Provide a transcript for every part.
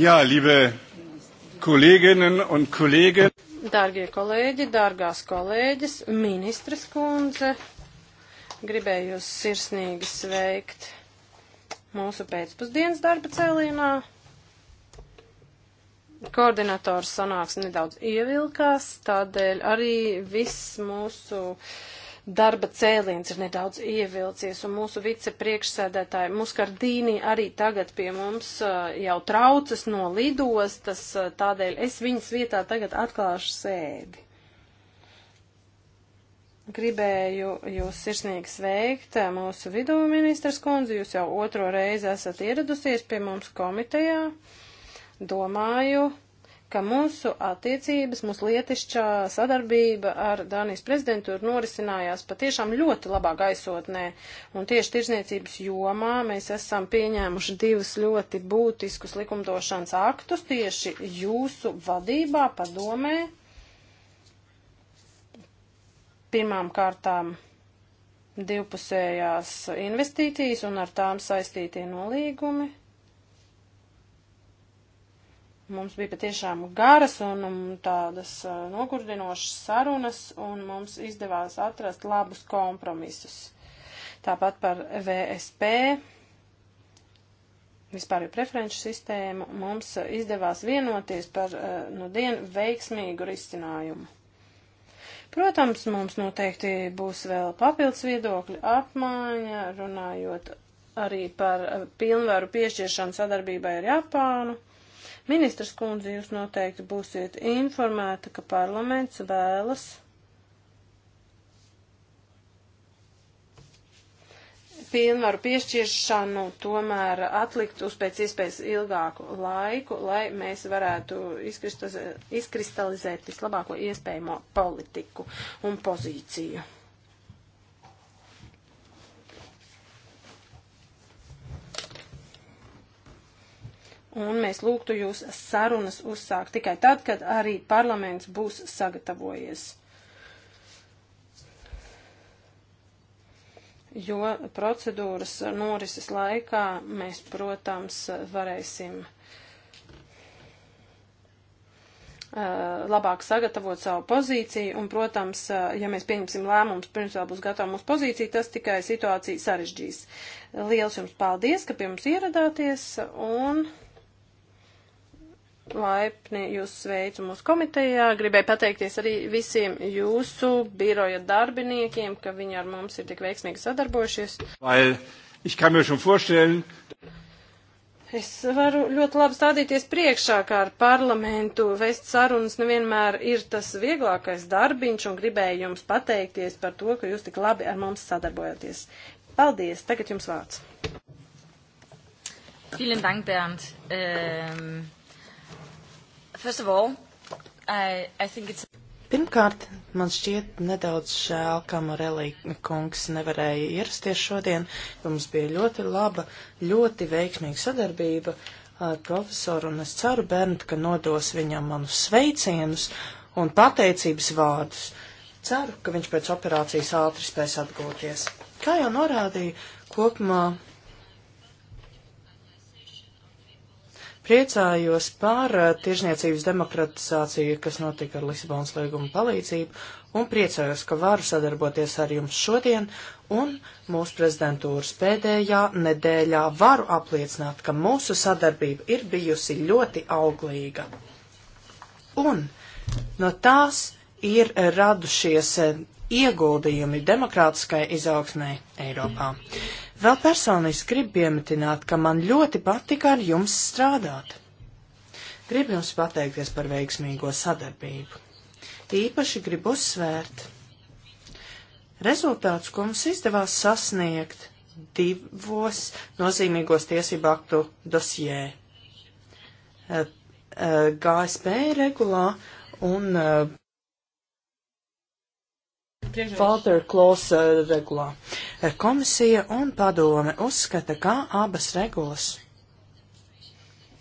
Jā, liebe kolēģinen un kolēģi. Dārgie kolēģi, dārgās kolēģis, ministres kundze, gribēju jūs sirsnīgi sveikt mūsu pēcpusdienas darba cēlienā. Koordinators sanāks nedaudz ievilkās, tādēļ arī viss mūsu uh, darba cēliens ir nedaudz ievilcies, un mūsu vicepriekšsēdētāja Muskardīni arī tagad pie mums uh, jau traucas no lidostas, uh, tādēļ es viņas vietā tagad atklāšu sēdi. Gribēju jūs sirsnīgi sveikt uh, mūsu vidū, ministrs kundze, jūs jau otro reizi esat ieradusies pie mums komitejā. Domāju, ka mūsu attiecības, mūsu lietišķā sadarbība ar Dānijas prezidentūru norisinājās patiešām ļoti labā gaisotnē. Un tieši tirzniecības jomā mēs esam pieņēmuši divus ļoti būtiskus likumdošanas aktus tieši jūsu vadībā, padomē. Pirmām kārtām divpusējās investīcijas un ar tām saistītie nolīgumi Mums bija patiešām garas un, un tādas uh, nogurdinošas sarunas, un mums izdevās atrast labus kompromisus. Tāpat par VSP, vispār jau preferenču sistēmu, mums izdevās vienoties par uh, nu dienu veiksmīgu risinājumu. Protams, mums noteikti būs vēl papildus viedokļu apmaiņa, runājot arī par pilnvaru piešķiršanu sadarbībai ar Japānu. Ministras kundze, jūs noteikti būsiet informēta, ka parlaments vēlas pilnvaru piešķiršanu tomēr atlikt uz pēc iespējas ilgāku laiku, lai mēs varētu izkristalizēt vislabāko iespējamo politiku un pozīciju. un mēs lūgtu jūs sarunas uzsākt tikai tad, kad arī parlaments būs sagatavojies. Jo procedūras norises laikā mēs, protams, varēsim labāk sagatavot savu pozīciju, un, protams, ja mēs pieņemsim lēmumus, pirms vēl būs gatava mūsu pozīcija, tas tikai situāciju sarežģīs. Liels jums paldies, ka pie mums ieradāties, un Laipni jūs sveicu mūsu komitejā. Gribēju pateikties arī visiem jūsu biroja darbiniekiem, ka viņi ar mums ir tik veiksmīgi sadarbojušies. Weil ich kann mir schon vorstellen, Es varu ļoti labi stādīties priekšā, kā ar parlamentu vest sarunas nevienmēr ir tas vieglākais darbiņš, un gribēju jums pateikties par to, ka jūs tik labi ar mums sadarbojaties. Paldies! Tagad jums vārds. Vielen Dank, Bernd. Um... First of all, I, I think it's... Pirmkārt, man šķiet nedaudz žēl, ka Morelī kungs nevarēja ierasties šodien, jo mums bija ļoti laba, ļoti veiksmīga sadarbība ar profesoru, un es ceru, Bernt, ka nodos viņam manus sveicienus un pateicības vārdus. Ceru, ka viņš pēc operācijas ātri spēs atgūties. Kā jau norādīja, kopumā Priecājos par eh, tiešniecības demokratizāciju, kas notika ar Lisabonas līguma palīdzību, un priecājos, ka varu sadarboties ar jums šodien, un mūsu prezidentūras pēdējā nedēļā varu apliecināt, ka mūsu sadarbība ir bijusi ļoti auglīga. Un no tās ir radušies eh, ieguldījumi demokrātiskai izaugsmē Eiropā. Mm. Vēl personiski gribu piemetināt, ka man ļoti patika ar jums strādāt. Gribu jums pateikties par veiksmīgo sadarbību. Īpaši gribu uzsvērt rezultāts, ko mums izdevās sasniegt divos nozīmīgos tiesību aktu dosjē. Eh, eh, GSP regulā un eh, Falter Klose eh, regulā. Eh, komisija un padome uzskata, ka abas regulas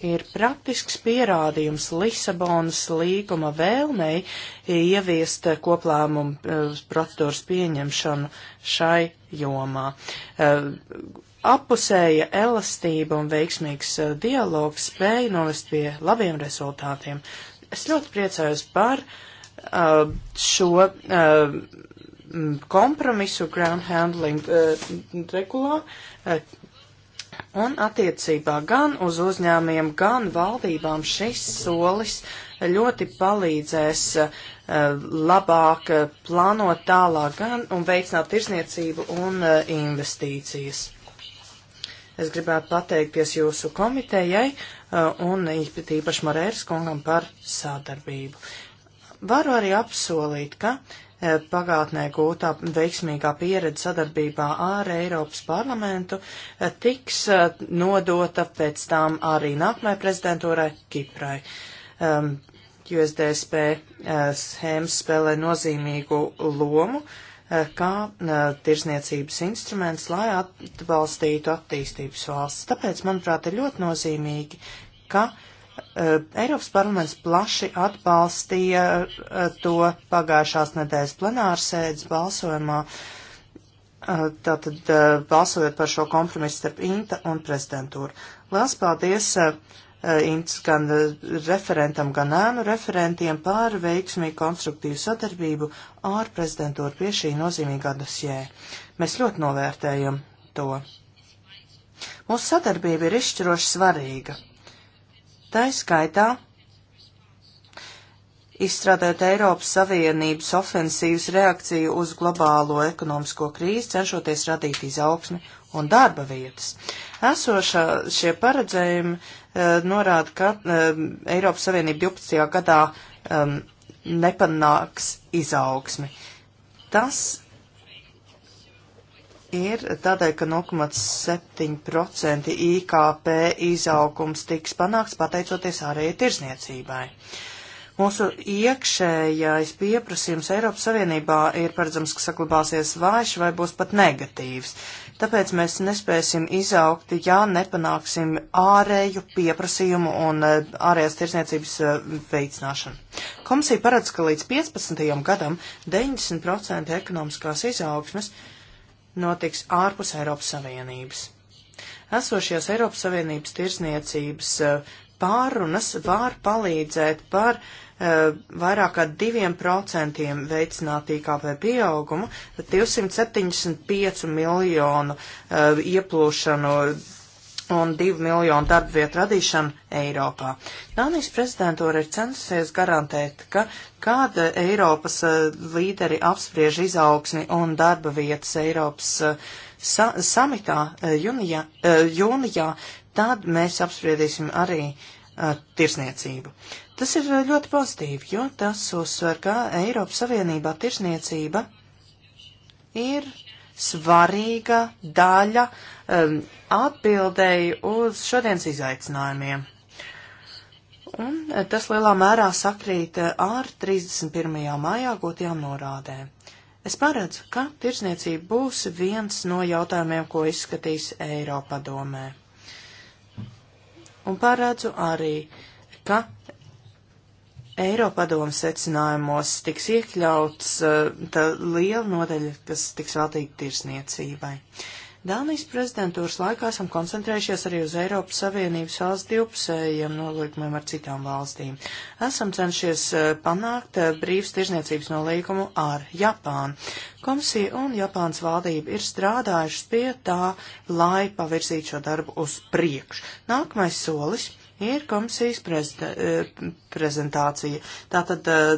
ir praktisks pierādījums Lisabonas līguma vēlmei ieviest koplēmumu eh, procedūras pieņemšanu šai jomā. Appusēja elastība un veiksmīgs dialogs spēja novest pie labiem rezultātiem. Es ļoti priecājos par uh, šo uh, Mm, kompromisu ground handling eh, regulā eh, un attiecībā gan uz uzņēmiem, gan valdībām šis solis ļoti palīdzēs eh, labāk plānot tālāk gan un veicināt tirsniecību un investīcijas. Es gribētu pateikties jūsu komitejai un īpaši Marēras kungam par sadarbību. Varu arī apsolīt, ka uh, pagātnē gūtā veiksmīgā pieredze sadarbībā ar Eiropas parlamentu eh, tiks eh, nodota pēc tām arī nākamajai prezidentūrai Kiprai. Um, USDSP eh, schēmas spēlē nozīmīgu lomu kā tirsniecības instruments, lai atbalstītu attīstības valsts. Tāpēc, manuprāt, ir ļoti nozīmīgi, ka uh, Eh, Eiropas parlaments plaši atbalstīja eh, to pagājušās nedēļas plenārsēdes balsojumā, eh, tātad balsojot par šo kompromisu starp INTA un prezidentūru. Liels paldies INTS gan referentam, gan ēnu referentiem par veiksmīgu konstruktīvu sadarbību ar prezidentūru pie šī nozīmīgā dosjē. Mēs ļoti novērtējam to. Mūsu sadarbība ir izšķiroši svarīga Tā skaitā izstrādāt Eiropas Savienības ofensīvas reakciju uz globālo ekonomisko krīzi, cenšoties radīt izaugsmi un darba vietas. Esošā šie paredzējumi e, norāda, ka e, Eiropas Savienība 12. gadā e, nepanāks izaugsmi. Tas ir tādēļ, ka 0,7% IKP izaugums tiks panāks pateicoties ārējai tirzniecībai. Mūsu iekšējais pieprasījums Eiropas Savienībā ir paredzams, ka saglabāsies vājš vai būs pat negatīvs. Tāpēc mēs nespēsim izaugt, ja nepanāksim ārēju pieprasījumu un eh, ārējās tirsniecības eh, veicināšanu. Komisija paredz, ka līdz 15. gadam 90% ekonomiskās izaugsmes uh, notiks ārpus Eiropas Savienības. Esošajās Eiropas Savienības tirsniecības eh, pārunas var palīdzēt par uh, vairāk kā 2% veicināt IKP pieaugumu, 275 miljonu uh, ieplūšanu un 2 miljonu darba vietu radīšanu Eiropā. Dānijas prezidentūra ir censusies garantēt, ka kāda Eiropas eh, līderi apspriež izaugsmi un darba vietas Eiropas eh, sa samitā eh, jūnijā, jūnijā, tad mēs apspriedīsim arī tirsniecību. Tas ir ļoti pozitīvi, jo tas uzsver, ka Eiropas Savienībā tirsniecība ir svarīga daļa um, atbildēji uz šodienas izaicinājumiem. Un eh, tas lielā mērā sakrīt eh, ar 31. maijā gotajām norādēm. Es paredzu, ka tirsniecība būs viens no jautājumiem, ko izskatīs Eiropa domē. Un paredzu arī, ka Eiropadomu secinājumos tiks iekļauts eh, liela nodaļa, kas tiks veltīta tirsniecībai. Dānijas prezidentūras laikā esam koncentrējušies arī uz Eiropas Savienības valsts divpusējiem nolīgumiem ar citām valstīm. Esam cenšies eh, panākt eh, brīvs tirzniecības nolīgumu ar Japānu. Komisija un Japānas valdība ir strādājušas pie tā, lai pavirzītu šo darbu uz priekšu. Nākamais solis ir komisijas eh, prezentācija. Tātad eh,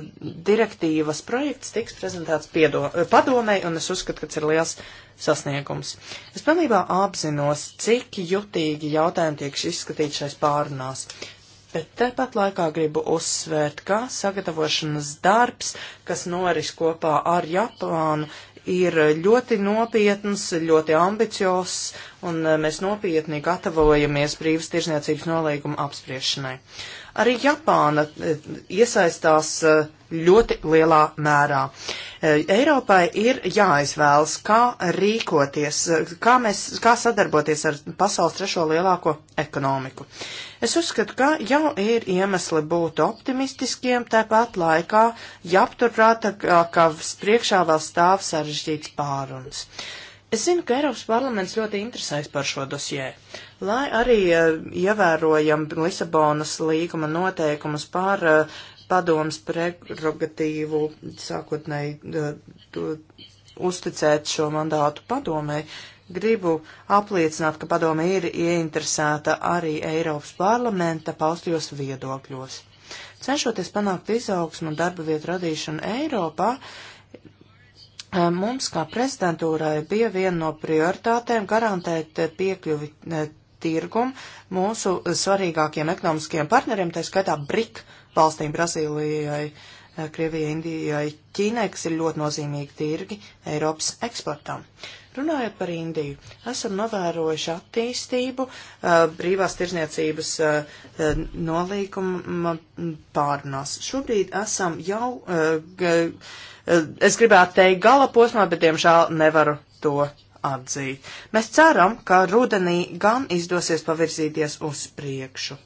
direktīvas projekts tiks prezentēts piedo, eh, padomē, un es uzskatu, ka tas ir liels sasniegums. Es pilnībā apzinos, cik jutīgi jautājumi tiek izskatīti šais pārunās. Bet tepat laikā gribu uzsvērt, ka sagatavošanas darbs, kas noris kopā ar Japānu, ir ļoti nopietns, ļoti ambiciozs, un eh, mēs nopietni gatavojamies brīvas tirzniecības nolīguma apspriešanai. Uh, Arī Japāna e, iesaistās e, ļoti lielā mērā. E, Eiropai ir jāizvēlas, kā rīkoties, kā, mēs, kā sadarboties ar pasaules trešo lielāko ekonomiku. Es uzskatu, ka jau ir iemesli būt optimistiskiem, tāpat laikā jāpaturprāta, ka priekšā vēl stāv sarežģīts pārunas. Uh, Es zinu, ka Eiropas parlaments ļoti interesējas par šo dosjē, lai arī uh, ievērojam Lisabonas līguma noteikumus par uh, padomas prerogatīvu sākotnēji uh, uzticēt šo mandātu padomē. Gribu apliecināt, ka padome ir ieinteresēta arī Eiropas parlamenta paustajos viedokļos. Cenšoties panākt izaugsmu un darba vietu radīšanu Eiropā, uh, Mums, kā prezidentūrai, bija viena no prioritātēm garantēt piekļuvi tirgum mūsu svarīgākiem ekonomiskiem partneriem, tā skaitā BRIK valstīm Brazīlijai, Krievijai, Indijai, Ķīnai, kas ir ļoti nozīmīgi tirgi Eiropas eksportam. Runājot par Indiju, esam novērojuši attīstību brīvās tirzniecības nolīguma pārnās. Šobrīd esam jau Eh, es gribētu teikt gala posmā, bet diemžēl nevaru to atzīt. Mēs ceram, ka rudenī gan izdosies pavirzīties uz priekšu.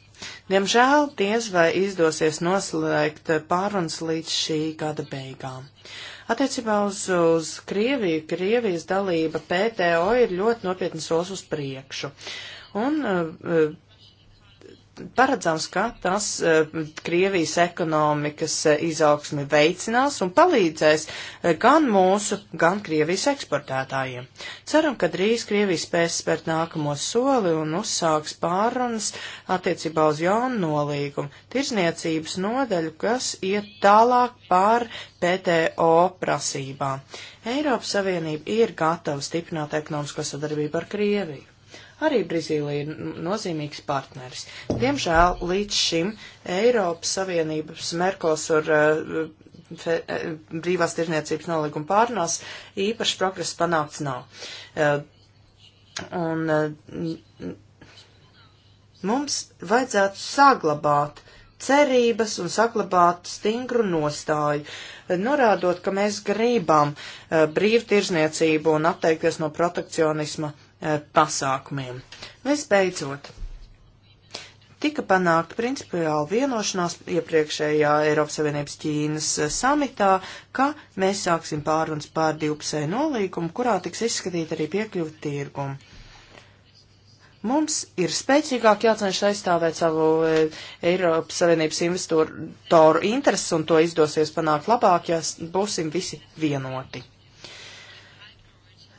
Diemžēl diez vai izdosies noslēgt pārunas līdz šī gada beigām. Attiecībā uz, uz Krieviju, Krievijas dalība PTO ir ļoti nopietnas solis uz priekšu. Un uh, paredzams, ka tas e, Krievijas ekonomikas e, izaugsmi veicinās un palīdzēs e, gan mūsu, gan Krievijas eksportētājiem. Ceram, ka drīz Krievija spēs spērt nākamo soli un uzsāks pārunas attiecībā uz jaunu nolīgumu - tirzniecības nodeļu, kas iet tālāk pār PTO prasībām. Eiropas Savienība ir gatava stiprināt ekonomisko sadarbību ar Krieviju. Arī Brazīlija ir nozīmīgs partneris. Diemžēl līdz šim Eiropas Savienības Merkosur eh, fe, eh, brīvās tirzniecības nolīguma pārnās īpaši progress panākts nav. Eh, un mums vajadzētu saglabāt cerības un saglabāt stingru nostāju, norādot, ka mēs gribam brīvtirzniecību un atteikties no protekcionisma E, pasākumiem. Visbeidzot, tika panākta principiāla vienošanās iepriekšējā Eiropas Savienības Ķīnas e, samitā, ka mēs sāksim pārunas pār divpusēju nolīgumu, kurā tiks izskatīta arī piekļuva tirgumu. Mums ir spēcīgāk jācenšas aizstāvēt savu e, Eiropas Savienības investoru intereses, un to izdosies panākt labāk, ja būsim visi vienoti.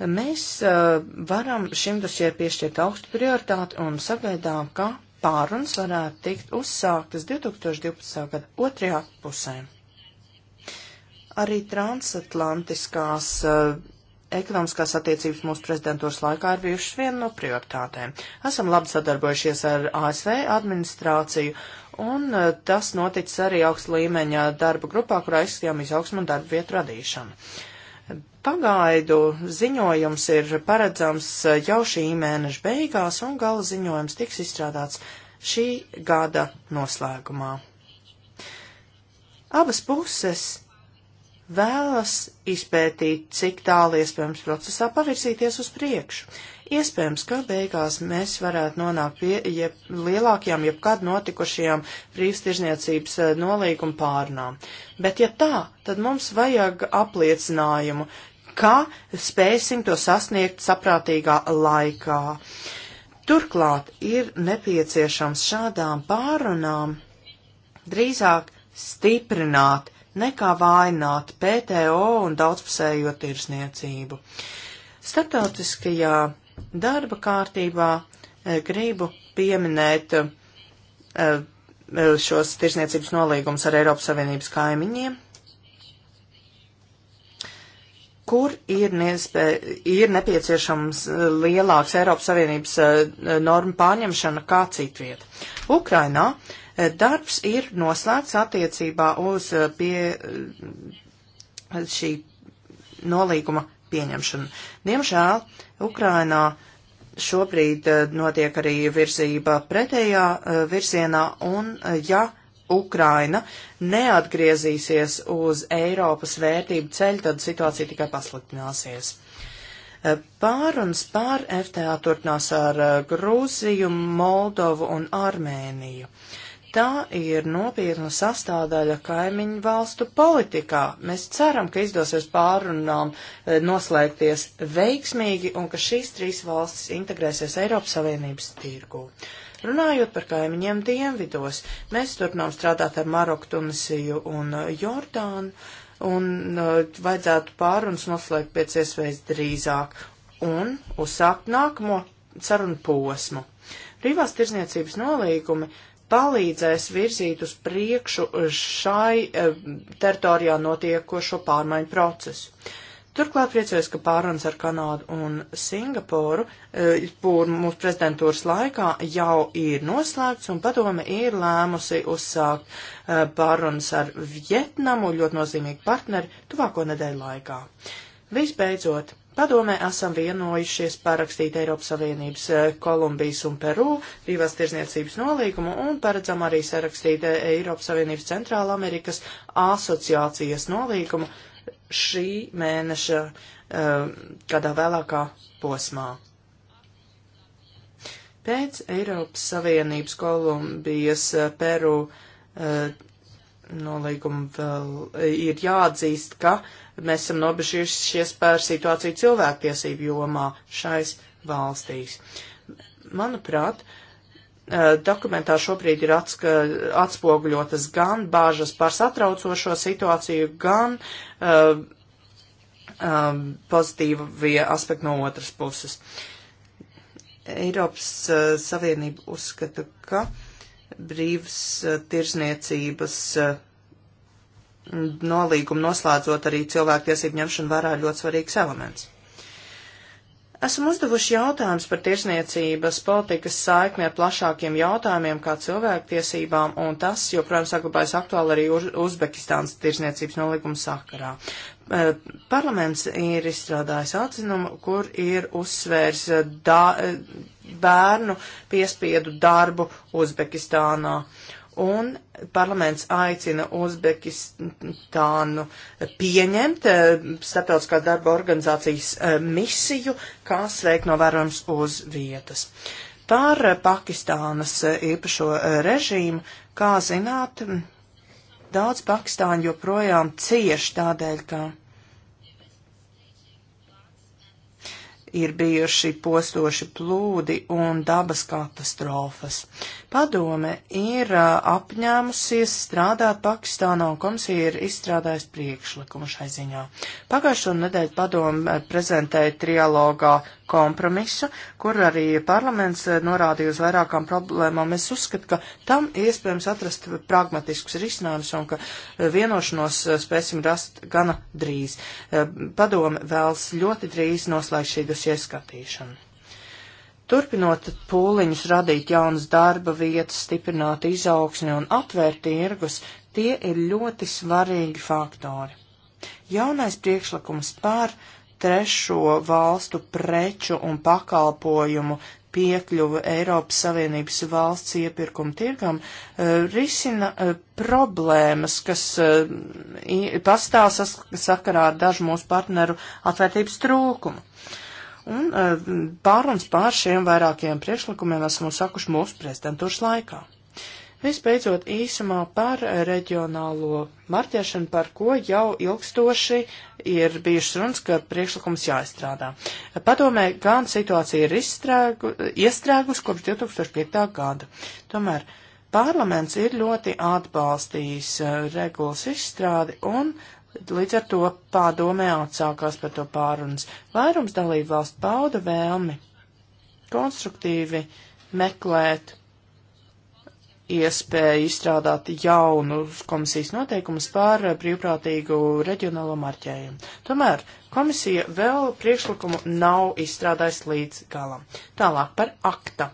Mēs uh, varam šim dosijai piešķirt augstu prioritāti un sagaidām, ka pārunas varētu tikt uzsāktas 2012. gada otrajā pusē. Arī transatlantiskās uh, ekonomiskās attiecības mūsu prezidentūras laikā ir bijušas viena no prioritātēm. Esam labi sadarbojušies ar ASV administrāciju, un uh, tas noticis arī augsta līmeņa darba grupā, kurā izskatījām izaugsmu un darba vietu radīšanu. Uh, Pagaidu ziņojums ir paredzams jau šī mēneša beigās, un gala ziņojums tiks izstrādāts šī gada noslēgumā. Abas puses vēlas izpētīt, cik tālu iespējams procesā pavirzīties uz priekšu. Iespējams, ka beigās mēs varētu nonākt pie jeb, lielākajām, jebkad notikušajām brīvstirzniecības eh, nolīguma pārnām. Bet ja tā, tad mums vajag apliecinājumu, ka spēsim to sasniegt saprātīgā laikā. Turklāt ir nepieciešams šādām pārunām drīzāk stiprināt nekā vājināt PTO un daudzpusējo tirsniecību. Startautiskajā darba kārtībā e, gribu pieminēt e, e, šos tirsniecības nolīgumus ar Eiropas Savienības kaimiņiem, kur ir, nespēj, ir nepieciešams eh, lielāks Eiropas Savienības eh, norma pārņemšana kā citviet. Ukrainā eh, darbs ir noslēgts attiecībā uz pie šī nolīguma pieņemšanu. Diemžēl Ukrainā šobrīd notiek arī virzība pretējā virzienā, un ja Ukraina neatgriezīsies uz Eiropas vērtību ceļu, tad situācija tikai pasliktināsies. Eh, Pārunas pār FTA turpinās ar eh, Grūziju, Moldovu un Armēniju. Tā ir nopietna sastāvdaļa kaimiņu valstu politikā. Mēs ceram, ka izdosies pārunām eh, noslēgties veiksmīgi un ka šīs trīs valstis integrēsies Eiropas Savienības tirgū. Uh, Runājot par kaimiņiem dienvidos, mēs turpinām strādāt ar Maroku, Tunisiju un uh, Jordānu, un uh, vajadzētu pārunas noslēgt pēc iespējas drīzāk un uzsākt nākamo sarunu posmu. Privās tirzniecības nolīgumi palīdzēs virzīt uz priekšu uh, šai uh, teritorijā notiekošo pārmaiņu procesu. Turklāt priecājos, ka pārunas ar Kanādu un Singapūru e, mūsu prezidentūras laikā jau ir noslēgts un padome ir lēmusi uzsākt e, pārunas ar Vietnamu, ļoti nozīmīgu partneri, tuvāko nedēļu laikā. Visbeidzot, padomē esam vienojušies parakstīt Eiropas Savienības e, Kolumbijas un Peru brīvās tirzniecības nolīgumu un paredzam arī sarakstīt e, Eiropas Savienības Centrāla Amerikas asociācijas nolīgumu šī mēneša eh, kādā vēlākā posmā. Pēc Eiropas Savienības Kolumbijas eh, Peru eh, nolīguma vēl ir jāatzīst, ka mēs esam nobežījušies par situāciju cilvēktiesību jomā šais valstīs. Manuprāt, uh, Uh, dokumentā šobrīd ir atska, atspoguļotas gan bāžas par satraucošo situāciju, gan uh, um, pozitīvie aspekti no otras puses. Eiropas uh, Savienība uzskata, ka brīvas uh, tirzniecības uh, nolīgumu noslēdzot arī cilvēku tiesību ņemšanu vērā ļoti svarīgs elements. Esam uzdevuši jautājumus par tirsniecības politikas saikni ar plašākiem jautājumiem kā cilvēktiesībām, un tas joprojām saglabājas aktuāli arī Uzbekistānas tirsniecības nolīguma sakarā. E, parlaments ir izstrādājis atzinumu, kur ir uzsvērs e, da, e, bērnu piespiedu darbu Uzbekistānā. Uh, un parlaments aicina Uzbekistānu pieņemt eh, starptautiskā darba organizācijas eh, misiju, kā sveik novērojums uz vietas. Par eh, Pakistānas īpašo režīmu, kā zināt, daudz Pakistāņu joprojām cieši tādēļ, ka ir bijuši postoši plūdi un dabas katastrofas. Padome ir apņēmusies strādāt Pakistānā un komisija ir izstrādājusi priekšlikumu šai ziņā. Pagājušo nedēļu padome prezentēja trialogā kompromisu, kur arī parlaments eh, norādīja uz vairākām problēmām. Es uzskatu, ka tam iespējams atrast pragmatiskus risinājumus un ka eh, vienošanos eh, spēsim rast gana drīz. Padome vēlas ļoti drīz noslēgt šī dosie skatīšanu. Turpinot pūliņus radīt jaunas darba vietas, stiprināt izaugsmi un atvērt tirgus, tie ir ļoti svarīgi faktori. Jaunais priekšlikums pār uh, trešo valstu preču un pakalpojumu piekļuvu Eiropas Savienības valsts iepirkuma tirgam eh, risina eh, problēmas, kas eh, pastāv sakarā ar dažu mūsu partneru atvērtības trūkumu. Un pāruns pār šiem vairākiem priekšlikumiem esmu sakuši mūsu prezidentūras laikā. Visbeidzot īsumā par reģionālo marķēšanu, par ko jau ilgstoši ir bijušas runas, ka priekšlikums jāizstrādā. Padomē, gan situācija ir izstrēgu, iestrēgus kopš 2005. gada. Tomēr parlaments ir ļoti atbalstījis uh, regulas izstrādi un līdz ar to padomē atsākās par to pārunas. Vairums dalību valstu pauda vēlmi konstruktīvi meklēt iespēja izstrādāt jaunu komisijas noteikumus par brīvprātīgu reģionālo marķējumu. Tomēr komisija vēl priekšlikumu nav izstrādājusi līdz galam. Tālāk par akta.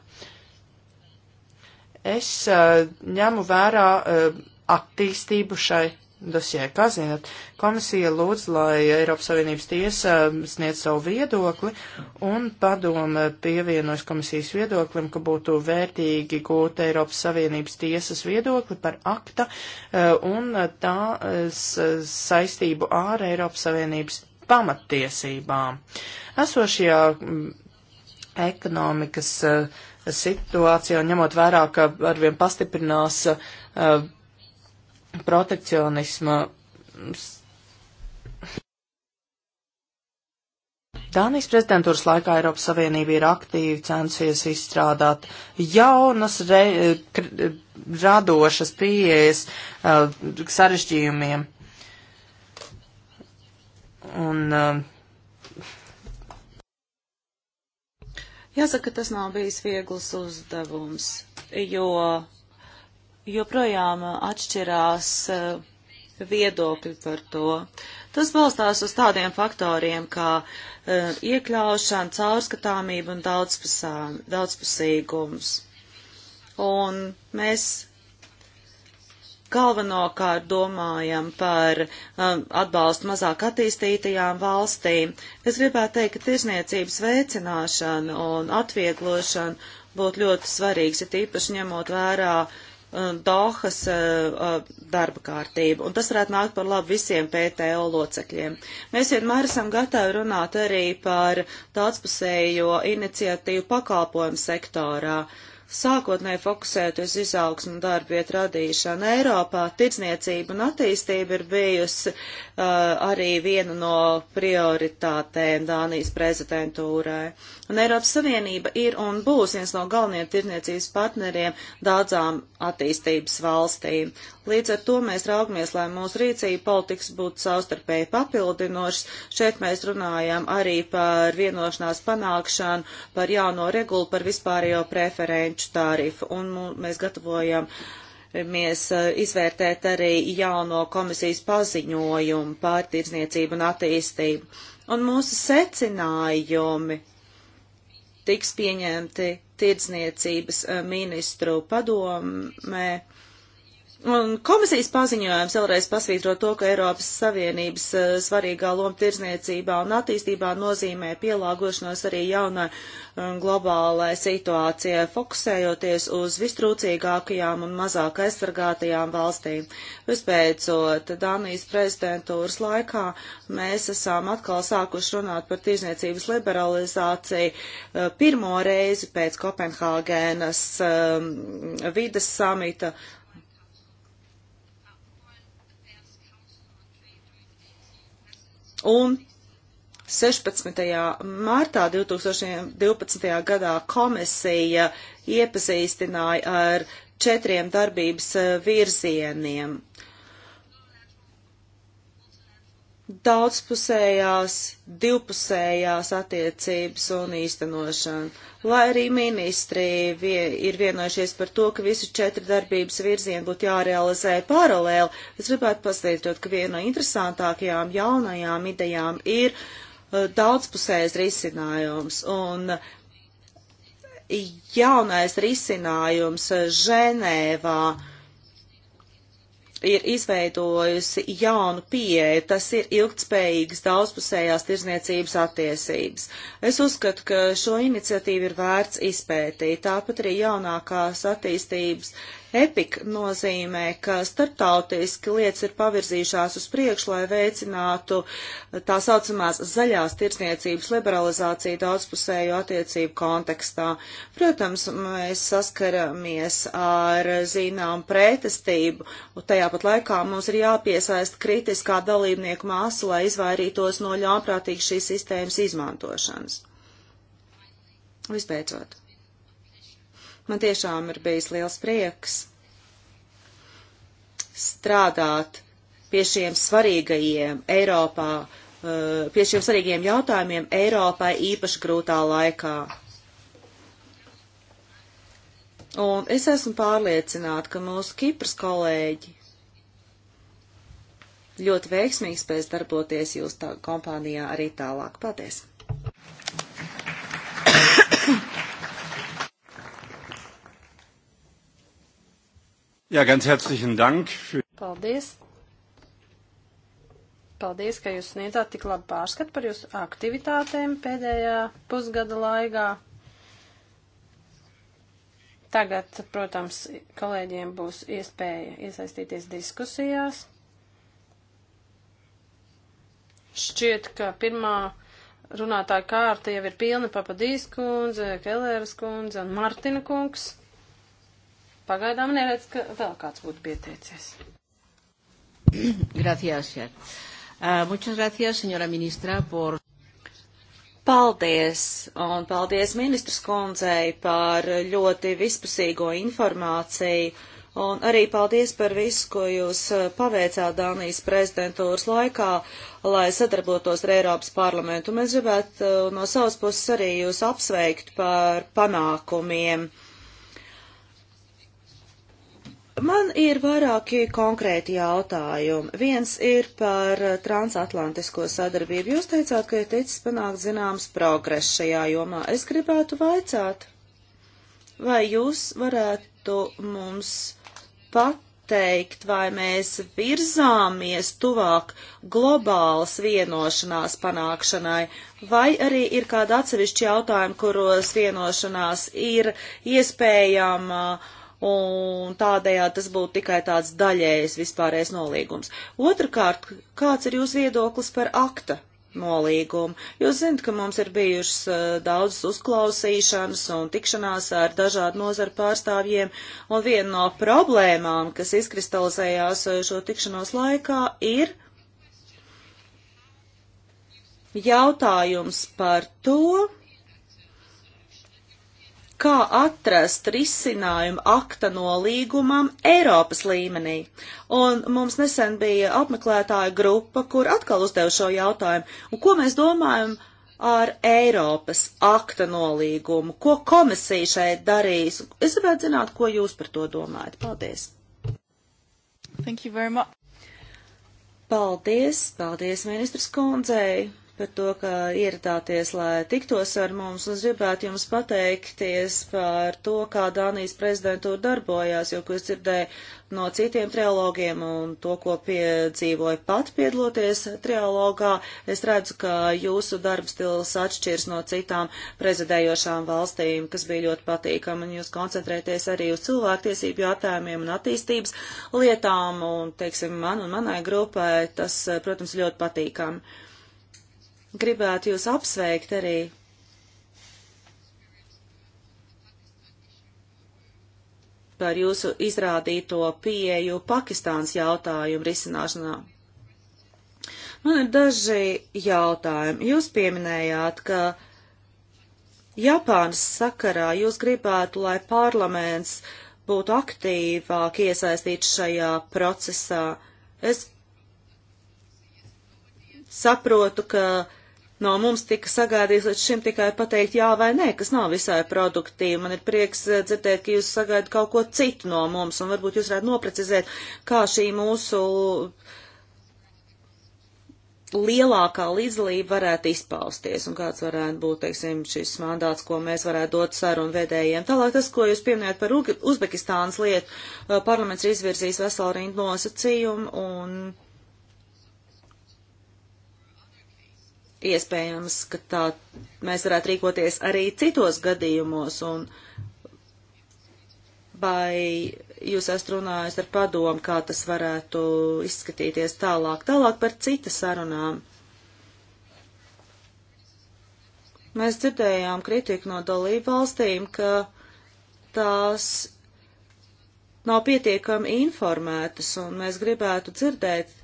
Es uh, ņemu vērā uh, attīstību šai dosjē. Kā zinat, komisija lūdz, lai Eiropas Savienības tiesa sniedz savu viedokli un padome pievienojas komisijas viedoklim, ka būtu vērtīgi gūt Eiropas Savienības tiesas viedokli par akta eh, un tā eh, saistību ar Eiropas Savienības pamattiesībām. Esošajā mm, ekonomikas eh, situācijā, ņemot vērā, ka arvien pastiprinās protekcionisma. Dānijas prezidentūras laikā Eiropas Savienība ir aktīvi censies izstrādāt jaunas, re, kr, radošas pieejas uh, sarežģījumiem. Un, uh, jāsaka, tas nav bijis viegls uzdevums, jo joprojām atšķirās eh, viedokļi par to. Tas balstās uz tādiem faktoriem kā eh, iekļaušana, caurskatāmība un daudzpasā, daudzpasīgums. Un mēs galvenokārt domājam par um, atbalstu mazāk attīstītajām valstīm. Es gribētu teikt, ka tirsniecības veicināšana un atvieglošana būtu ļoti svarīgs, ja tīpaši ņemot vērā uh, Dohas uh, uh, darba kārtību, un tas varētu nākt par labu visiem PTO locekļiem. Mēs vienmēr esam gatavi runāt arī par daudzpusējo iniciatīvu pakalpojumu sektorā. Uh, sākotnēji fokusēt uz izaugsmu un darbvietu radīšanu. Eiropā tirdzniecība un attīstība ir bijusi uh, arī viena no prioritātēm Dānijas prezidentūrai. Un Eiropas Savienība ir un būs viens no galvenajiem tirdzniecības partneriem daudzām attīstības valstīm. Līdz ar to mēs raugamies, lai mūsu rīcība politikas būtu savstarpēji papildinošas. Šeit mēs runājam arī par vienošanās panākšanu, par jauno regulu, par vispārējo preferenču tarifu. Un mēs gatavojam mēs eh, izvērtēt arī jauno komisijas paziņojumu par tirdzniecību un attīstību. Un mūsu secinājumi tiks pieņemti tirdzniecības eh, ministru padomē Un komisijas paziņojums vēlreiz pasvītro to, ka Eiropas Savienības eh, svarīgā loma tirzniecībā un attīstībā nozīmē pielāgošanos arī jaunai um, globālai situācijai, fokusējoties uz vistrūcīgākajām un mazāk aizsargātajām valstīm. Vispēcot, Dānijas prezidentūras laikā mēs esam atkal sākuši runāt par tirzniecības liberalizāciju eh, pirmo reizi pēc Kopenhāgenas um, vides samita Un 16. martā 2012. gadā komisija iepazīstināja ar četriem darbības eh, virzieniem. Uh, daudzpusējās, divpusējās attiecības un īstenošanu. Lai arī ministri vie, ir vienojušies par to, ka visu četru darbības virzienu būtu jārealizē paralēli, es gribētu pasvītrot, ka viena no interesantākajām jaunajām idejām ir uh, daudzpusējs risinājums. Un uh, jaunais risinājums uh, Ženēvā ir izveidojusi jaunu pieeju, tas ir ilgtspējīgas daudzpusējās tirzniecības attiecības. Es uzskatu, ka šo iniciatīvu ir vērts izpētīt. Tāpat arī jaunākās attīstības EPIK nozīmē, ka starptautiski lietas ir pavirzījušās uz priekšu, lai veicinātu tā saucamās zaļās tirsniecības liberalizāciju daudzpusēju attiecību kontekstā. Protams, mēs saskaramies ar zinām pretestību, un tajā pat laikā mums ir jāpiesaist kritiskā dalībnieku māsa, lai izvairītos no ļaunprātīgas šīs sistēmas izmantošanas. Visbeidzot. Man tiešām ir bijis liels prieks strādāt pie šiem svarīgajiem Eiropā, eh, pie šiem svarīgiem jautājumiem Eiropai īpaši grūtā laikā. Un es esmu pārliecināta, ka mūsu Kipras kolēģi ļoti veiksmīgi spēs darboties jūsu kompānijā arī tālāk. Paldies! Jā, ganz herzlichen Dank. Für... Paldies. Paldies, ka jūs sniedzāt tik labu pārskatu par jūsu aktivitātēm pēdējā pusgada laikā. Tagad, protams, kolēģiem būs iespēja iesaistīties diskusijās. Šķiet, ka pirmā runātāja kārta jau ir pilna papadīs kundze, Kelēras kundze un Martina kungs pagaidām neredz, ka vēl kāds būtu pieteicies. Gracias. Uh, muchas gracias, señora ministra, por. Paldies, un paldies ministrs kundzei par ļoti vispusīgo informāciju, un arī paldies par visu, ko jūs eh, paveicāt Dānijas prezidentūras laikā, lai sadarbotos ar Eiropas parlamentu. Mēs gribētu eh, no savas puses arī jūs apsveikt par panākumiem Man ir vairāki konkrēti jautājumi. Viens ir par eh, transatlantisko sadarbību. Jūs teicāt, ka ir ticis panākt zināms progress šajā jomā. Es gribētu vaicāt, vai jūs varētu mums pateikt, vai mēs virzāmies tuvāk globālas vienošanās panākšanai, vai arī ir kāda atsevišķa jautājuma, kuros vienošanās ir iespējama. Uh, un tādējādi tas būtu tikai tāds daļējs vispārējais nolīgums. Otrakārt, kāds ir jūs viedoklis par akta nolīgumu. Jūs zinat, ka mums ir bijušas eh, daudzas uzklausīšanas un tikšanās ar dažādu nozaru pārstāvjiem, un viena no problēmām, kas izkristalizējās eh, šo tikšanos laikā, ir jautājums par to, kā atrast risinājumu akta nolīgumam Eiropas līmenī. Un mums nesen bija apmeklētāja grupa, kur atkal uzdev šo jautājumu. Un ko mēs domājam ar Eiropas akta nolīgumu? Ko komisija šeit darīs? Es gribētu zināt, ko jūs par to domājat. Paldies! Thank you very much. Paldies, paldies ministrs kundzei par to, ka ieradāties, lai tiktos ar mums, un es gribētu jums pateikties par to, kā Dānijas prezidentūra darbojās, jo, ko es dzirdēju no citiem trialogiem un to, ko piedzīvoju pat piedaloties trialogā, es redzu, ka jūsu darba stils atšķirs no citām prezidējošām valstīm, kas bija ļoti patīkami, un jūs koncentrēties arī uz cilvēktiesību jautājumiem un attīstības lietām, un, teiksim, man un manai grupai tas, protams, ļoti patīkami gribētu jūs apsveikt arī par jūsu izrādīto pieeju Pakistāns jautājumu risināšanā. Man ir daži jautājumi. Jūs pieminējāt, ka Japānas sakarā jūs gribētu, lai parlaments būtu aktīvāk iesaistīts šajā procesā. Es saprotu, ka uh, no mums tika sagaidīts līdz šim tikai pateikt jā vai nē, kas nav visai produktīvi. Man ir prieks eh, dzirdēt, ka jūs sagaidat kaut ko citu no mums, un varbūt jūs varētu noprecizēt, kā šī mūsu lielākā līdzdalība varētu izpausties un kāds varētu būt, teiksim, šis mandāts, ko mēs varētu dot sarunu vedējiem. Tālāk tas, ko jūs pieminējat par Uzbekistānas lietu, eh, parlaments ir izvirzījis veselu rindu nosacījumu un iespējams, ka tā mēs varētu rīkoties arī citos gadījumos, un vai jūs esat runājis ar padomu, kā tas varētu izskatīties tālāk, tālāk par citas sarunām. Mēs dzirdējām kritiku no dalību valstīm, ka tās nav pietiekami informētas, un mēs gribētu dzirdēt,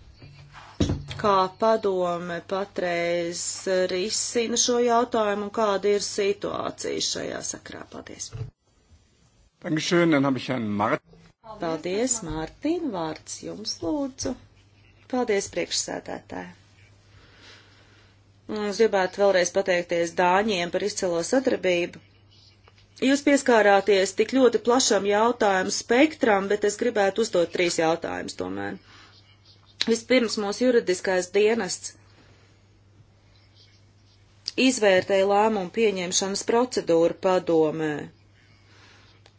kā padome patreiz risina šo jautājumu un kāda ir situācija šajā sakrā. Paldies. Paldies, Mārtiņ, vārds jums lūdzu. Paldies, priekšsēdētāji. Es gribētu vēlreiz pateikties Dāņiem par izcilo sadarbību. Jūs pieskārāties tik ļoti plašam jautājumu spektram, bet es gribētu uzdot trīs jautājumus tomēr. Vispirms mūsu juridiskais dienests izvērtēja lēmumu pieņemšanas procedūru padomē.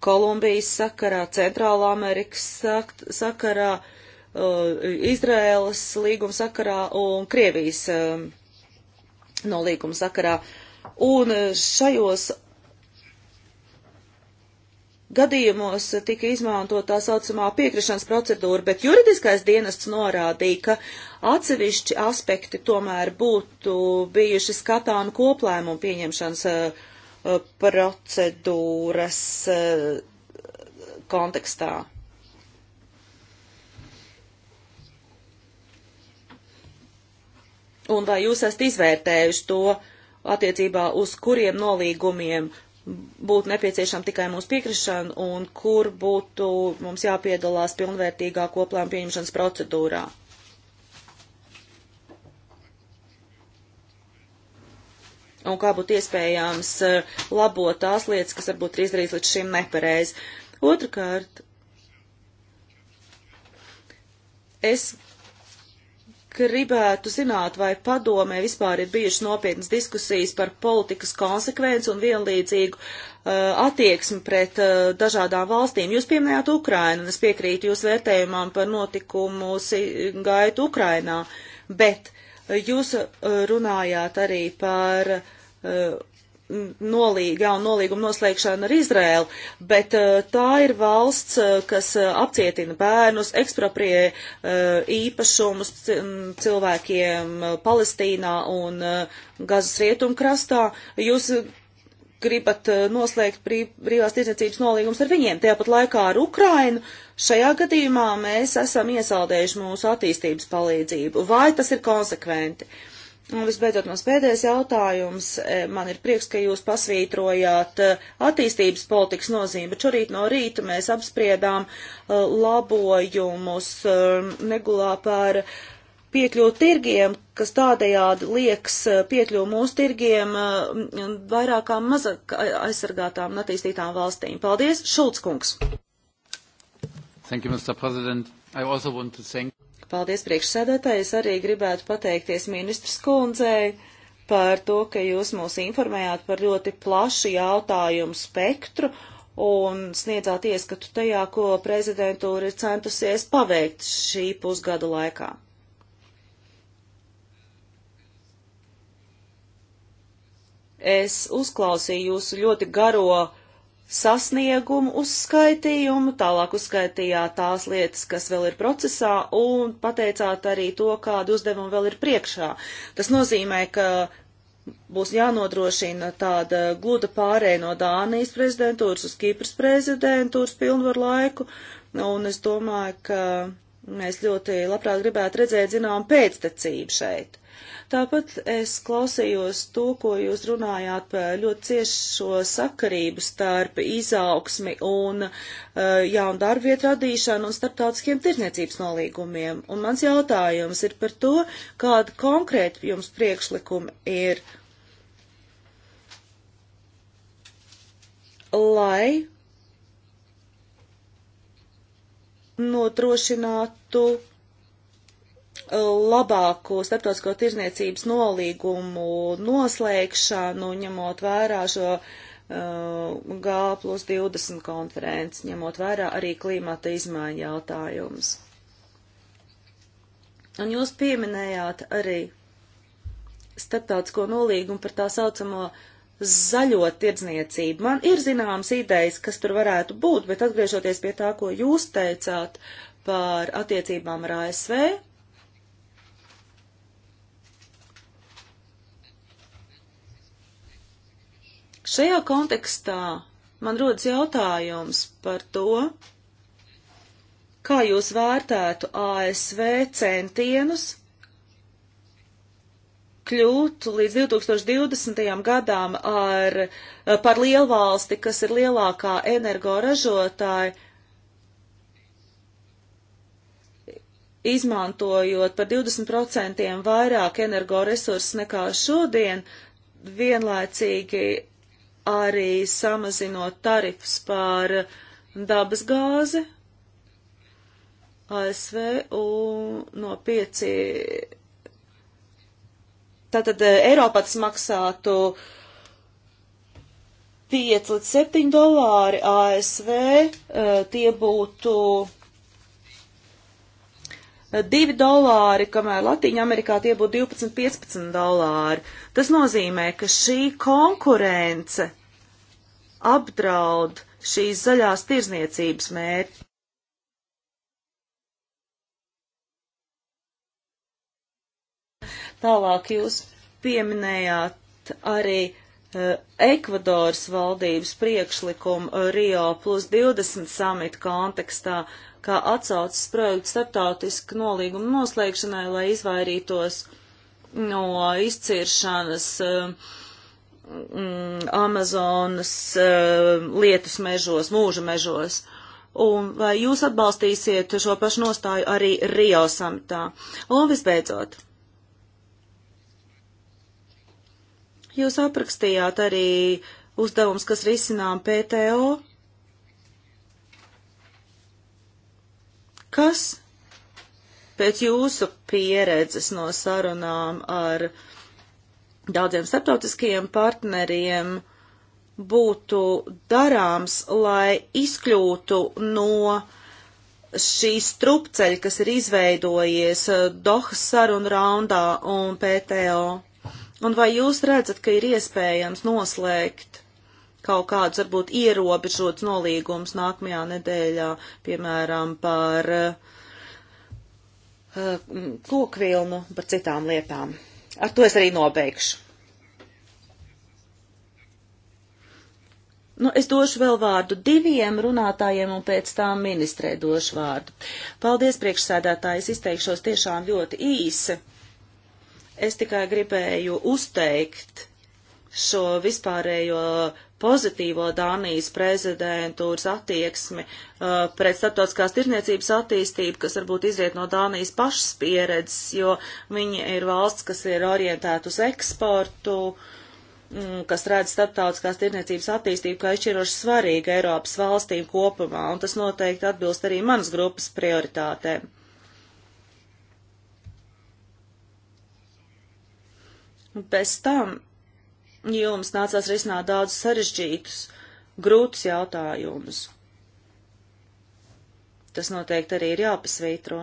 Kolumbijas sakarā, Centrālā Amerikas sakarā, uh, Izraēlas līguma sakarā un Krievijas uh, nolīguma sakarā. Un uh, šajos gadījumos tika izmantot tā saucamā piekrišanas procedūra, bet juridiskais dienests norādīja, ka atsevišķi aspekti tomēr būtu bijuši skatāmi koplēmumu pieņemšanas eh, procedūras eh, kontekstā. Un vai jūs esat izvērtējuši to attiecībā uz kuriem nolīgumiem uh, būtu nepieciešama tikai mūsu piekrišana un kur būtu mums jāpiedalās pilnvērtīgā koplēma pieņemšanas procedūrā. Un kā būtu iespējams eh, labot tās lietas, kas varbūt ir izdarīts līdz šim nepareizi. Otrakārt, es gribētu zināt, vai padomē vispār ir bijušas nopietnas diskusijas par politikas konsekvenci un vienlīdzīgu uh, attieksmi pret uh, dažādām valstīm. Jūs pieminējāt Ukrainu, un es piekrītu jūs vērtējumam par notikumu gaitu Ukrainā, bet jūs uh, runājāt arī par uh, nolīga, jauna nolīguma noslēgšana ar Izrēlu, bet uh, tā ir valsts, uh, kas uh, apcietina bērnus, ekspropriē īpašumus cilvēkiem Palestīnā un Gazas rietumkrastā. Jūs gribat noslēgt brīvās tirdzniecības nolīgumus ar viņiem, tajāpat laikā ar Ukrainu. Šajā gadījumā mēs esam iesaldējuši mūsu attīstības palīdzību. Vai tas ir konsekventi? Uh, Un visbeidzot, mums pēdējais jautājums. E, man ir prieks, ka jūs pasvītrojāt e, attīstības politikas nozīmi, bet šorīt no rīta mēs apspriedām e, labojumus negulā par piekļuvu tirgiem, kas tādējādi liekas piekļuvu mūsu tirgiem vairākām mazāk aizsargātām un attīstītām valstīm. Paldies, Šulckungs! Thank you, Mr. President. I also want to thank Paldies priekšsēdētāji. Es arī gribētu pateikties ministrs kundzei par to, ka jūs mūs informējāt par ļoti plašu jautājumu spektru un sniedzāt ieskatu tajā, ko prezidentūra ir centusies paveikt šī pusgada laikā. Es uzklausīju jūsu ļoti garo sasniegumu uzskaitījumu, tālāk uzskaitījāt tās lietas, kas vēl ir procesā, un pateicāt arī to, kādu uzdevumu vēl ir priekšā. Tas nozīmē, ka būs jānodrošina tāda gluda pārēja no Dānijas prezidentūras uz Kipras prezidentūras pilnvaru laiku, un es domāju, ka mēs ļoti labprāt gribētu redzēt zinām pēctecību šeit. Tāpat es klausījos to, ko jūs runājāt par ļoti ciešo sakarību starp izaugsmi un uh, jaunu darbvietu radīšanu un starptautiskiem tirniecības nolīgumiem. Un mans jautājums ir par to, kāda konkrēti jums priekšlikumi ir, lai nodrošinātu labāko starptautisko tirzniecības nolīgumu noslēgšanu, ņemot vērā šo uh, G plus 20 konferenci, ņemot vērā arī klimata izmaiņu jautājumus. Un jūs pieminējāt arī starptautisko nolīgumu par tā saucamo zaļo tirdzniecību. Man ir zināmas idejas, kas tur varētu būt, bet atgriežoties pie tā, ko jūs teicāt par attiecībām ar ASV, Šajā kontekstā man rodas jautājums par to, kā jūs vērtētu ASV centienus kļūt līdz 2020. gadām ar, par lielvalsti, kas ir lielākā energoražotāja, izmantojot par 20% vairāk energoresursus nekā šodien, vienlaicīgi arī samazinot tarifus pār dabas gāzi ASV un no 5. Tātad eh, Eiropā tas maksātu 5 līdz 7 dolāri, ASV eh, tie būtu 2 dolāri, kamēr Latīņa Amerikā tie būtu 12-15 dolāri. Tas nozīmē, ka šī konkurence apdraud šīs zaļās tirzniecības mērķi. Tālāk jūs pieminējāt arī eh, Ekvadoras valdības priekšlikumu eh, Rio plus 20 samita kontekstā, kā atsaucas projektu starptautisku nolīgumu noslēgšanai, lai izvairītos no izciršanas uh, Mm, Amazonas eh, lietus mežos, mūža mežos. Un vai jūs atbalstīsiet šo pašu nostāju arī Rio samitā? Un visbeidzot, jūs aprakstījāt arī uzdevums, kas risinām PTO. Kas pēc jūsu pieredzes no sarunām ar uh, daudziem starptautiskajiem partneriem būtu darāms, lai izkļūtu no šī strupceļa, kas ir izveidojies eh, Dohas sarunu raundā un PTO. Un vai jūs redzat, ka ir iespējams noslēgt kaut kādus, varbūt, ierobežots nolīgums nākamajā nedēļā, piemēram, par uh, kokvilnu, par citām lietām? Ar to es arī nobeigšu. Nu, es došu vēl vārdu diviem runātājiem un pēc tam ministrē došu vārdu. Paldies, priekšsēdētāji, es izteikšos tiešām ļoti īsi. Es tikai gribēju uzteikt šo vispārējo pozitīvo Dānijas prezidentūras attieksmi uh, pret starptautiskās tirniecības attīstību, kas varbūt izriet no Dānijas pašas pieredzes, jo viņi ir valsts, kas ir orientēta uz eksportu, mm, kas redz starptautiskās tirniecības attīstību kā izšķiroši svarīgu Eiropas valstīm kopumā, un tas noteikti atbilst arī manas grupas prioritātēm. Bez tam jums nācās risināt daudz sarežģītus, grūtus jautājumus. Tas noteikti arī ir jāpasvītro.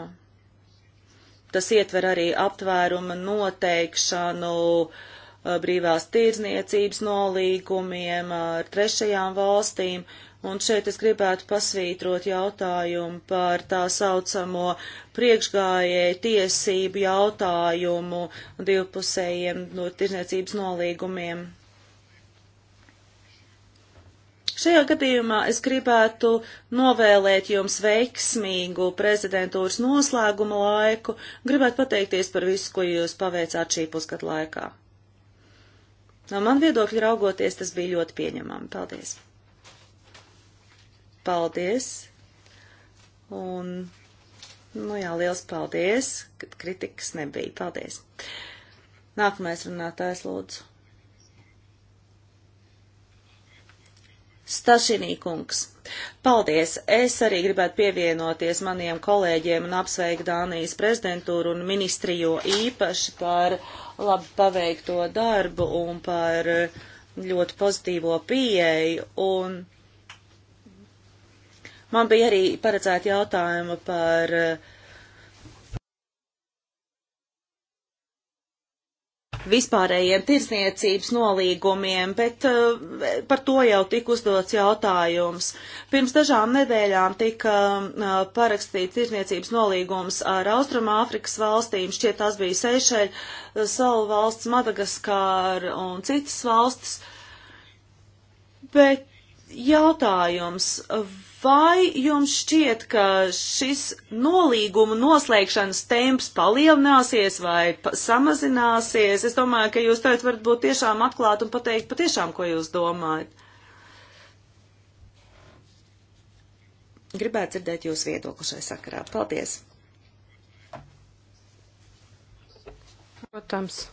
Tas ietver arī aptvēruma noteikšanu, uh, brīvās tirdzniecības nolīgumiem ar trešajām valstīm, uh, Un šeit es gribētu pasvītrot jautājumu par tā saucamo priekšgājēju tiesību jautājumu divpusējiem no tirzniecības nolīgumiem. Šajā gadījumā es gribētu novēlēt jums veiksmīgu prezidentūras noslēgumu laiku, gribētu pateikties par visu, ko jūs paveicāt šī pusgada laikā. No man viedokļa raugoties, tas bija ļoti pieņemami. Paldies! Paldies! Un, nu jā, liels paldies, kad kritikas nebija. Paldies! Nākamais runātājs lūdzu. Stašinī kungs. Paldies! Es arī gribētu pievienoties maniem kolēģiem un apsveikt Dānijas prezidentūru un ministriju īpaši par labi paveikto darbu un par ļoti pozitīvo pieeju. Un Man bija arī paredzēta jautājuma par eh, vispārējiem tirsniecības nolīgumiem, bet eh, par to jau tika uzdots jautājums. Pirms dažām nedēļām tika eh, parakstīts tirsniecības nolīgums ar Austrumāfrikas valstīm, šķiet tās bija Seišeļ, savu valsts, Madagaskāra un citas valstis. Bet jautājums, Vai jums šķiet, ka šis nolīguma noslēgšanas temps palielināsies vai samazināsies? Es domāju, ka jūs tagad varat būt tiešām atklāti un pateikt patiešām, ko jūs domājat. Gribētu dzirdēt jūsu viedokli šai sakarā. Paldies! Protams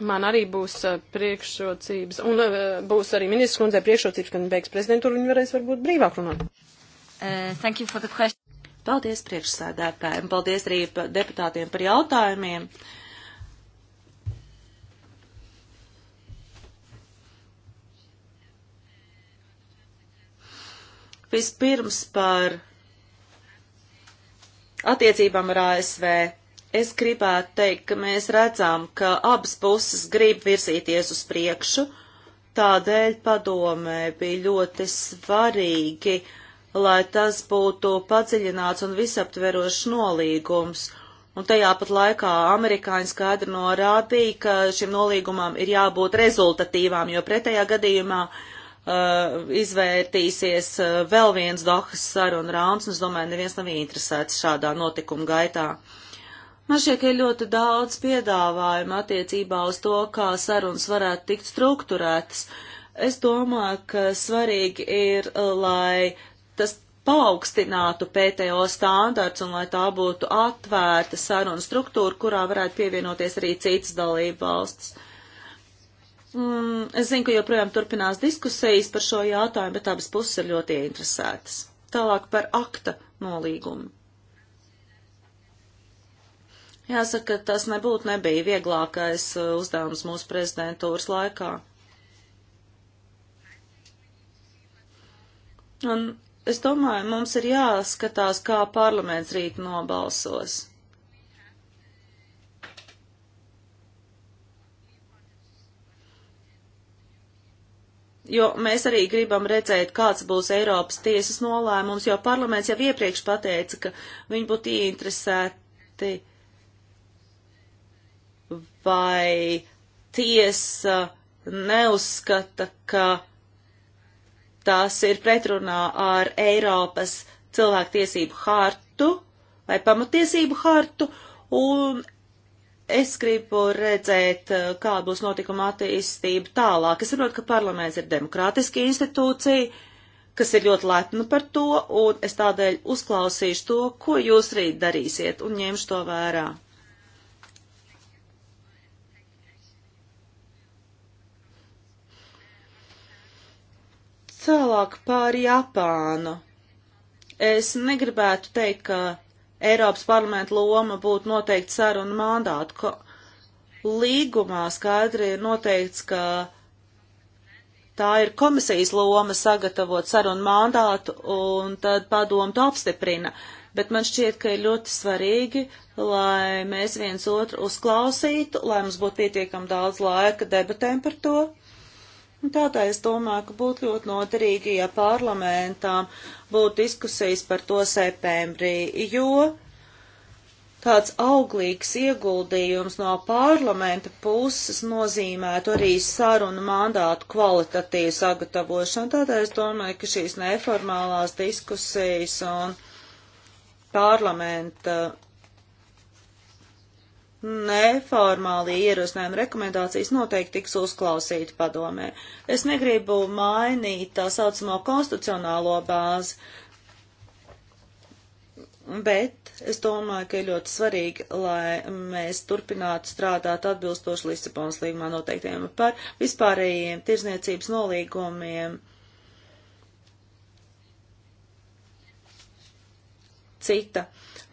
man arī būs uh, priekšrocības, un uh, būs arī ministrs kundzei priekšrocības, kad viņi beigs prezidentūru, viņi varēs varbūt brīvāk runāt. Uh, thank you for the question. Paldies priekšsēdētājiem, paldies arī deputātiem par jautājumiem. Vispirms par attiecībām ar ASV. Es gribētu teikt, ka mēs redzam, ka abas puses grib virzīties uz priekšu, tādēļ padomē bija ļoti svarīgi, lai tas būtu padziļināts un visaptverošs nolīgums. Un tajā pat laikā amerikāņi skaidri norādīja, ka šim nolīgumam ir jābūt rezultatīvām, jo pretējā gadījumā uh, izvērtīsies uh, vēl viens Dohas saruna rauns, un es domāju, neviens nav interesēts šādā notikuma gaitā. Uh, Man šķiet, ka ir ļoti daudz piedāvājumu attiecībā uz to, kā sarunas varētu tikt strukturētas. Es domāju, ka svarīgi ir, uh, lai tas paaugstinātu PTO standarts un lai tā būtu atvērta saruna struktūra, kurā varētu pievienoties arī citas dalība valstis. Mm, es zinu, ka joprojām turpinās diskusijas par šo jautājumu, bet abas puses ir ļoti interesētas. Tālāk par akta nolīgumu. Jāsaka, tas nebūtu nebija vieglākais uh, uzdevums mūsu prezidentūras laikā. Un es domāju, mums ir jāskatās, kā parlaments rīt nobalsos. Jo mēs arī gribam redzēt, kāds būs Eiropas tiesas nolēmums, jo parlaments jau iepriekš pateica, ka viņi būtu interesēti vai tiesa neuzskata, ka tās ir pretrunā ar Eiropas cilvēktiesību hartu vai pamatiesību hartu, un es gribu redzēt, kāda būs notikuma attīstība tālāk. Es saprotu, ka parlaments ir demokrātiska institūcija, kas ir ļoti lepna par to, un es tādēļ uzklausīšu to, ko jūs rīt darīsiet, un ņemšu to vērā. Tālāk pār Japānu. Es negribētu teikt, ka Eiropas parlamenta loma būtu noteikti saruna mandātu. Ko... Līgumā skaidri ir noteikts, ka tā ir komisijas loma sagatavot sarunu mandātu un tad padomu to apstiprina. Bet man šķiet, ka ir ļoti svarīgi, lai mēs viens otru uzklausītu, lai mums būtu pietiekam daudz laika debatēm par to. Un tādēļ es domāju, ka būtu ļoti noderīgi, ja parlamentām būtu diskusijas par to septembrī, jo tāds auglīgs ieguldījums no parlamenta puses nozīmētu arī sarunu mandātu kvalitatīvu sagatavošanu. Tādēļ es domāju, ka šīs neformālās diskusijas un parlamenta neformāli ierosinājumi rekomendācijas noteikti tiks uzklausīti padomē. Es negribu mainīt tā saucamo konstitucionālo bāzi, bet es domāju, ka ir ļoti svarīgi, lai mēs turpinātu strādāt atbilstoši Lisabonas līgumā noteiktiem par vispārējiem tirzniecības nolīgumiem. Cita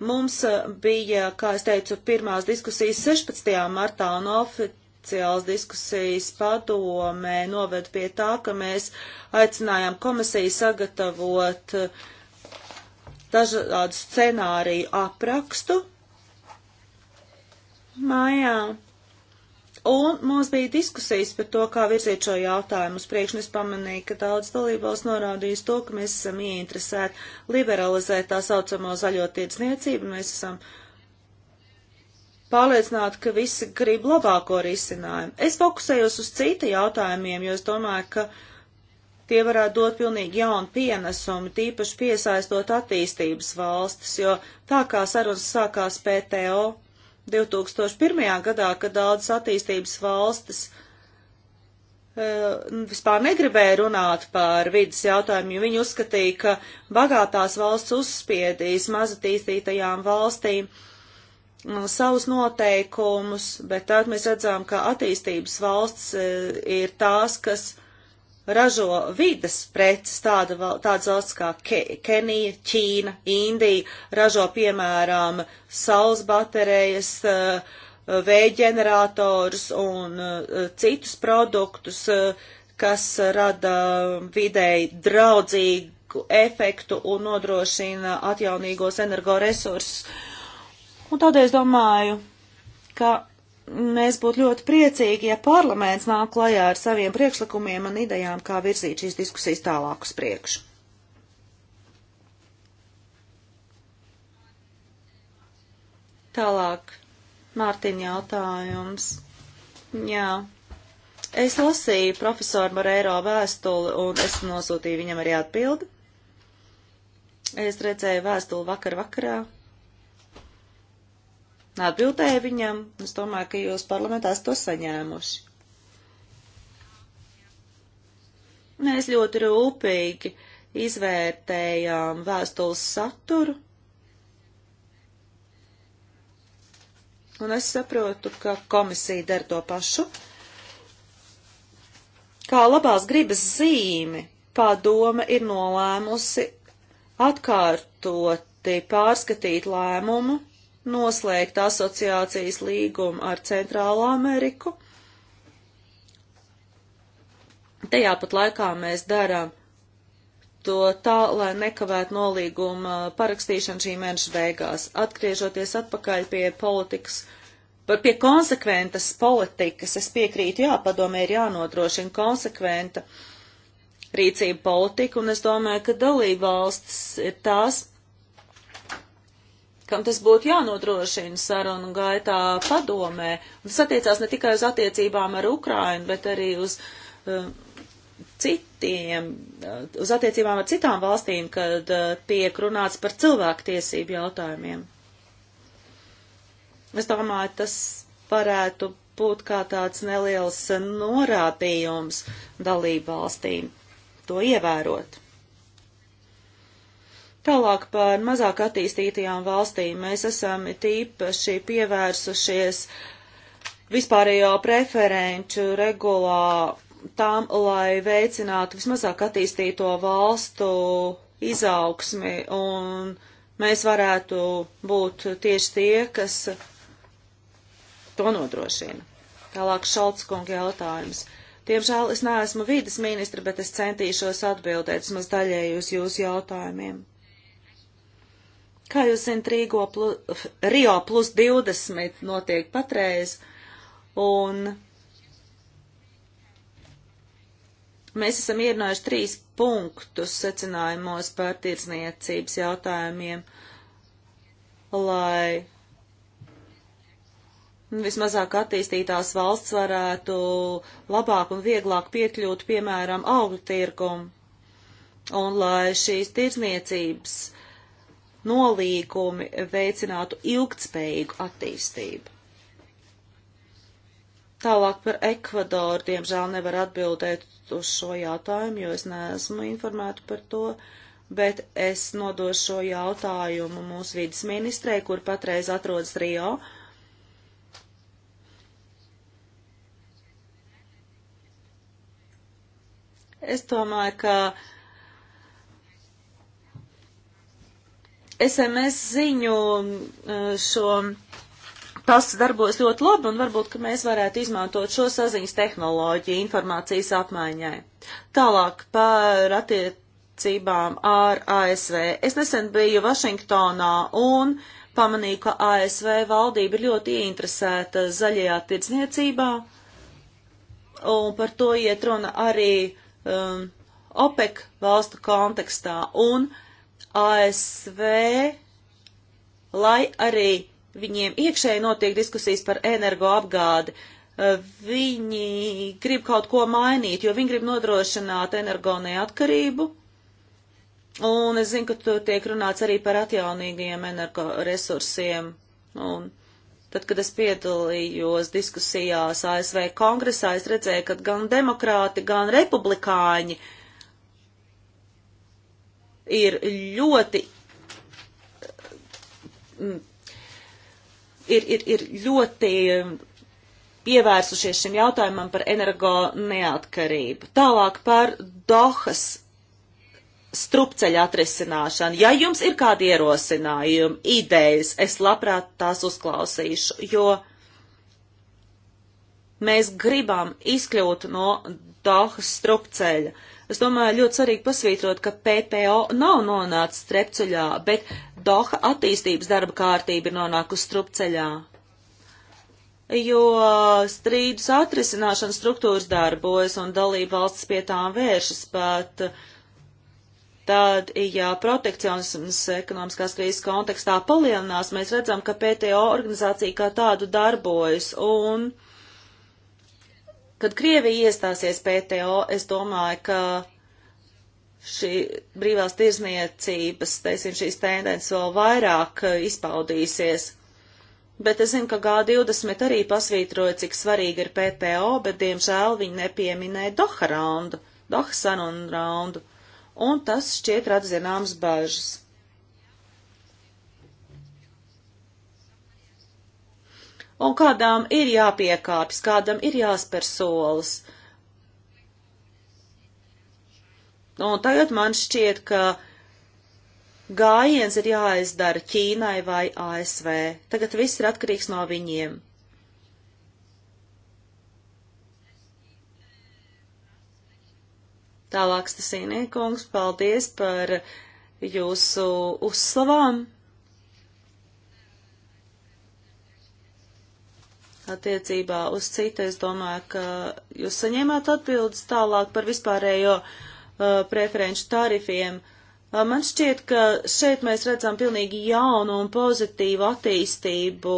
Mums eh, bija, kā es teicu, pirmās diskusijas 16. martā un oficiāls diskusijas padomē noved pie tā, ka mēs aicinājām komisiju sagatavot eh, dažādu scenāriju aprakstu mājā un mums bija diskusijas par to, kā virzīt šo jautājumu uz priekšu. Es pamanīju, ka daudz dalībvalsts norādījis to, ka mēs esam ieinteresēti liberalizēt tā saucamo zaļo tirdzniecību, un mēs esam pārliecināti, ka visi grib labāko risinājumu. Es fokusējos uz cita jautājumiem, jo es domāju, ka tie varētu dot pilnīgi jaunu pienesumu, tīpaši piesaistot attīstības valstis, jo tā kā sarunas sākās PTO 2001. gadā, kad daudzas attīstības valstis e, vispār negribēja runāt par vidas jautājumu, jo viņi uzskatīja, ka bagātās valsts uzspiedīs mazatīstītajām valstīm savus noteikumus, bet tad mēs redzām, ka attīstības valsts e, ir tās, kas ražo vidas preces, tāda, tādas valsts kā Ke Kenija, Ķīna, Indija, ražo piemēram saules baterijas, eh, vējģenerators un eh, citus produktus, eh, kas rada vidēji draudzīgu efektu un nodrošina atjaunīgos energoresursus. Un tādēļ es domāju, ka mēs būtu ļoti priecīgi, ja parlaments nāk klajā ar saviem priekšlikumiem un idejām, kā virzīt šīs diskusijas tālāk uz priekšu. Tālāk, Mārtiņa jautājums. Jā. Es lasīju profesoru Marēro vēstuli un es nosūtīju viņam arī atbildi. Es redzēju vēstuli vakar vakarā atbildēju viņam. Es domāju, ka jūs parlamentā esat to saņēmuši. Mēs ļoti rūpīgi izvērtējām vēstules saturu. Un es saprotu, ka komisija dara to pašu. Kā labās gribas zīme, padome ir nolēmusi atkārtoti pārskatīt lēmumu noslēgt asociācijas līgumu ar Centrālā Ameriku. Tajā pat laikā mēs darām to tā, lai nekavētu nolīguma parakstīšanu šī mēneša beigās. Atgriežoties atpakaļ pie politikas, pie konsekventas politikas, es piekrītu, jā, padomē ir jānodrošina konsekventa rīcība politika, un es domāju, ka dalība valstis ir tās, kam tas būtu jānodrošina sarunu gaitā padomē. Un tas attiecās ne tikai uz attiecībām ar Ukrainu, bet arī uz uh, citiem, uh, uz attiecībām ar citām valstīm, kad uh, tiek runāts par cilvēktiesību jautājumiem. Es domāju, tas varētu būt kā tāds neliels norādījums dalību valstīm to ievērot. Tālāk par mazāk attīstītajām valstīm mēs esam tīpaši pievērsušies vispārējo preferenču regulā tām, lai veicinātu vismazāk attīstīto valstu izaugsmi un mēs varētu būt tieši tie, kas to nodrošina. Tālāk Šaltskunga jautājums. Diemžēl es neesmu vīdes ministra, bet es centīšos atbildēt vismaz daļēji uz jūsu jautājumiem. Kā jūs zinat, plus, Rio plus 20 notiek patreiz, un mēs esam ierunājuši trīs punktus secinājumos par tirdzniecības jautājumiem, lai vismazāk attīstītās valsts varētu labāk un vieglāk piekļūt, piemēram, augļu tirgumu. Un lai šīs tirdzniecības nolīgumi veicinātu ilgtspējīgu attīstību. Tālāk par Ekvadoru, diemžēl nevar atbildēt uz šo jautājumu, jo es neesmu informēta par to, bet es nodošu šo jautājumu mūsu vidas ministrei, kur patreiz atrodas Rio. Es domāju, ka SMS ziņu uh, šo pasts darbos ļoti labi un varbūt, ka mēs varētu izmantot šo saziņas tehnoloģiju informācijas apmaiņai. Tālāk par attiecībām ar ASV. Es nesen biju Vašingtonā un pamanīju, ka ASV valdība ir ļoti ieinteresēta zaļajā tirdzniecībā un par to iet runa arī um, OPEC valstu kontekstā. Un uh, ASV, lai arī viņiem iekšēji notiek diskusijas par energoapgādi, viņi grib kaut ko mainīt, jo viņi grib nodrošināt energo neatkarību. Un es zinu, ka tur tiek runāts arī par atjaunīgajiem energoresursiem. Un tad, kad es piedalījos diskusijās ASV kongresā, es redzēju, ka gan demokrāti, gan republikāņi uh, ir ļoti, mm, ir, ir, ir ļoti pievērsušies šim jautājumam par energo neatkarību. Tālāk par Dohas strupceļa atrisināšanu. Ja jums ir kādi ierosinājumi, idejas, es labprāt tās uzklausīšu, jo mēs gribam izkļūt no Dohas strupceļa. Uh, Es domāju, ļoti svarīgi pasvītrot, ka PPO nav nonācis strepceļā, bet Doha attīstības darba kārtība ir nonākusi strupceļā. Jo strīdus atrisināšana struktūras darbojas un dalība valsts pie tām vēršas pat uh, Tad, ja protekcionisms ekonomiskās krīzes kontekstā palielinās, mēs redzam, ka PTO organizācija kā tādu darbojas, un Kad Krievija iestāsies PTO, es domāju, ka šī brīvās tirzniecības, teiksim, šīs tendences vēl vairāk eh, izpaudīsies. Bet es zinu, ka G20 arī pasvītroja, cik svarīgi ir PTO, bet diemžēl viņi nepieminēja Doha raundu, Doha sarunu raundu, un tas šķiet rada zināmas bažas. un kādām ir jāpiekāpjas, kādam ir jāspēr solis. Nu, un tagad man šķiet, ka gājiens ir jāizdara Ķīnai vai ASV. Tagad viss ir atkarīgs no viņiem. Tālāk, Stasīnī kungs, paldies par jūsu uzslavām. attiecībā uz citu. Es domāju, ka jūs saņēmāt atbildes tālāk par vispārējo uh, preferenču tarifiem. Uh, man šķiet, ka šeit mēs redzam pilnīgi jaunu un pozitīvu attīstību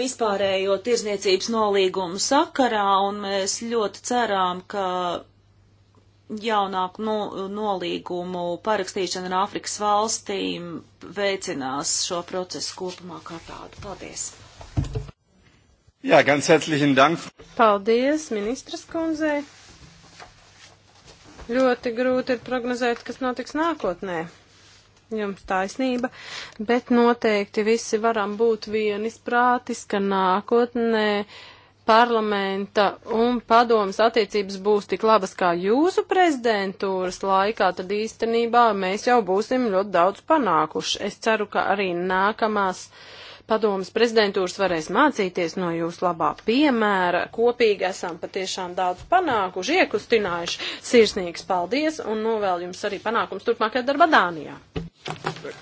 vispārējo tirzniecības nolīgumu sakarā, un mēs ļoti cerām, ka jaunāku no, nolīgumu parakstīšana ar Āfrikas valstīm veicinās šo procesu kopumā kā tādu. Paldies! Jā, ganz herzlichen Dank. Paldies, ministras kundzei. Ļoti grūti ir prognozēt, kas notiks nākotnē. Jums taisnība, bet noteikti visi varam būt vienisprātis, ka nākotnē uh, parlamenta un padomas attiecības būs tik labas kā jūsu prezidentūras laikā, tad īstenībā mēs jau būsim ļoti daudz panākuši. Es ceru, ka arī nākamās padomas prezidentūras varēs mācīties no jūsu labā piemēra. Kopīgi esam patiešām daudz panākuši, iekustinājuši. Sirsnīgs paldies un novēl jums arī panākums turpmākajā darbā Dānijā. Thank you.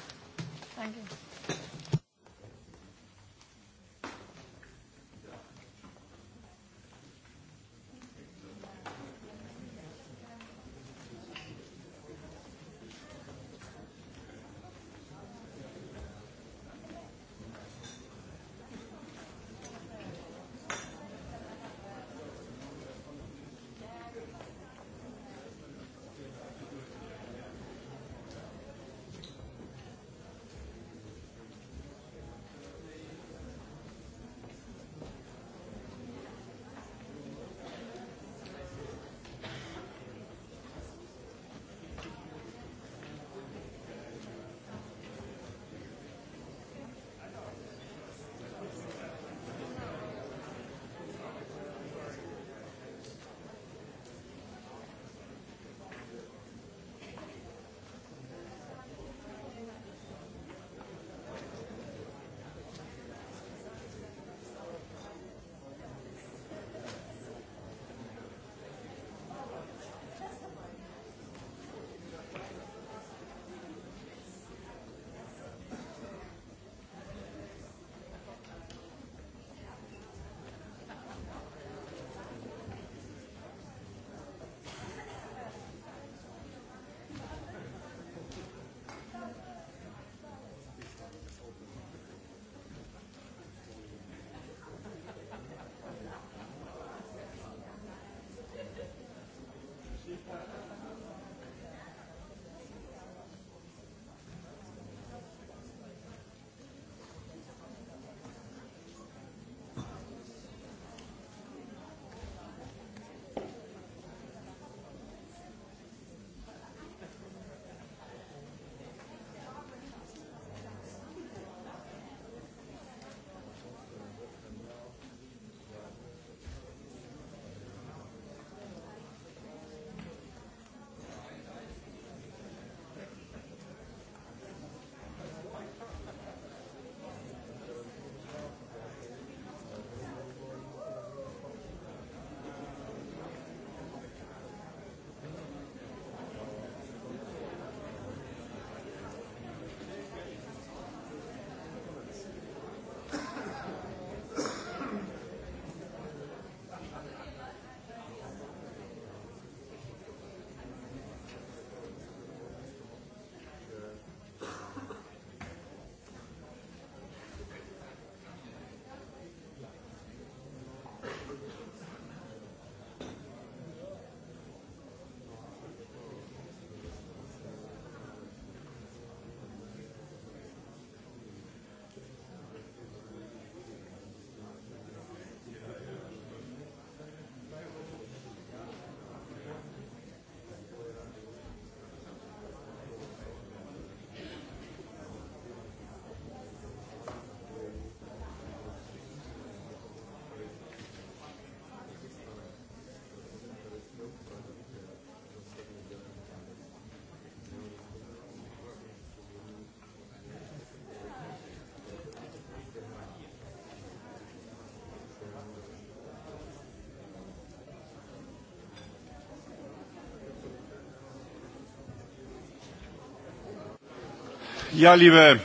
Jā, ja, liebe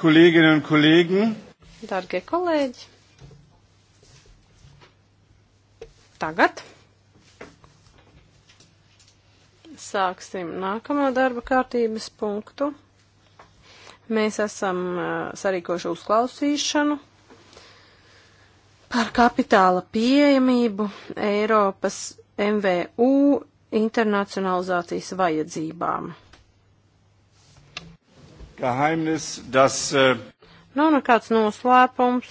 Kolleginnen un Kollegen. Dargie kolēģi. Tagad sāksim nākamo darba kārtības punktu. Mēs esam uh, sarīkoši uzklausīšanu par kapitāla pieejamību Eiropas MVU internacionalizācijas vajadzībām. Geheimnis, dass. Uh... Nav nekāds noslēpums,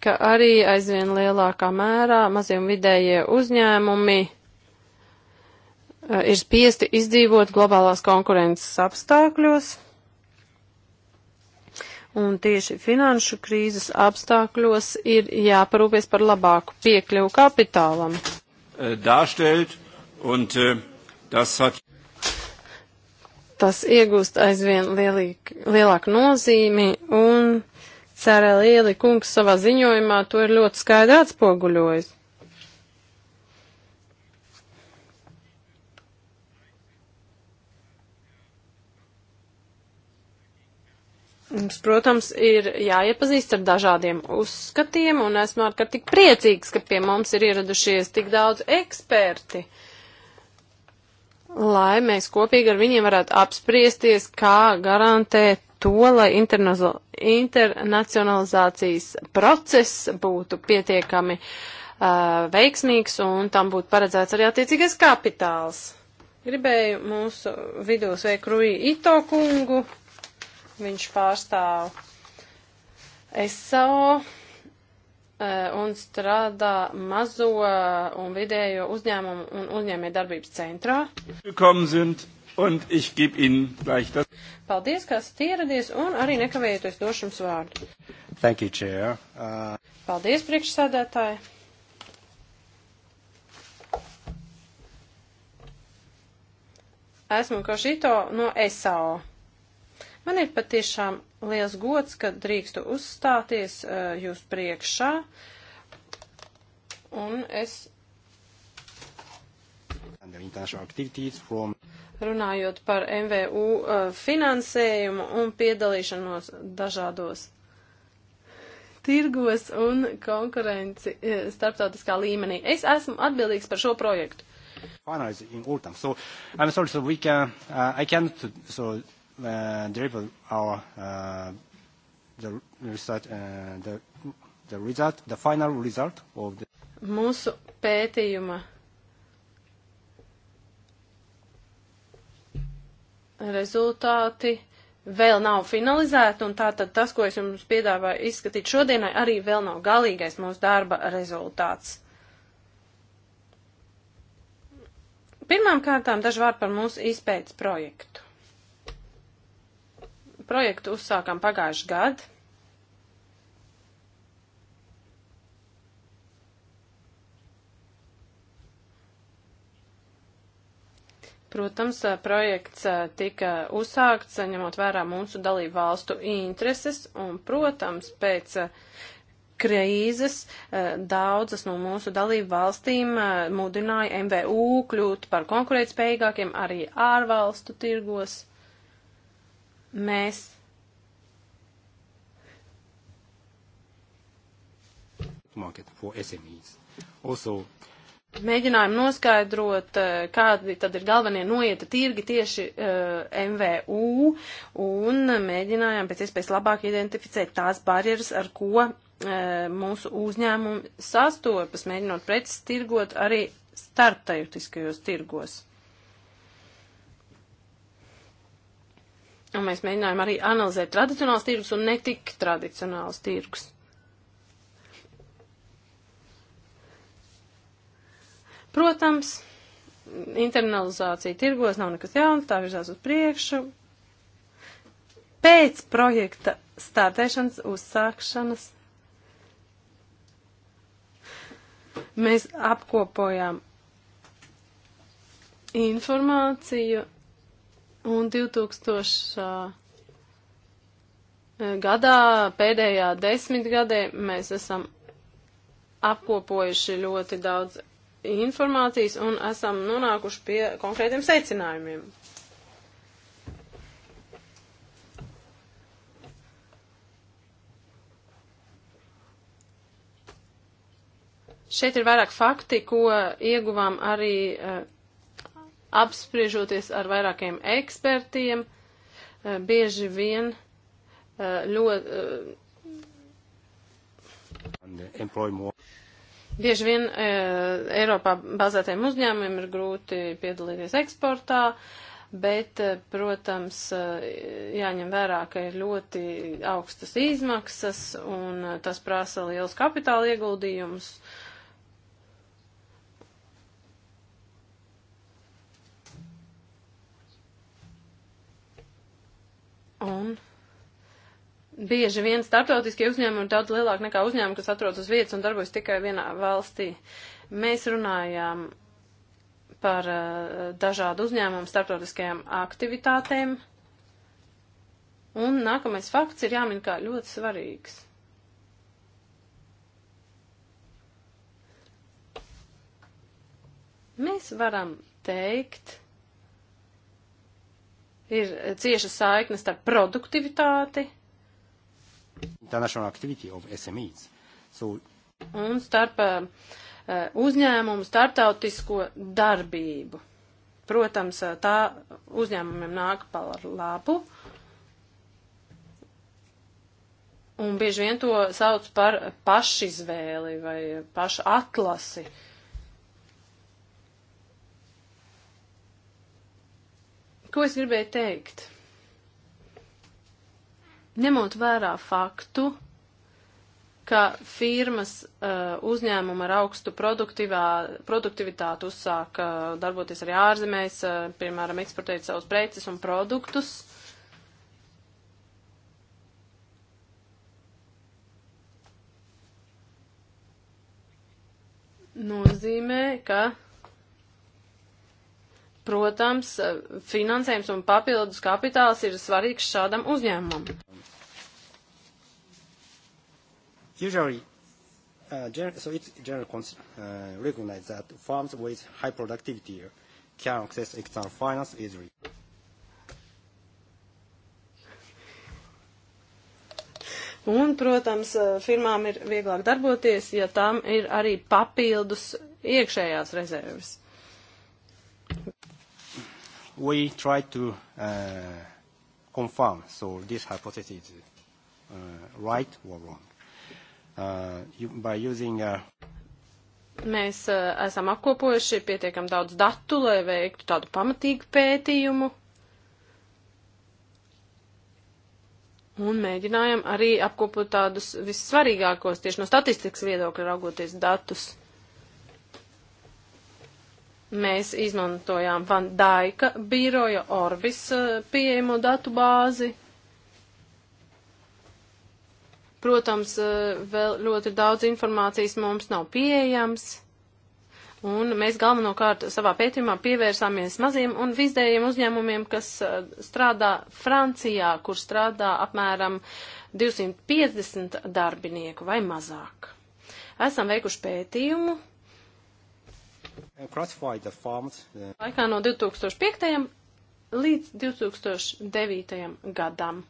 ka arī aizvien lielākā mērā mazie un vidējie uzņēmumi eh, ir spiesti izdzīvot globālās konkurences apstākļos. Un tieši finanšu krīzes apstākļos ir jāparūpēs par labāku piekļuvu kapitālam. Äh, Dāstelt, un tas äh, hat tas iegūst aizvien lielīk, lielāku nozīmi un Cērē Lieli kungs savā ziņojumā to ir ļoti skaidri atspoguļojis. Mums, protams, ir jāiepazīst ar dažādiem uzskatiem, un esmu ārkārtīgi priecīgs, ka pie mums ir ieradušies tik daudz eksperti. Uh, lai mēs kopīgi ar viņiem varētu apspriesties, kā garantēt to, lai internacionalizācijas process būtu pietiekami uh, veiksmīgs un tam būtu paredzēts arī attiecīgais kapitāls. Gribēju mūsu vidū sveikt Rui Ito kungu. Viņš pārstāv SAO un strādā mazo un vidējo uzņēmumu un uzņēmē darbības centrā. Und ich gebe Ihnen gleich das. Paldies, ka esat ieradies un arī nekavējoties došu jums vārdu. Thank you, Chair. Uh... Paldies, priekšsādātāji. Esmu Košito no SAO. Man ir patiešām liels gods, ka drīkstu uzstāties uh, jūs priekšā. Un es. From... Runājot par MVU uh, eh, finansējumu un piedalīšanos dažādos tirgos un konkurenci uh, starptautiskā līmenī. Es esmu atbildīgs par šo projektu. Finalized in autumn. So I'm sorry, so we can, uh, I can't, so uh, deliver our uh, the result, uh, the, the result, the final result of the mūsu pētījuma rezultāti vēl nav finalizēti, un tātad tas, ko es jums piedāvāju izskatīt šodienai, arī vēl nav galīgais mūsu darba rezultāts. Pirmām kārtām daži vārdi par mūsu izpētes projektu. Projektu uzsākām pagājuši gadu. Protams, projekts tika uzsākts, ņemot vērā mūsu dalību valstu intereses, un, protams, pēc krīzes daudzas no mūsu dalību valstīm mudināja MVU kļūt par konkurētspējīgākiem arī ārvalstu tirgos mēs market for SMEs. Also, Mēģinājām noskaidrot, eh, kādi tad ir galvenie noieta tirgi tieši uh, eh, MVU, un mēģinājām pēc iespējas labāk identificēt tās barjeras, ar ko uh, mūsu uzņēmumi sastopas, mēģinot preces tirgot arī starptautiskajos tirgos. Un mēs mēģinājām arī analizēt tradicionāls tirgus un ne tik tradicionāls tirgus. Protams, internalizācija tirgos nav nekas jauns, tā virzās uz priekšu. Pēc projekta startēšanas uzsākšanas mēs apkopojām informāciju Un 2000. gadā, pēdējā desmitgadē, mēs esam apkopojuši ļoti daudz informācijas un esam nonākuši pie konkrētiem secinājumiem. Šeit ir vairāk fakti, ko ieguvām arī apspriežoties ar vairākiem ekspertiem, eh, bieži vien eh, ļoti. Eh, bieži vien e, Eiropā bazētiem uzņēmumiem ir grūti piedalīties eksportā, bet, protams, jāņem vērā, ka ir ļoti augstas izmaksas un tas prasa liels kapitāla ieguldījumus. E, Un bieži vien startautiskie uzņēmumi ir daudz lielāki nekā uzņēmumi, kas atrodas uz vietas un darbojas tikai vienā valstī. Mēs runājām par uh, dažādu uzņēmumu starptautiskajām aktivitātēm. Un nākamais fakts ir jāmin kā ļoti svarīgs. Mēs varam teikt, ir cieša saikne starp produktivitāti so... un starp uh, uzņēmumu startautisko darbību. Protams, eh, tā uzņēmumiem nāk par labu, un bieži vien to sauc par pašizvēli vai pašu atlasi. Uh, Ko es gribēju teikt? Ņemot vērā faktu, ka firmas uh, uzņēmuma ar augstu produktivitāti uzsāk uh, darboties arī ārzemēs, uh, piemēram, eksportēt savus preces un produktus. Nozīmē, ka Protams, finansējums un papildus kapitāls ir svarīgs šādam uzņēmumam. Usually, uh, gen so it's generally uh, recognized that firms with high productivity can access external finance easily. Un, protams, uh, firmām ir vieglāk darboties, ja tām ir arī papildus iekšējās rezerves we try to uh, confirm so this hypothesis uh, right or wrong uh, you, by using uh, Mēs uh, esam apkopojuši pietiekam daudz datu, lai veiktu tādu pamatīgu pētījumu. Un mēģinājam arī apkopot tādus vissvarīgākos tieši no statistikas viedokļa raugoties datus. Mēs izmantojām Van Daika biroja Orbis eh, pieejamo datu bāzi. Protams, eh, vēl ļoti daudz informācijas mums nav pieejams. Un mēs galvenokārt savā pētījumā pievērsāmies maziem un vizdējiem uzņēmumiem, kas eh, strādā Francijā, kur strādā apmēram 250 darbinieku vai mazāk. Esam veikuši pētījumu, Uh, uh, Laikā no 2005. līdz 2009. gadam.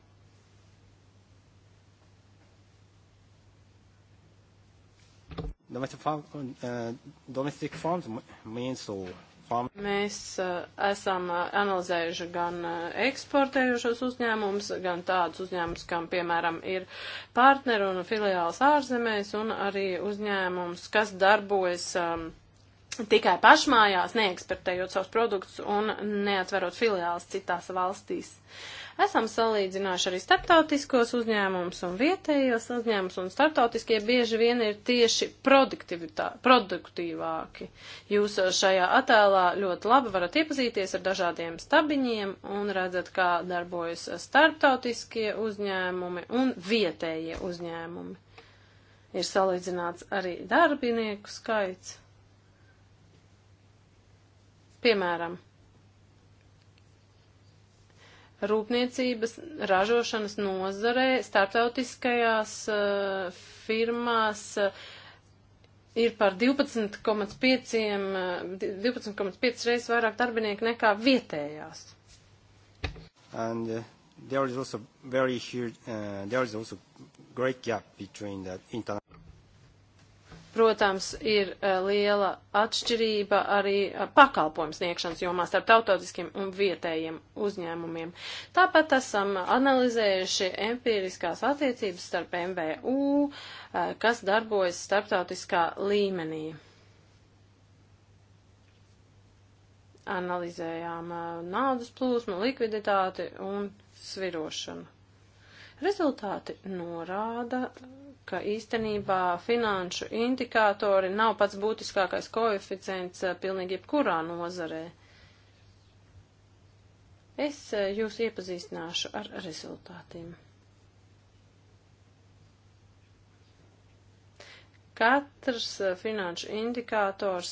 Domestic farm, uh, domestic farms means or farm. Mēs uh, esam uh, analizējuši gan uh, eksportējušos uzņēmumus, gan tādus uzņēmumus, kam, piemēram, ir partneri un filiāls ārzemēs, un arī uzņēmums, kas darbojas. Um, tikai pašmājās, neeksportējot savus produktus un neatverot filiāls citās valstīs. Esam salīdzinājuši arī starptautiskos uzņēmumus un vietējos uzņēmumus, un starptautiskie bieži vien ir tieši produktīvāki. Jūs šajā attēlā ļoti labi varat iepazīties ar dažādiem stabiņiem un redzat, kā darbojas starptautiskie uzņēmumi un vietējie uzņēmumi. Ir salīdzināts arī darbinieku skaits. Piemēram, rūpniecības ražošanas nozarē starptautiskajās uh, firmās uh, ir par 12,5 12,5 eh, reizes vairāk darbinieku nekā vietējās. And, uh, there is also very huge, uh, there is also great gap between the international Protams, ir e, liela atšķirība arī e, pakalpojums sniegšanas jomā starp tautotiskiem un vietējiem uzņēmumiem. Tāpat esam analizējuši empiriskās attiecības starp MVU, e, kas darbojas starptautiskā līmenī. Analizējām naudas plūsmu, likviditāti un svirošanu. Rezultāti norāda ka īstenībā finanšu indikātori nav pats būtiskākais koeficients eh, pilnīgi jebkurā nozarē. Es eh, jūs iepazīstināšu ar rezultātiem. Katrs eh, finanšu indikators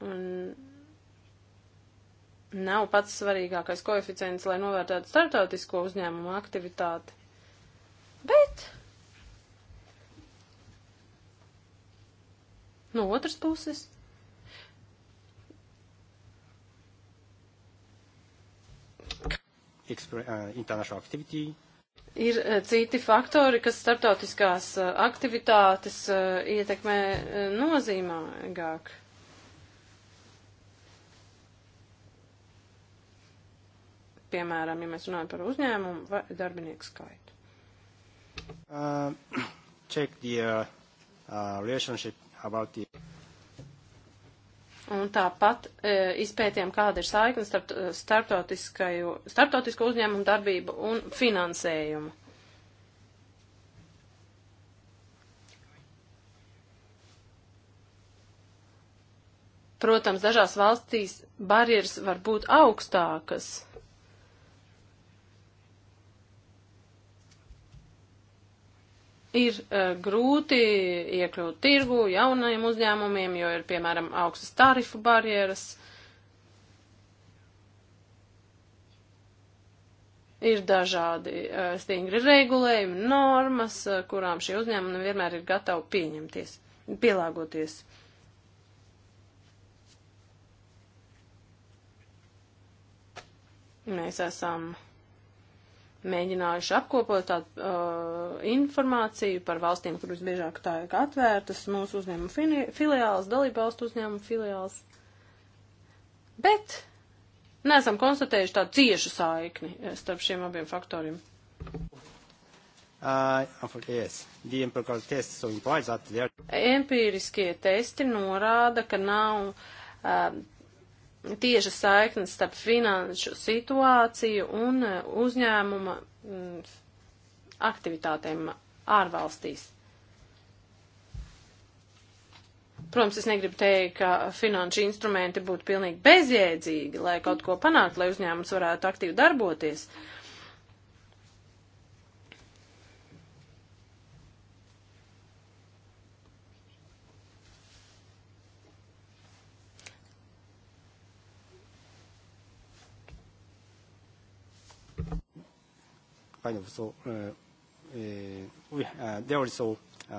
mm, nav pats svarīgākais koeficients, lai novērtētu starptautisko uzņēmumu aktivitāti. Bet No otras puses, uh, international activity. Ir uh, citi faktori, kas starptautiskās uh, aktivitātes ietekmē nozīmīgāk. Piemēram, ja mēs runājam par uzņēmumu vai darbinieku skaitu. Uh, check the uh, relationship about the Un tāpat e, izpētiem, kāda ir saikne starp e, starptautisko uzņēmumu darbību un finansējumu. Protams, dažās valstīs barjeras var būt augstākas. ir uh, grūti iekļūt tirgu jaunajiem uzņēmumiem, jo ir, piemēram, augstas tarifu barjeras. Ir dažādi uh, stingri regulējumi, normas, uh, kurām šie uzņēmumi vienmēr ir gatavi pieņemties, pielāgoties. Mēs esam. Uh, mēģinājuši apkopot tādu uh, informāciju par valstīm, kur visbiežāk tā ir atvērtas mūsu uzņēmuma filiāls, dalībvalstu uzņēmuma filiāls. Bet neesam konstatējuši tādu ciešu saikni eh, starp šiem abiem faktoriem. Uh, yes. so are... Empiriskie testi norāda, ka nav uh, tieša saiknes starp finanšu situāciju un e, uzņēmuma aktivitātēm ārvalstīs. Protams, es negribu teikt, ka finanšu instrumenti būtu pilnīgi bezjēdzīgi, lai kaut ko panāktu, lai uzņēmums varētu aktīvi darboties. Uh, kind of so uh, uh, we, oh, uh, there is so uh,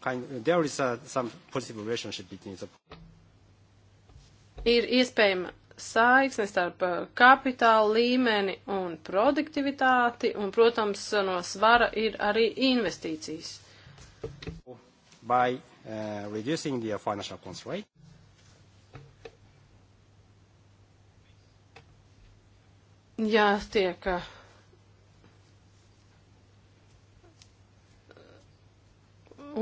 kind of, there is uh, some positive relationship between the ir iespējama saiksne starp uh, kapitāla līmeni un produktivitāti, un, protams, no svara ir arī investīcijas. By, uh, reducing the financial constraint. Jā, tiek uh,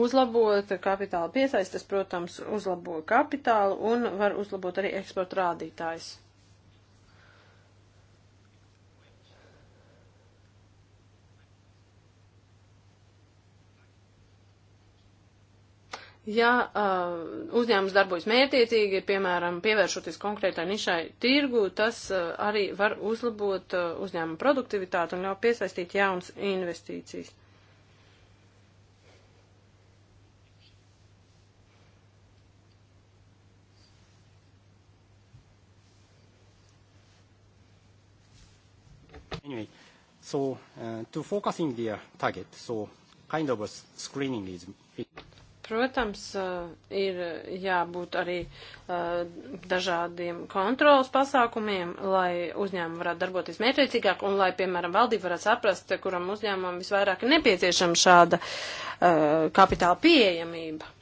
uzlabot kapitāla piesaistes, protams, uzlabo kapitālu un var uzlabot arī eksporta rādītājs. Ja uh, uzņēmums darbojas mērtiecīgi, piemēram, pievēršoties konkrētai nišai tirgu, tas uh, arī var uzlabot uh, uzņēmuma produktivitāti un ļauj piesaistīt jaunas investīcijas. Anyway, so uh, to focus in the target, so kind of a screening is. Protams, uh, ir jābūt arī uh, dažādiem kontrolas pasākumiem, lai uzņēmumi varētu darboties mērķiecīgāk un lai, piemēram, valdība varētu saprast, kuram uzņēmumam visvairāk ir nepieciešama šāda uh, kapitāla pieejamība.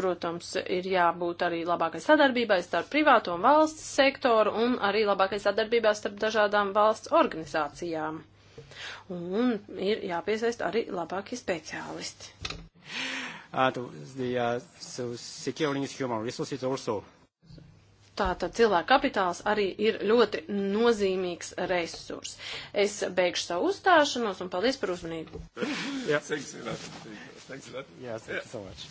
protams, ir jābūt arī labākai sadarbībai starp privāto un valsts sektoru un arī labākai sadarbībā starp dažādām valsts organizācijām. Un ir jāpiesaist arī labākie speciālisti. Uh, the, uh, so securing human resources also tātad cilvēka kapitāls arī ir ļoti nozīmīgs resurs. Es beigšu savu uzstāšanos un paldies par uzmanību. yeah. Thanks a lot. Thanks a lot. Yeah, thank yeah. you so much.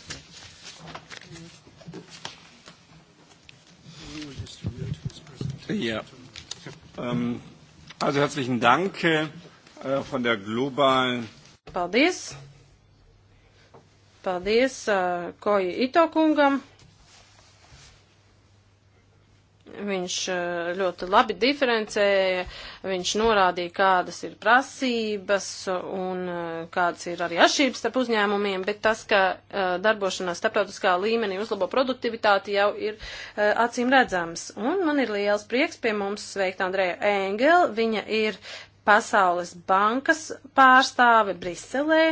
Ja. Ähm, also herzlichen Dank äh, von der globalen. Paldies. Paldies uh, Koji Itokungam. Viņš e, ļoti labi diferencēja, viņš norādīja, kādas ir prasības un e, kādas ir arī atšķirības starp uzņēmumiem, bet tas, ka e, darbošanās starptautiskā līmenī uzlabo produktivitāti, jau ir acīm redzams. Un man ir liels prieks pie mums sveikt Andreju Engelu. Viņa ir Pasaules bankas pārstāve Briselē,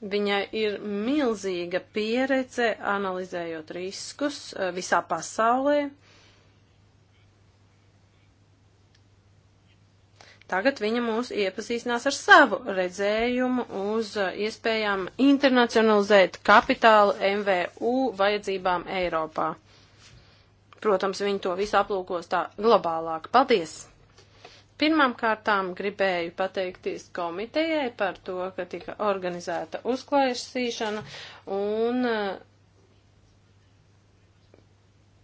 Viņai ir milzīga pieredze analizējot riskus eh, visā pasaulē. Tagad viņa mūs iepazīstinās ar savu redzējumu uz eh, iespējām internacionalizēt kapitālu MVU vajadzībām Eiropā. Protams, viņi to visu aplūkos tā globālāk. Paldies! Pirmām kārtām gribēju pateikties komitejai par to, ka tika organizēta uzklausīšana un uh,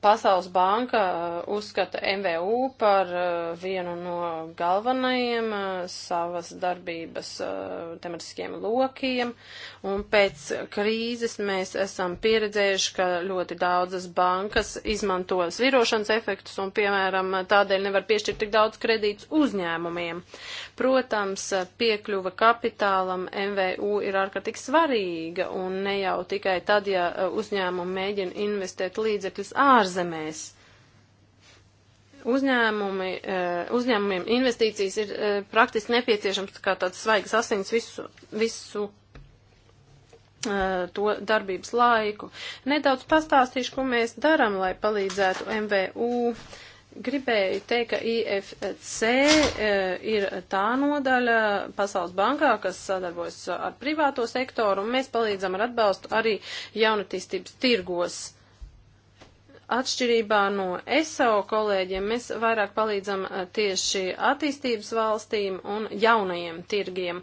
Pasaules banka uh, uzskata MVU par uh, vienu no galvenajiem uh, savas darbības tematiskiem lokiem, un pēc krīzes mēs esam pieredzējuši, ka ļoti daudzas bankas izmanto svirošanas efektus, un, piemēram, tādēļ nevar piešķirt tik daudz kredītus uzņēmumiem. Protams, piekļuva kapitālam MVU ir ārkārtīgi svarīga, un ne jau tikai tad, ja uzņēmumi mēģina investēt līdzekļus ārzemēs, ārzemēs. Uzņēmumi, eh, uzņēmumiem investīcijas ir eh, praktiski nepieciešams kā tāds svaigs asins visu, visu eh, to darbības laiku. Nedaudz pastāstīšu, ko mēs daram, lai palīdzētu MVU. Gribēju teikt, ka IFC ir tā nodaļa Pasaules bankā, kas sadarbojas ar privāto sektoru, un mēs palīdzam ar atbalstu arī jaunatīstības tirgos. Atšķirībā no ESO kolēģiem mēs vairāk palīdzam eh, tieši attīstības valstīm un jaunajiem tirgiem.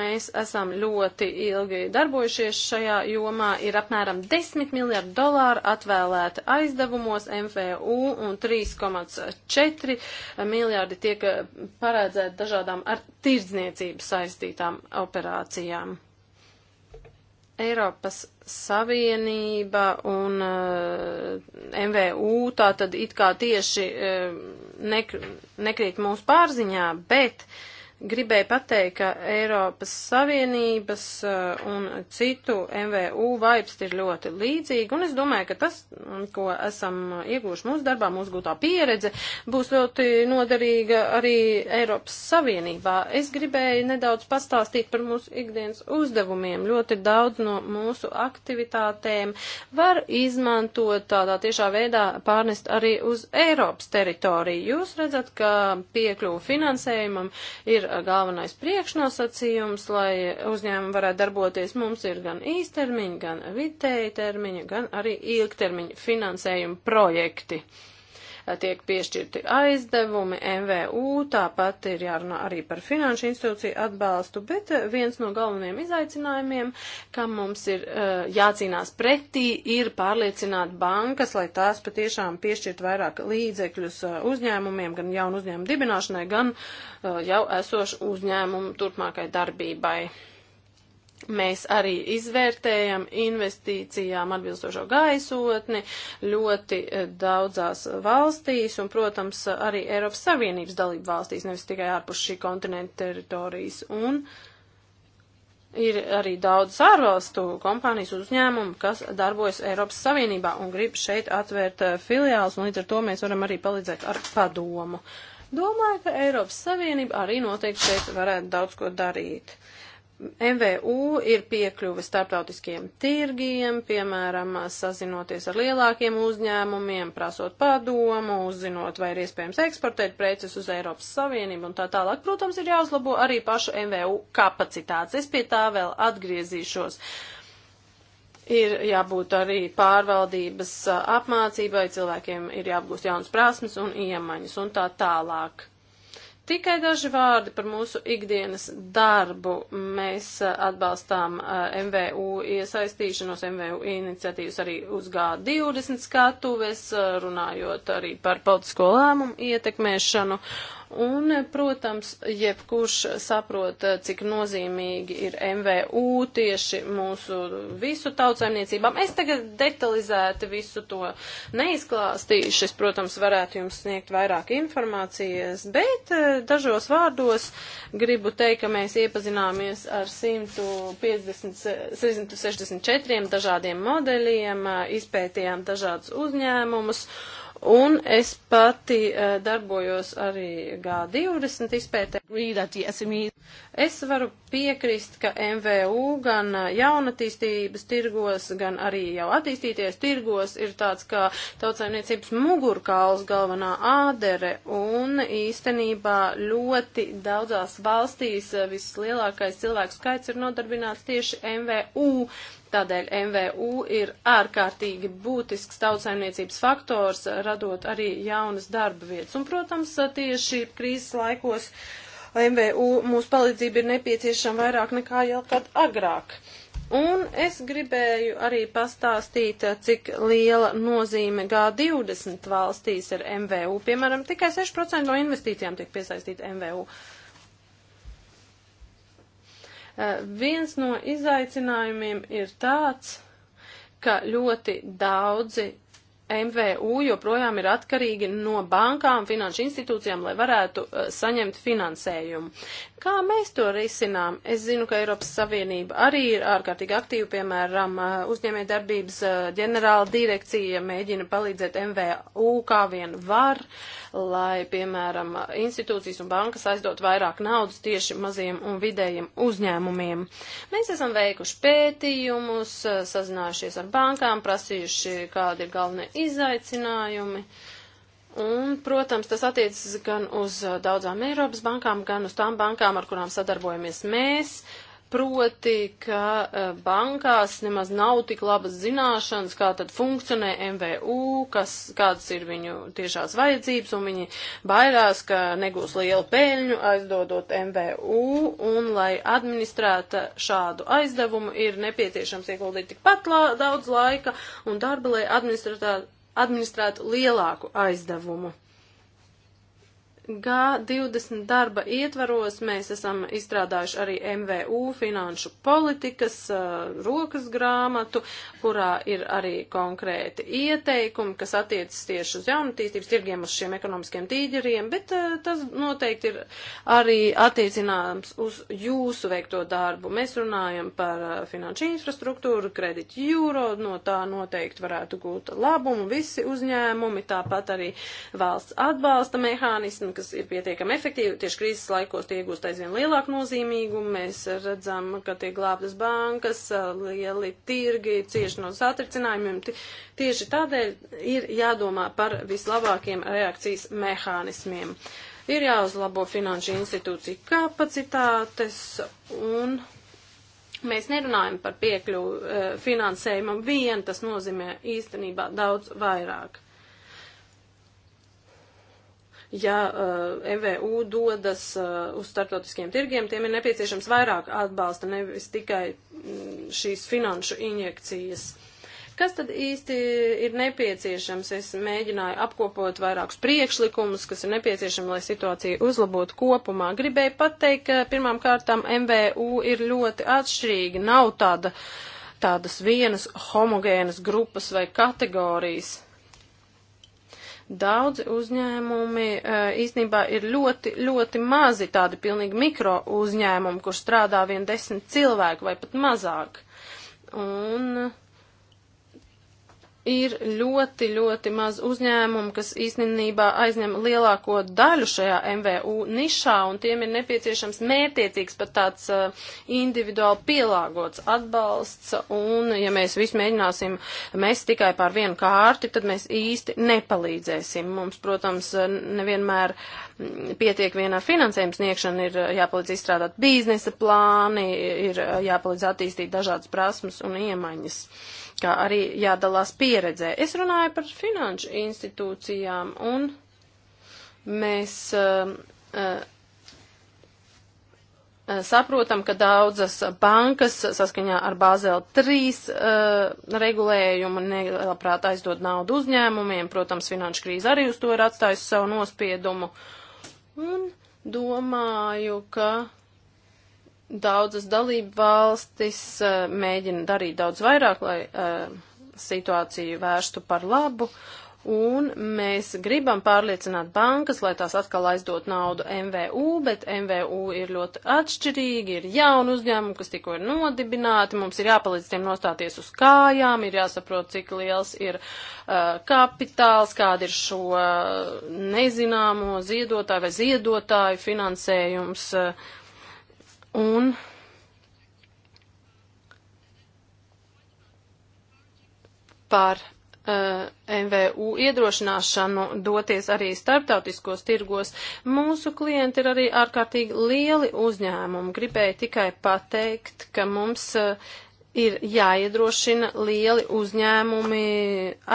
Mēs esam ļoti ilgi darbojušies šajā jomā. Ir apmēram 10 miljardu dolāru atvēlēti aizdevumos MFU un 3,4 miljardi tiek eh, paredzēti dažādām ar tirdzniecību saistītām operācijām. Eiropas Savienība un uh, eh, MVU tā tad it kā tieši uh, nek nekrīt mūsu pārziņā, bet uh, Gribēju pateikt, ka Eiropas Savienības eh, un citu MVU vibes ir ļoti līdzīgi, un es domāju, ka tas, ko esam ieguvuši mūsu darbā, mūsu gūtā pieredze, būs ļoti noderīga arī Eiropas Savienībā. Es gribēju nedaudz pastāstīt par mūsu ikdienas uzdevumiem. Ļoti daudz no mūsu aktivitātēm var izmantot tādā tiešā veidā pārnest arī uz Eiropas teritoriju. Jūs redzat, ka piekļuvu finansējumam ir galvenais priekšnosacījums, lai uzņēmumi varētu darboties. Mums ir gan īstermiņa, gan vidēji termiņa, gan arī ilgtermiņa finansējuma projekti. Uh, tiek piešķirti aizdevumi, MVU, tāpat ir jārunā arī par finanšu institūciju atbalstu, bet eh, viens no galvenajiem izaicinājumiem, kam mums ir eh, jācīnās pretī, ir pārliecināt bankas, lai tās patiešām piešķirt vairāk līdzekļus eh, uzņēmumiem, gan jaunu uzņēmumu dibināšanai, gan jau esošu uzņēmumu turpmākai darbībai. Mēs arī izvērtējam investīcijām atbilstošo gaisotni ļoti eh, daudzās valstīs un, protams, arī Eiropas Savienības dalību valstīs, nevis tikai ārpus šī kontinenta teritorijas. Un ir arī daudz ārvalstu kompānijas uzņēmumu, kas darbojas Eiropas Savienībā un grib šeit atvērt eh, filiāls, un līdz ar to mēs varam arī palīdzēt ar padomu. Domāju, ka Eiropas Savienība arī noteikti šeit varētu daudz ko darīt. MVU ir piekļuve starptautiskiem tirgiem, piemēram, sazinoties ar lielākiem uzņēmumiem, prasot padomu, uzzinot, vai ir iespējams eksportēt preces uz Eiropas Savienību un tā tālāk. Protams, ir jāuzlabo arī pašu MVU kapacitātes. Es pie tā vēl atgriezīšos. Ir jābūt arī pārvaldības apmācībai, cilvēkiem ir jāapgūst jaunas prasmes un iemaņas un tā tālāk. Tikai daži vārdi par mūsu ikdienas darbu. Mēs atbalstām MVU iesaistīšanos, MVU iniciatīvas arī uz G20 skatuves, runājot arī par politisko lēmumu ietekmēšanu Un, protams, jebkurš saprot, cik nozīmīgi ir MVU tieši mūsu visu tautsaimniecībām. Es tagad detalizēti visu to neizklāstīšu. Es, protams, varētu jums sniegt vairāk informācijas, bet eh, dažos vārdos gribu teikt, ka mēs iepazināmies ar 150, 164 dažādiem modeļiem, eh, izpētījām dažādus uzņēmumus. Un es pati uh, darbojos arī G20 izpētē. Es varu piekrist, ka MVU gan eh, jaunatīstības tirgos, gan arī jau attīstīties tirgos ir tāds kā tautsājumniecības mugurkauls galvenā ādere. Un īstenībā ļoti daudzās valstīs eh, vislielākais cilvēku skaits ir nodarbināts tieši MVU. Tādēļ MVU ir ārkārtīgi būtisks tautsaimniecības faktors, radot arī jaunas darba vietas. Un, protams, tieši krīzes laikos MVU mūsu palīdzība ir nepieciešama vairāk nekā jau kad agrāk. Un es gribēju arī pastāstīt, cik liela nozīme G20 valstīs ir MVU. Piemēram, tikai 6% no investīcijām tiek piesaistīta MVU. Uh, Eh, viens no izaicinājumiem ir tāds, ka ļoti daudzi MVU joprojām ir atkarīgi no bankām, finanšu institūcijām, lai varētu eh, saņemt finansējumu. Kā mēs to risinām? Es zinu, ka Eiropas Savienība arī ir ārkārtīgi aktīva, piemēram, uh, uzņēmē darbības uh, ģenerāla direkcija mēģina palīdzēt MVU kā vien var, lai, piemēram, institūcijas un bankas aizdot vairāk naudas tieši maziem un vidējiem uzņēmumiem. Mēs esam veikuši pētījumus, uh, sazinājušies ar bankām, prasījuši, kādi ir galvenie izaicinājumi. Uh, Un, protams, tas attiecas gan uz daudzām Eiropas bankām, gan uz tām bankām, ar kurām sadarbojamies mēs. Proti, ka bankās nemaz nav tik labas zināšanas, kā tad funkcionē MVU, kas, kādas ir viņu tiešās vajadzības, un viņi bairās, ka negūs lielu peļņu aizdodot MVU, un lai administrēta šādu aizdevumu ir nepieciešams ieguldīt tikpat la daudz laika un darba, lai administrētā administrētu lielāku aizdevumu. G20 darba ietvaros mēs esam izstrādājuši arī MVU finanšu politikas uh, rokas grāmatu, kurā ir arī konkrēti ieteikumi, kas attiecas tieši uz jaunatīstības tirgiem, uz šiem ekonomiskiem tīģeriem, bet uh, tas noteikti ir arī attiecināms uz jūsu veikto darbu. Mēs runājam par uh, finanšu infrastruktūru, kredit jūro, no tā noteikti varētu gūt labumu visi uzņēmumi, tāpat arī valsts atbalsta mehānismi, kas ir pietiekami efektīvi. Tieši krīzes laikos tie iegūst aizvien lielāku nozīmīgumu. Mēs redzam, ka tiek glābtas bankas, lieli tirgi, cieši no satricinājumiem. Tieši tādēļ ir jādomā par vislabākiem reakcijas mehānismiem. Ir jāuzlabo finanšu institūciju kapacitātes un. Mēs nerunājam par piekļuvu e, finansējumam vien, tas nozīmē īstenībā daudz vairāk ja uh, eh, MVU dodas uh, uz startautiskiem tirgiem, tiem ir nepieciešams vairāk atbalsta, nevis tikai mm, šīs finanšu injekcijas. Kas tad īsti ir nepieciešams? Es mēģināju apkopot vairākus priekšlikumus, kas ir nepieciešami, lai situāciju uzlabotu kopumā. Gribēju pateikt, ka pirmām kārtām MVU ir ļoti atšķirīga, nav tāda, tādas vienas homogēnas grupas vai kategorijas Daudzi uzņēmumi e, īstenībā ir ļoti, ļoti mazi tādi pilnīgi mikro uzņēmumi, kur strādā vien desmit cilvēku vai pat mazāk. Un uh, ir ļoti, ļoti maz uzņēmumu, kas īstenībā aizņem lielāko daļu šajā MVU nišā, un tiem ir nepieciešams mērtiecīgs pat tāds uh, individuāli pielāgots atbalsts, un ja mēs visu mēģināsim mest tikai pār vienu kārti, tad mēs īsti nepalīdzēsim. Mums, protams, nevienmēr mm, pietiek vien ar finansējumu sniegšanu, ir uh, jāpalīdz izstrādāt biznesa plāni, ir uh, jāpalīdz attīstīt dažādas prasmes un iemaņas, kā arī jādalās pie pieredzē. Es runāju par finanšu institūcijām un mēs um, uh, uh, saprotam, ka daudzas bankas saskaņā ar Bāzeli 3 uh, regulējumu nelabprāt aizdod naudu uzņēmumiem. Protams, finanšu krīze arī uz to ir atstājusi savu nospiedumu. Un domāju, ka daudzas dalību valstis uh, mēģina darīt daudz vairāk, lai. Uh, situāciju vērstu par labu. Un mēs gribam pārliecināt bankas, lai tās atkal aizdot naudu MVU, bet MVU ir ļoti atšķirīgi, ir jauni uzņēmumi, kas tikko ir nodibināti, mums ir jāpalīdz tiem nostāties uz kājām, ir jāsaprot, cik liels ir uh, kapitāls, kāda ir šo uh, nezināmo ziedotāju vai ziedotāju finansējums. Uh, un par MVU eh, iedrošināšanu doties arī starptautiskos tirgos. Mūsu klienti ir arī ārkārtīgi lieli uzņēmumi. Gribēju tikai pateikt, ka mums eh, ir jāiedrošina lieli uzņēmumi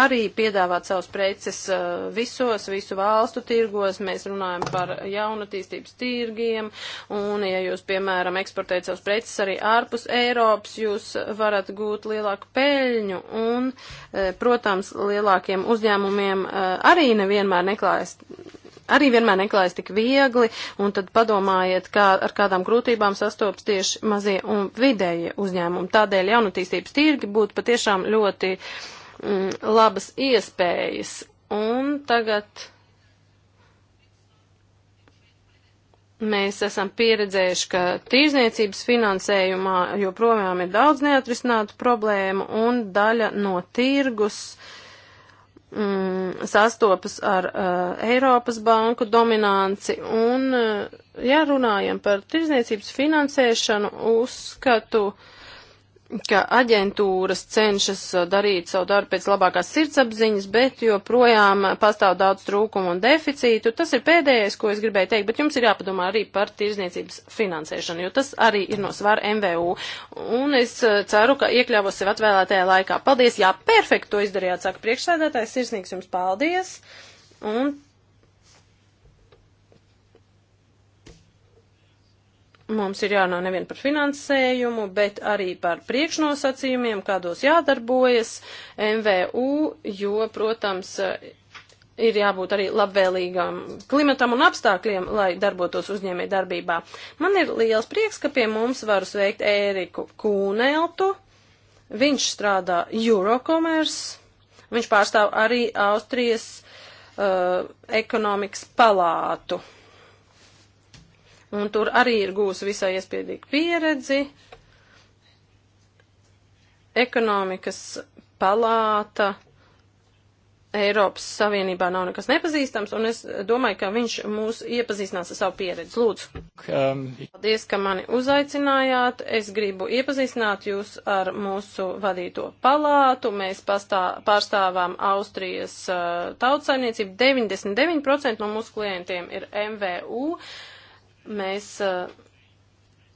arī piedāvāt savus preces uh, visos, visu valstu tirgos. Mēs runājam par jaunatīstības tirgiem, un ja jūs, piemēram, eksportējat savus preces arī ārpus Eiropas, jūs varat gūt lielāku peļņu, un, uh, protams, lielākiem uzņēmumiem uh, arī nevienmēr neklājas arī vienmēr neklājas tik viegli, un tad padomājiet, kā, ar kādām grūtībām sastopas tieši mazie un vidējie uzņēmumi. Tādēļ jaunatīstības tirgi būtu patiešām ļoti mm, labas iespējas. Un tagad mēs esam pieredzējuši, ka tīrzniecības finansējumā joprojām ir daudz neatrisinātu problēmu, un daļa no tirgus uh, mm, sastopas ar uh, Eiropas banku dominanci un, uh, ja runājam par tirzniecības finansēšanu, uzskatu, uh, ka aģentūras cenšas uh, darīt savu darbu pēc labākās sirdsapziņas, bet joprojām pastāv daudz trūkumu un deficītu. Tas ir pēdējais, ko es gribēju teikt, bet jums ir jāpadomā arī par tirzniecības finansēšanu, jo tas arī ir no svara MVU. Un es uh, ceru, ka iekļāvos sev atvēlētajā laikā. Paldies, jā, perfekti to izdarījāt, saka priekšsēdētājs, sirsnīgs jums paldies. Un Mums ir jārunā nevien par finansējumu, bet arī par priekšnosacījumiem, kādos jādarbojas MVU, jo, protams, ir jābūt arī labvēlīgam klimatam un apstākļiem, lai darbotos uzņēmē darbībā. Man ir liels prieks, ka pie mums var sveikt Ēriku Kūneltu. Viņš strādā Eurocommerce. Viņš pārstāv arī Austrijas uh, ekonomikas palātu un tur arī ir gūs visai iespējīga pieredzi. Ekonomikas palāta Eiropas Savienībā nav nekas nepazīstams, un es domāju, ka viņš mūs iepazīstinās ar savu pieredzi. Lūdzu. Um. Paldies, ka mani uzaicinājāt. Es gribu iepazīstināt jūs ar mūsu vadīto palātu. Mēs pastā, pārstāvām Austrijas uh, tautsaimniecību. 99% no mūsu klientiem ir MVU. Uh, Mēs uh,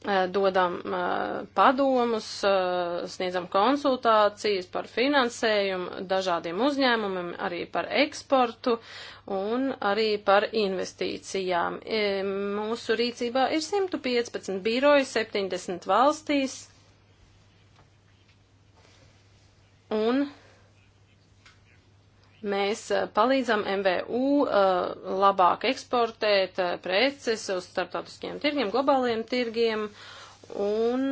uh, dodam uh, padomus, uh, sniedzam konsultācijas par finansējumu dažādiem uzņēmumiem, arī par eksportu un arī par investīcijām. E, mūsu rīcībā ir 115 biroji 70 valstīs un Mēs eh, palīdzam MVU eh, labāk eksportēt eh, preces uz starptautiskiem tirgiem, globāliem tirgiem, un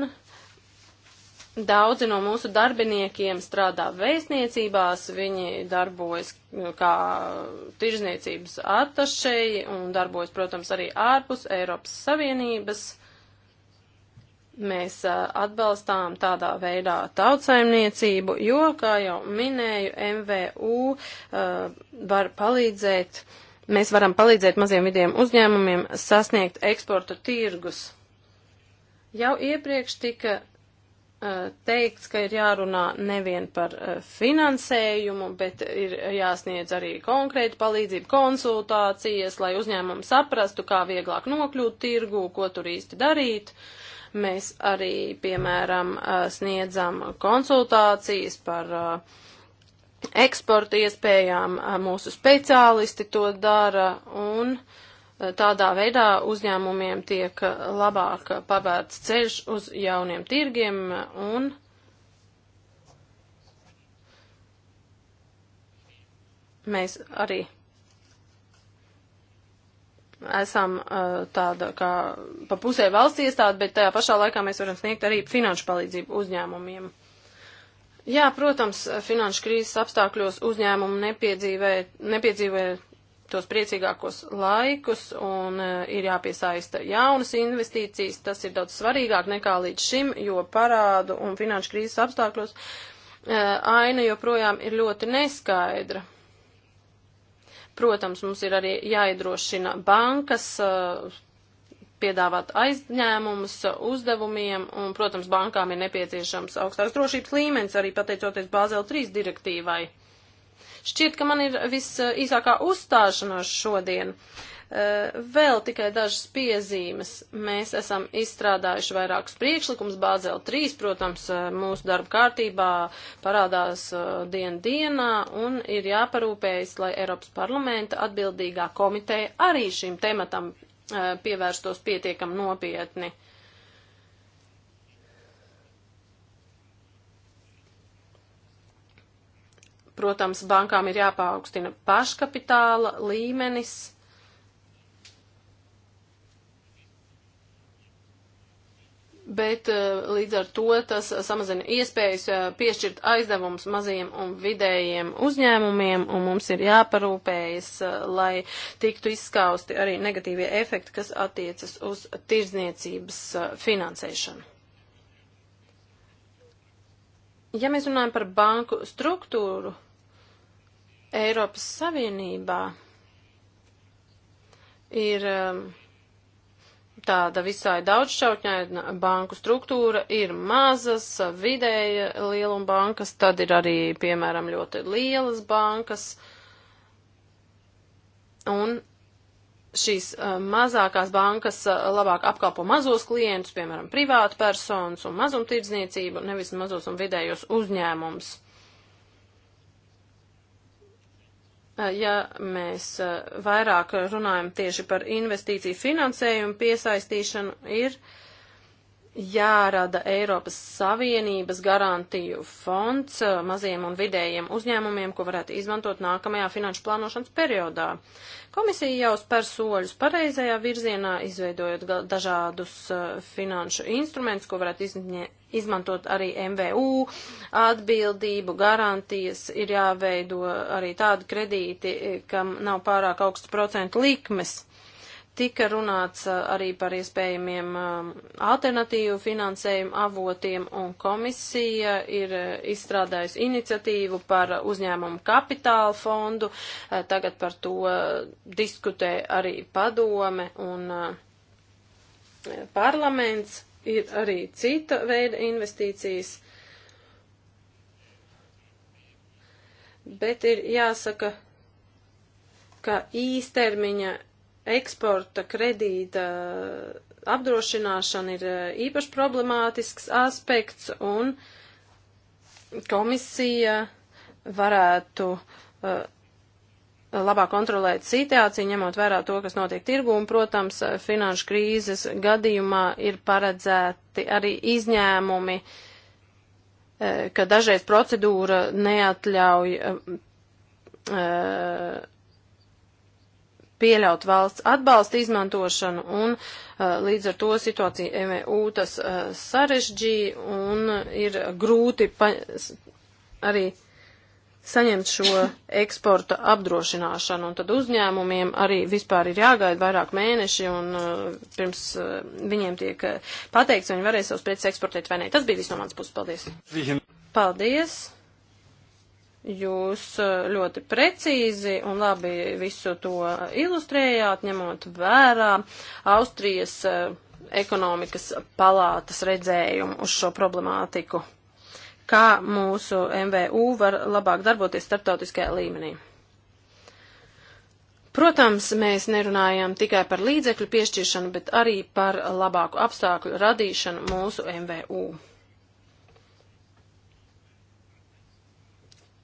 daudzi no mūsu darbiniekiem strādā vēstniecībās, viņi darbojas kā tirzniecības attašeji un darbojas, protams, arī ārpus Eiropas Savienības. Uh, mēs atbalstām tādā veidā tautsaimniecību, jo, kā jau minēju, MVU uh, var palīdzēt, mēs varam palīdzēt maziem vidiem uzņēmumiem sasniegt eksporta tirgus. Jau iepriekš tika uh, teikts, ka ir jārunā nevien par uh, finansējumu, bet ir jāsniedz arī konkrēta palīdzība, konsultācijas, lai uzņēmumi saprastu, kā vieglāk nokļūt tirgū, ko tur īsti darīt. Uh, Mēs arī, piemēram, sniedzam konsultācijas par eksporta iespējām, mūsu speciālisti to dara un tādā veidā uzņēmumiem tiek labāk pavērts ceļš uz jauniem tirgiem un mēs arī esam uh, tāda kā pa pusē valsts iestāde, bet tajā pašā laikā mēs varam sniegt arī finanšu palīdzību uzņēmumiem. Jā, protams, finanšu krīzes apstākļos uzņēmumi nepiedzīvē, nepiedzīvē tos priecīgākos laikus un uh, ir jāpiesaista jaunas investīcijas. Tas ir daudz svarīgāk nekā līdz šim, jo parādu un finanšu krīzes apstākļos uh, aina joprojām ir ļoti neskaidra. Protams, mums ir arī jāiedrošina bankas uh, piedāvāt aizņēmumus uzdevumiem, un, protams, bankām ir nepieciešams augstās drošības līmenis, arī pateicoties Bāzel 3 direktīvai. Šķiet, ka man ir visīsākā uzstāšanās šodien. Eh, vēl tikai dažas piezīmes. Mēs esam izstrādājuši vairākus priekšlikumus. Bāzēl 3, protams, eh, mūsu darba kārtībā parādās eh, dienu dienā un ir jāparūpējas, lai Eiropas parlamenta atbildīgā komiteja arī šim tematam pievērstos pietiekam nopietni. Uh, Protams, bankām ir jāpaukstina paškapitāla līmenis. bet eh, līdz ar to tas samazina iespējas eh, piešķirt aizdevumus mazajiem un vidējiem uzņēmumiem, un mums ir jāparūpējas, eh, lai tiktu izskausti arī negatīvie efekti, kas attiecas uz tirzniecības finansēšanu. Ja mēs runājam par banku struktūru, Eiropas Savienībā ir um, tāda visai daudzšķautņaina banku struktūra, ir mazas, vidēja lieluma bankas, tad ir arī, piemēram, ļoti lielas bankas. Un šīs uh, mazākās bankas uh, labāk apkalpo mazos klientus, piemēram, privātu personas un mazumtirdzniecību, nevis mazos un vidējos uzņēmumus. ja mēs eh, vairāk runājam tieši par investīciju finansējumu piesaistīšanu, ir jārada Eiropas Savienības garantiju fonds eh, maziem un vidējiem uzņēmumiem, ko varētu izmantot nākamajā finanšu plānošanas periodā. Komisija jau spēr soļus pareizajā virzienā, izveidojot dažādus eh, finanšu instrumentus, ko varētu izņē, izmantot arī MVU atbildību, garantijas, ir jāveido arī tādi kredīti, eh, kam nav pārāk augstu procentu likmes. Tika runāts eh, arī par iespējamiem um, alternatīvu finansējumu avotiem, un komisija ir eh, izstrādājusi iniciatīvu par uzņēmumu kapitāla fondu. Tagad par to diskutē arī padome un parlaments ir arī cita veida investīcijas, bet ir jāsaka, ka īstermiņa eksporta kredīta apdrošināšana ir eh, īpaši problemātisks aspekts un komisija varētu uh, labāk kontrolēt situāciju, ņemot vērā to, kas notiek tirgu, un, protams, finanšu krīzes gadījumā ir paredzēti arī izņēmumi, e, ka dažreiz procedūra neatļauj e, e, pieļaut valsts atbalsta izmantošanu, un līdz ar to situācija MEU tas sarežģīja un ir grūti pa, arī saņemt šo eksporta apdrošināšanu, un tad uzņēmumiem arī vispār ir jāgaida vairāk mēneši, un uh, pirms uh, viņiem tiek uh, pateikts, vai viņi varēs savus preces eksportēt vai nē. Tas bija viss no manas puses. Paldies! Vien. Paldies! Jūs uh, ļoti precīzi un labi visu to ilustrējāt, ņemot vērā Austrijas uh, ekonomikas palātas redzējumu uz šo problemātiku kā mūsu MVU var labāk darboties starptautiskajā līmenī. Protams, mēs nerunājam tikai par līdzekļu piešķiršanu, bet arī par labāku apstākļu radīšanu mūsu MVU.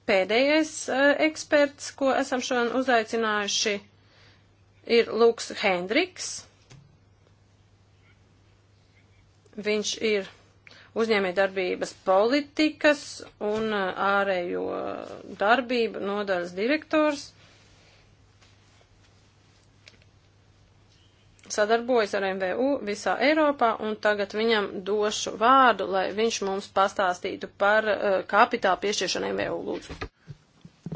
Pēdējais uh, eksperts, ko esam šodien uzaicinājuši, ir Lūks Hendriks. Viņš ir uzņēmējdarbības politikas un uh, ārējo darbību nodaļas direktors sadarbojas ar MVU visā Eiropā, un tagad viņam došu vārdu, lai viņš mums pastāstītu par uh, kapitāla piešķiršanu MVU lūdzu.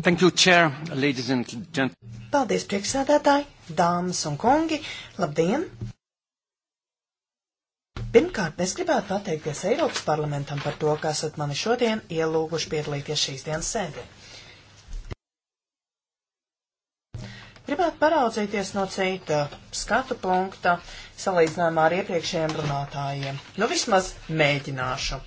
Thank you, chair, ladies and gentlemen. Paldies, priekšsēdētāji, dāmas un kungi, labdien! Pirmkārt, es gribētu pateikties Eiropas parlamentam par to, ka esat mani šodien ielūguši piedalīties šīs dienas sēdē. Gribētu paraudzīties no cita skatu punkta, salīdzinājumā ar iepriekšējiem runātājiem. Nu, vismaz mēģināšu.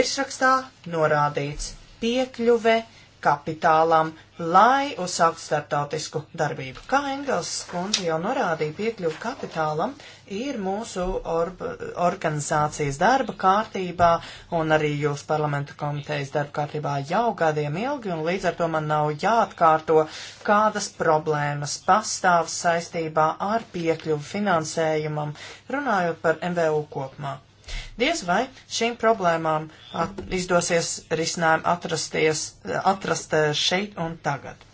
Virsrakstā norādīts piekļuve kapitālam, lai uzsāktu startautisku darbību. Kā Engels skundze jau norādīja, piekļuvu kapitālam ir mūsu orba, organizācijas darba kārtībā un arī jūs parlamentu komitejas darba kārtībā jau gadiem ilgi, un līdz ar to man nav jāatkārto, kādas problēmas pastāv saistībā ar piekļuvu finansējumam, runājot par MVU kopumā. Diez vai šīm problēmām at, izdosies risinājumu atrasties, atrast eh, šeit un tagad.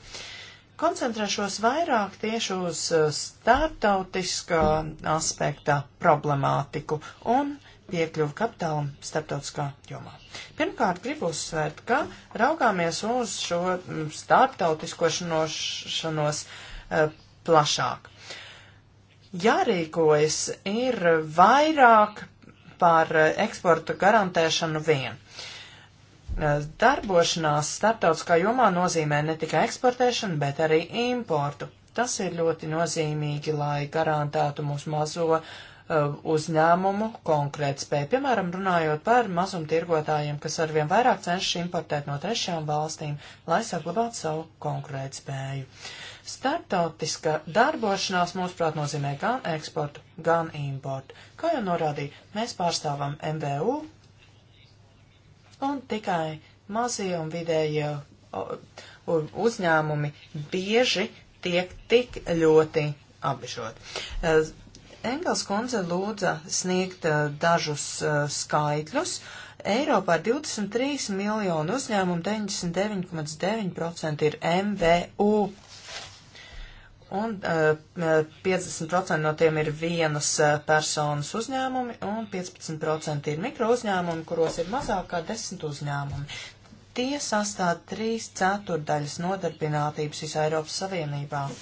Koncentrēšos vairāk tieši uz eh, starptautiskā aspekta problemātiku un piekļuvu kapitālam starptautiskā jomā. Pirmkārt, gribu uzsvērt, ka raugāmies uz šo mm, starptautiskošanos eh, plašāk. Jārīkojas ir vairāk par eh, eksporta garantēšanu vien. Eh, darbošanās starptautiskā jomā nozīmē ne tikai eksportēšanu, bet arī importu. Tas ir ļoti nozīmīgi, lai garantētu mūsu mazo Uh, uzņēmumu konkurētspēju. Piemēram, runājot par mazumtirgotājiem, kas arvien vairāk cenšas importēt no trešajām valstīm, lai saglabātu savu konkurētspēju. Startautiska darbošanās, mūsuprāt, nozīmē gan eksportu, gan importu. Kā jau norādīja, mēs pārstāvam MVU un tikai mazie un vidējie uzņēmumi bieži tiek tik ļoti apbišot. Uh, Engels kundze lūdza sniegt eh, dažus eh, skaitļus. Eiropā ir 23 miljonu uzņēmumu, 99,9% ir MVU. Un 50% eh, no tiem ir vienas personas uzņēmumi, un 15% ir mikro uzņēmumi, kuros ir mazāk kā 10 uzņēmumi. Tie sastāv 3 ceturdaļas nodarbinātības visā Eiropas Savienībā. Uh,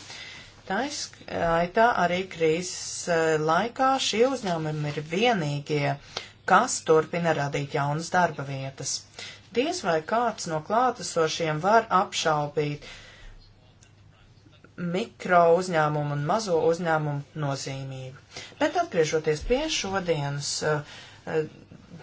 Tais, eh, tā arī krīzes eh, laikā šie uzņēmumi ir vienīgie, kas turpina radīt jaunas darba vietas. Diez vai kāds no klātesošiem var apšaubīt mikro uzņēmumu un mazo uzņēmumu nozīmību. Bet atgriežoties pie šodienas uh,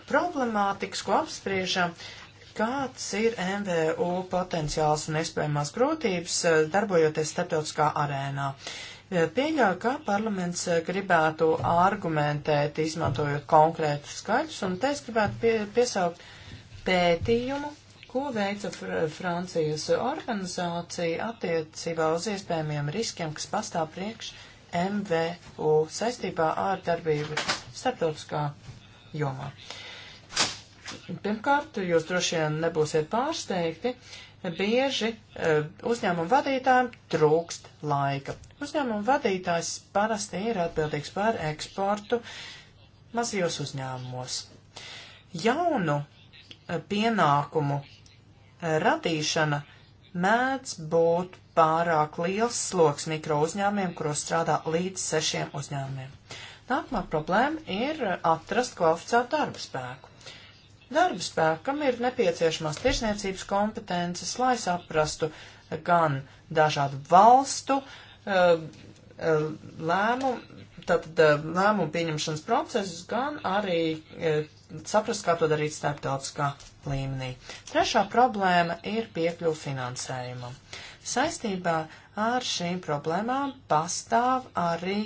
problemātikas, ko apspriežam, uh, Kāds ir MVU potenciāls un iespējamās grūtības eh, darbojoties starptautiskā arēnā? Eh, pieļauju, ka parlaments eh, gribētu argumentēt, izmantojot konkrētus skaļus, un te es gribētu pie, piesaukt pētījumu, ko veica fr Francijas organizācija attiecībā uz iespējamiem riskiem, kas pastāv priekš MVU saistībā ar darbību starptautiskā jomā. Uh, Pirmkārt, jūs droši vien nebūsiet pārsteigti, bieži uh, uzņēmumu vadītājiem trūkst laika. Uzņēmumu vadītājs parasti ir atbildīgs par eksportu mazajos uzņēmumos. Jaunu uh, pienākumu uh, radīšana mēdz būt pārāk liels sloks mikro uzņēmumiem, kuros strādā līdz sešiem uzņēmumiem. Nākamā problēma ir atrast kvalificētu darba spēku. Darba spēkam ir nepieciešamās tirsniecības kompetences, lai saprastu gan dažādu valstu eh, eh, lēmumu, tātad eh, lēmumu pieņemšanas procesus, gan arī saprast, kā to darīt starptautiskā līmenī. Trešā problēma ir piekļuva finansējumam. Saistībā ar šīm problēmām pastāv arī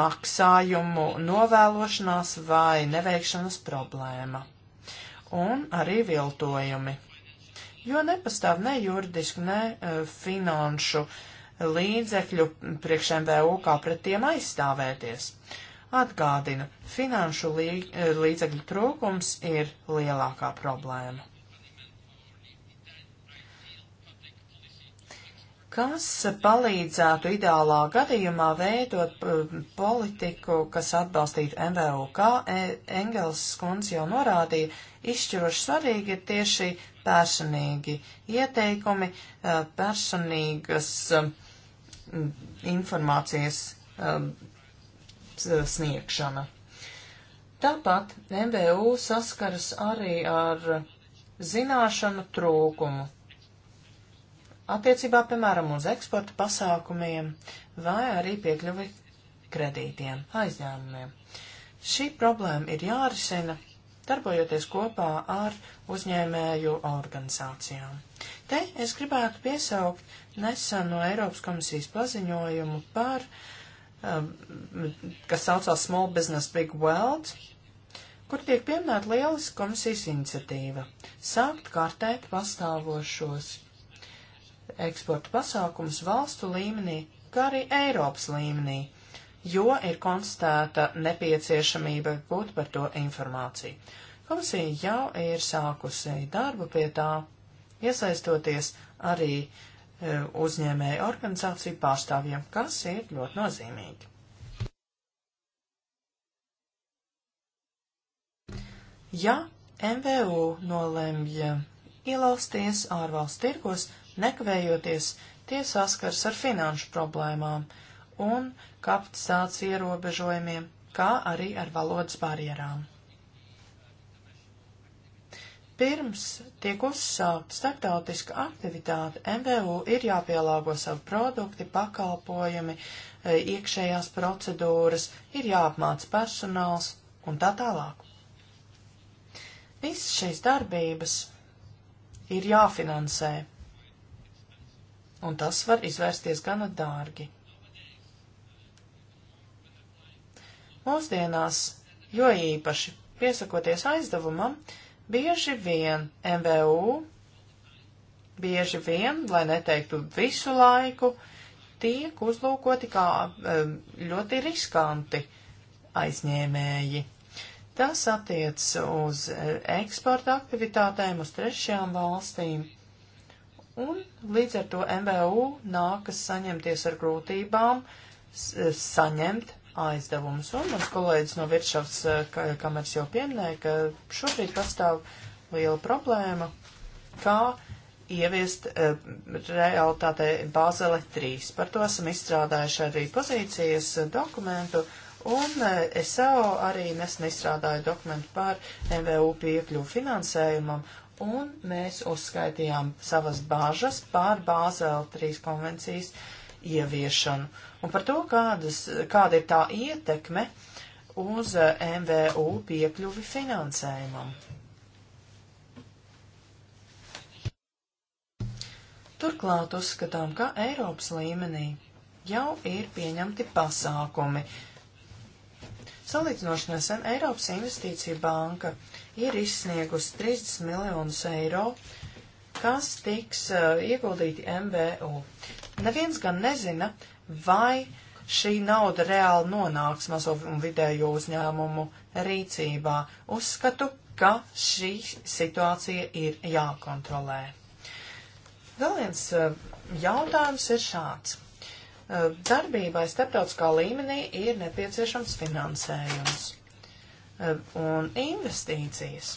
maksājumu novēlošanās vai neveikšanas problēma un arī viltojumi. Jo nepastāv ne juridiski, ne uh, finanšu līdzekļu priekš MVU, kā pret tiem aizstāvēties. Atgādinu, finanšu lī, e, līdzekļu trūkums ir lielākā problēma. kas palīdzētu ideālā gadījumā veidot um, politiku, kas atbalstītu MVU. Kā e, Engels skundz jau norādīja, izšķiroši svarīgi ir tieši personīgi ieteikumi, uh, personīgas um, informācijas um, sniegšana. Tāpat MVU saskaras arī ar zināšanu trūkumu attiecībā, piemēram, uz eksporta pasākumiem vai arī piekļuvi kredītiem, aizņēmumiem. Šī problēma ir jārisina, darbojoties kopā ar uzņēmēju organizācijām. Te es gribētu piesaukt neseno no Eiropas komisijas paziņojumu par, um, kas saucās Small Business Big World, kur tiek pieminēta lielas komisijas iniciatīva - sākt kārtēt pastāvošos eksporta pasākumus valstu līmenī, kā arī Eiropas līmenī, jo ir konstatēta nepieciešamība būt par to informāciju. Komisija jau ir sākusi darbu pie tā, iesaistoties arī e, uzņēmēju organizāciju pārstāvjiem, kas ir ļoti nozīmīgi. Ja MVU nolemj ielausties ārvalstu tirgos, Nekavējoties, tie saskars ar finanšu problēmām un kapacitātes ierobežojumiem, kā arī ar valodas barjerām. Pirms tiek uzsākta starptautiska aktivitāte, MVU ir jāpielāgo savu produkti, pakalpojumi, e, iekšējās procedūras, ir jāapmāc personāls un tā tālāk. Visas šīs darbības ir jāfinansē un tas var izvērsties gana dārgi. Mūsdienās, jo īpaši piesakoties aizdevumam, bieži vien MVU, bieži vien, lai neteiktu visu laiku, tiek uzlūkoti kā ļoti riskanti aizņēmēji. Tas attiec uz eh, eksporta aktivitātēm, uz trešajām valstīm Un līdz ar to MBU nākas saņemties ar grūtībām saņemt aizdevumus. Un mans kolēģis no Viršavas eh, kameras jau pieminēja, ka šobrīd pastāv liela problēma, kā ieviest e, realitātē Bāzele 3. Par to esam izstrādājuši arī pozīcijas eh, dokumentu, un e, SAO arī nesen izstrādāja dokumentu par MVU piekļuvu finansējumam, un mēs uzskaitījām savas bāžas pār Bāzēla 3 konvencijas ieviešanu un par to, kādas, kāda ir tā ietekme uz eh, MVU piekļuvi finansējumam. Turklāt uzskatām, ka Eiropas līmenī jau ir pieņemti pasākumi, uh, Salīdzinoši nesen Eiropas Investīcija banka ir izsniegusi 30 miljonus eiro, kas tiks uh, ieguldīti MVU. Neviens gan nezina, vai šī nauda reāli nonāks mazo un vidējo uzņēmumu rīcībā. Uzskatu, ka šī situācija ir jākontrolē. Vēl viens eh, jautājums ir šāds darbībai starptautiskā līmenī ir nepieciešams finansējums e, un investīcijas.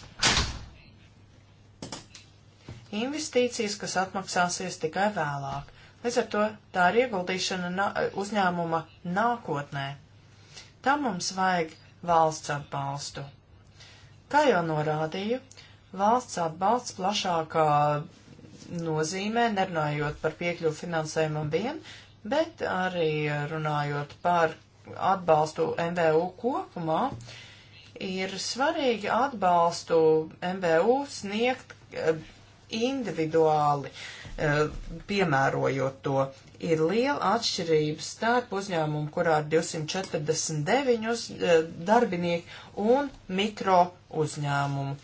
Investīcijas, kas atmaksāsies tikai vēlāk. Līdz ar to tā ir ieguldīšana e, uzņēmuma nākotnē. Tam mums vajag valsts atbalstu. Kā jau norādīju, valsts atbalsts plašākā nozīmē, nerunājot par piekļuvu finansējumam vien, bet arī runājot par atbalstu MVU kopumā, ir svarīgi atbalstu MVU sniegt eh, individuāli, eh, piemērojot to. Ir liela atšķirība starp uzņēmumu, kurā ir 249 eh, darbinieki un mikro uzņēmumu.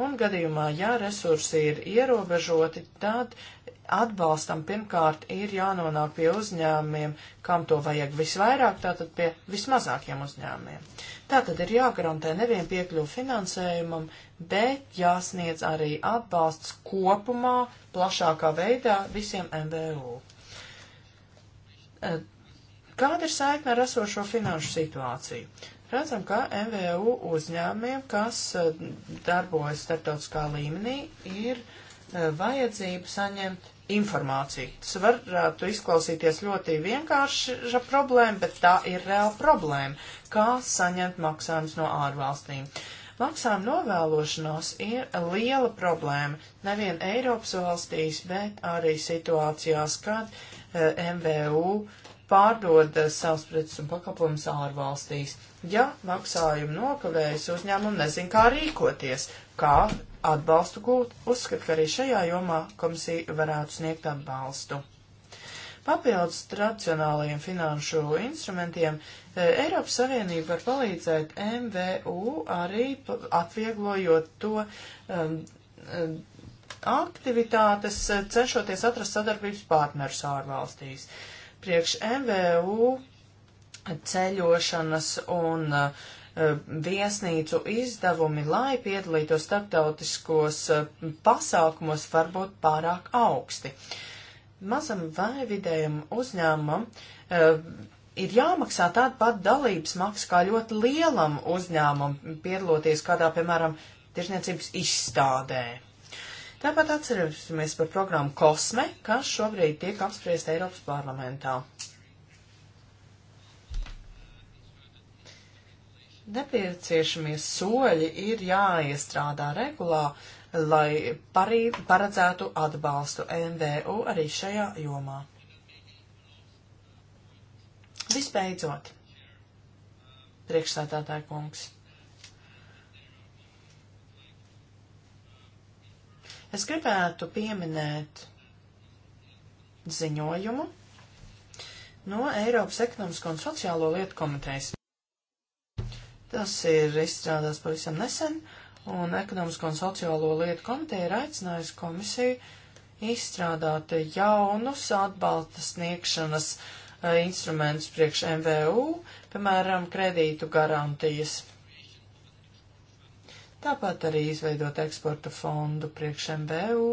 Un gadījumā, ja resursi ir ierobežoti, tad uh, atbalstam pirmkārt ir jānonāk pie uzņēmumiem, kam to vajag visvairāk, tātad pie vismazākiem uzņēmumiem. Tātad ir jāgarantē nevien piekļuvu finansējumam, bet jāsniedz arī atbalsts kopumā, plašākā veidā visiem MVU. Eh, kāda ir saikne ar esošo finanšu situāciju? Redzam, ka MVU uzņēmumiem, kas eh, darbojas starptautiskā līmenī, ir eh, vajadzību saņemt informāciju. Tas varētu izklausīties ļoti vienkārša problēma, bet tā ir reāla problēma. Kā saņemt maksājumus no ārvalstīm? Maksājuma novēlošanās ir liela problēma nevien Eiropas valstīs, bet arī situācijās, kad e, MVU pārdod savus preces un pakalpojumus ārvalstīs. Ja maksājumu nokavējas, uzņēmumi nezin, kā rīkoties, kā atbalstu gūt, uzskat, ka arī šajā jomā komisija varētu sniegt atbalstu. Papildus tradicionālajiem finanšu instrumentiem e, Eiropas Savienība var palīdzēt MVU arī atvieglojot to um, um aktivitātes, e, cenšoties atrast sadarbības partnerus ārvalstīs. Priekš MVU ceļošanas un uh, Eh, viesnīcu izdevumi, lai piedalītos starptautiskos eh, pasākumos, varbūt pārāk augsti. Mazam vai vidējam uzņēmumam eh, ir jāmaksā tāda pat dalības maksa kā ļoti lielam uzņēmumam piedaloties kādā, piemēram, tirsniecības izstādē. Tāpat atcerēsimies par programmu Kosme, kas šobrīd tiek apspriesta Eiropas parlamentā. Nepieciešamie soļi ir jāiestrādā regulā, lai parī, paredzētu atbalstu MVU arī šajā jomā. Visbeidzot, priekšstādātāja kungs. Es gribētu pieminēt ziņojumu no Eiropas ekonomisko un sociālo lietu komitejas. Tas ir izstrādāts pavisam nesen, un Ekonomisko un sociālo lietu komiteja ir aicinājusi komisiju izstrādāt jaunus atbalsta sniegšanas eh, instrumentus priekš MVU, piemēram, kredītu garantijas. Tāpat arī izveidot eksporta fondu priekš MVU.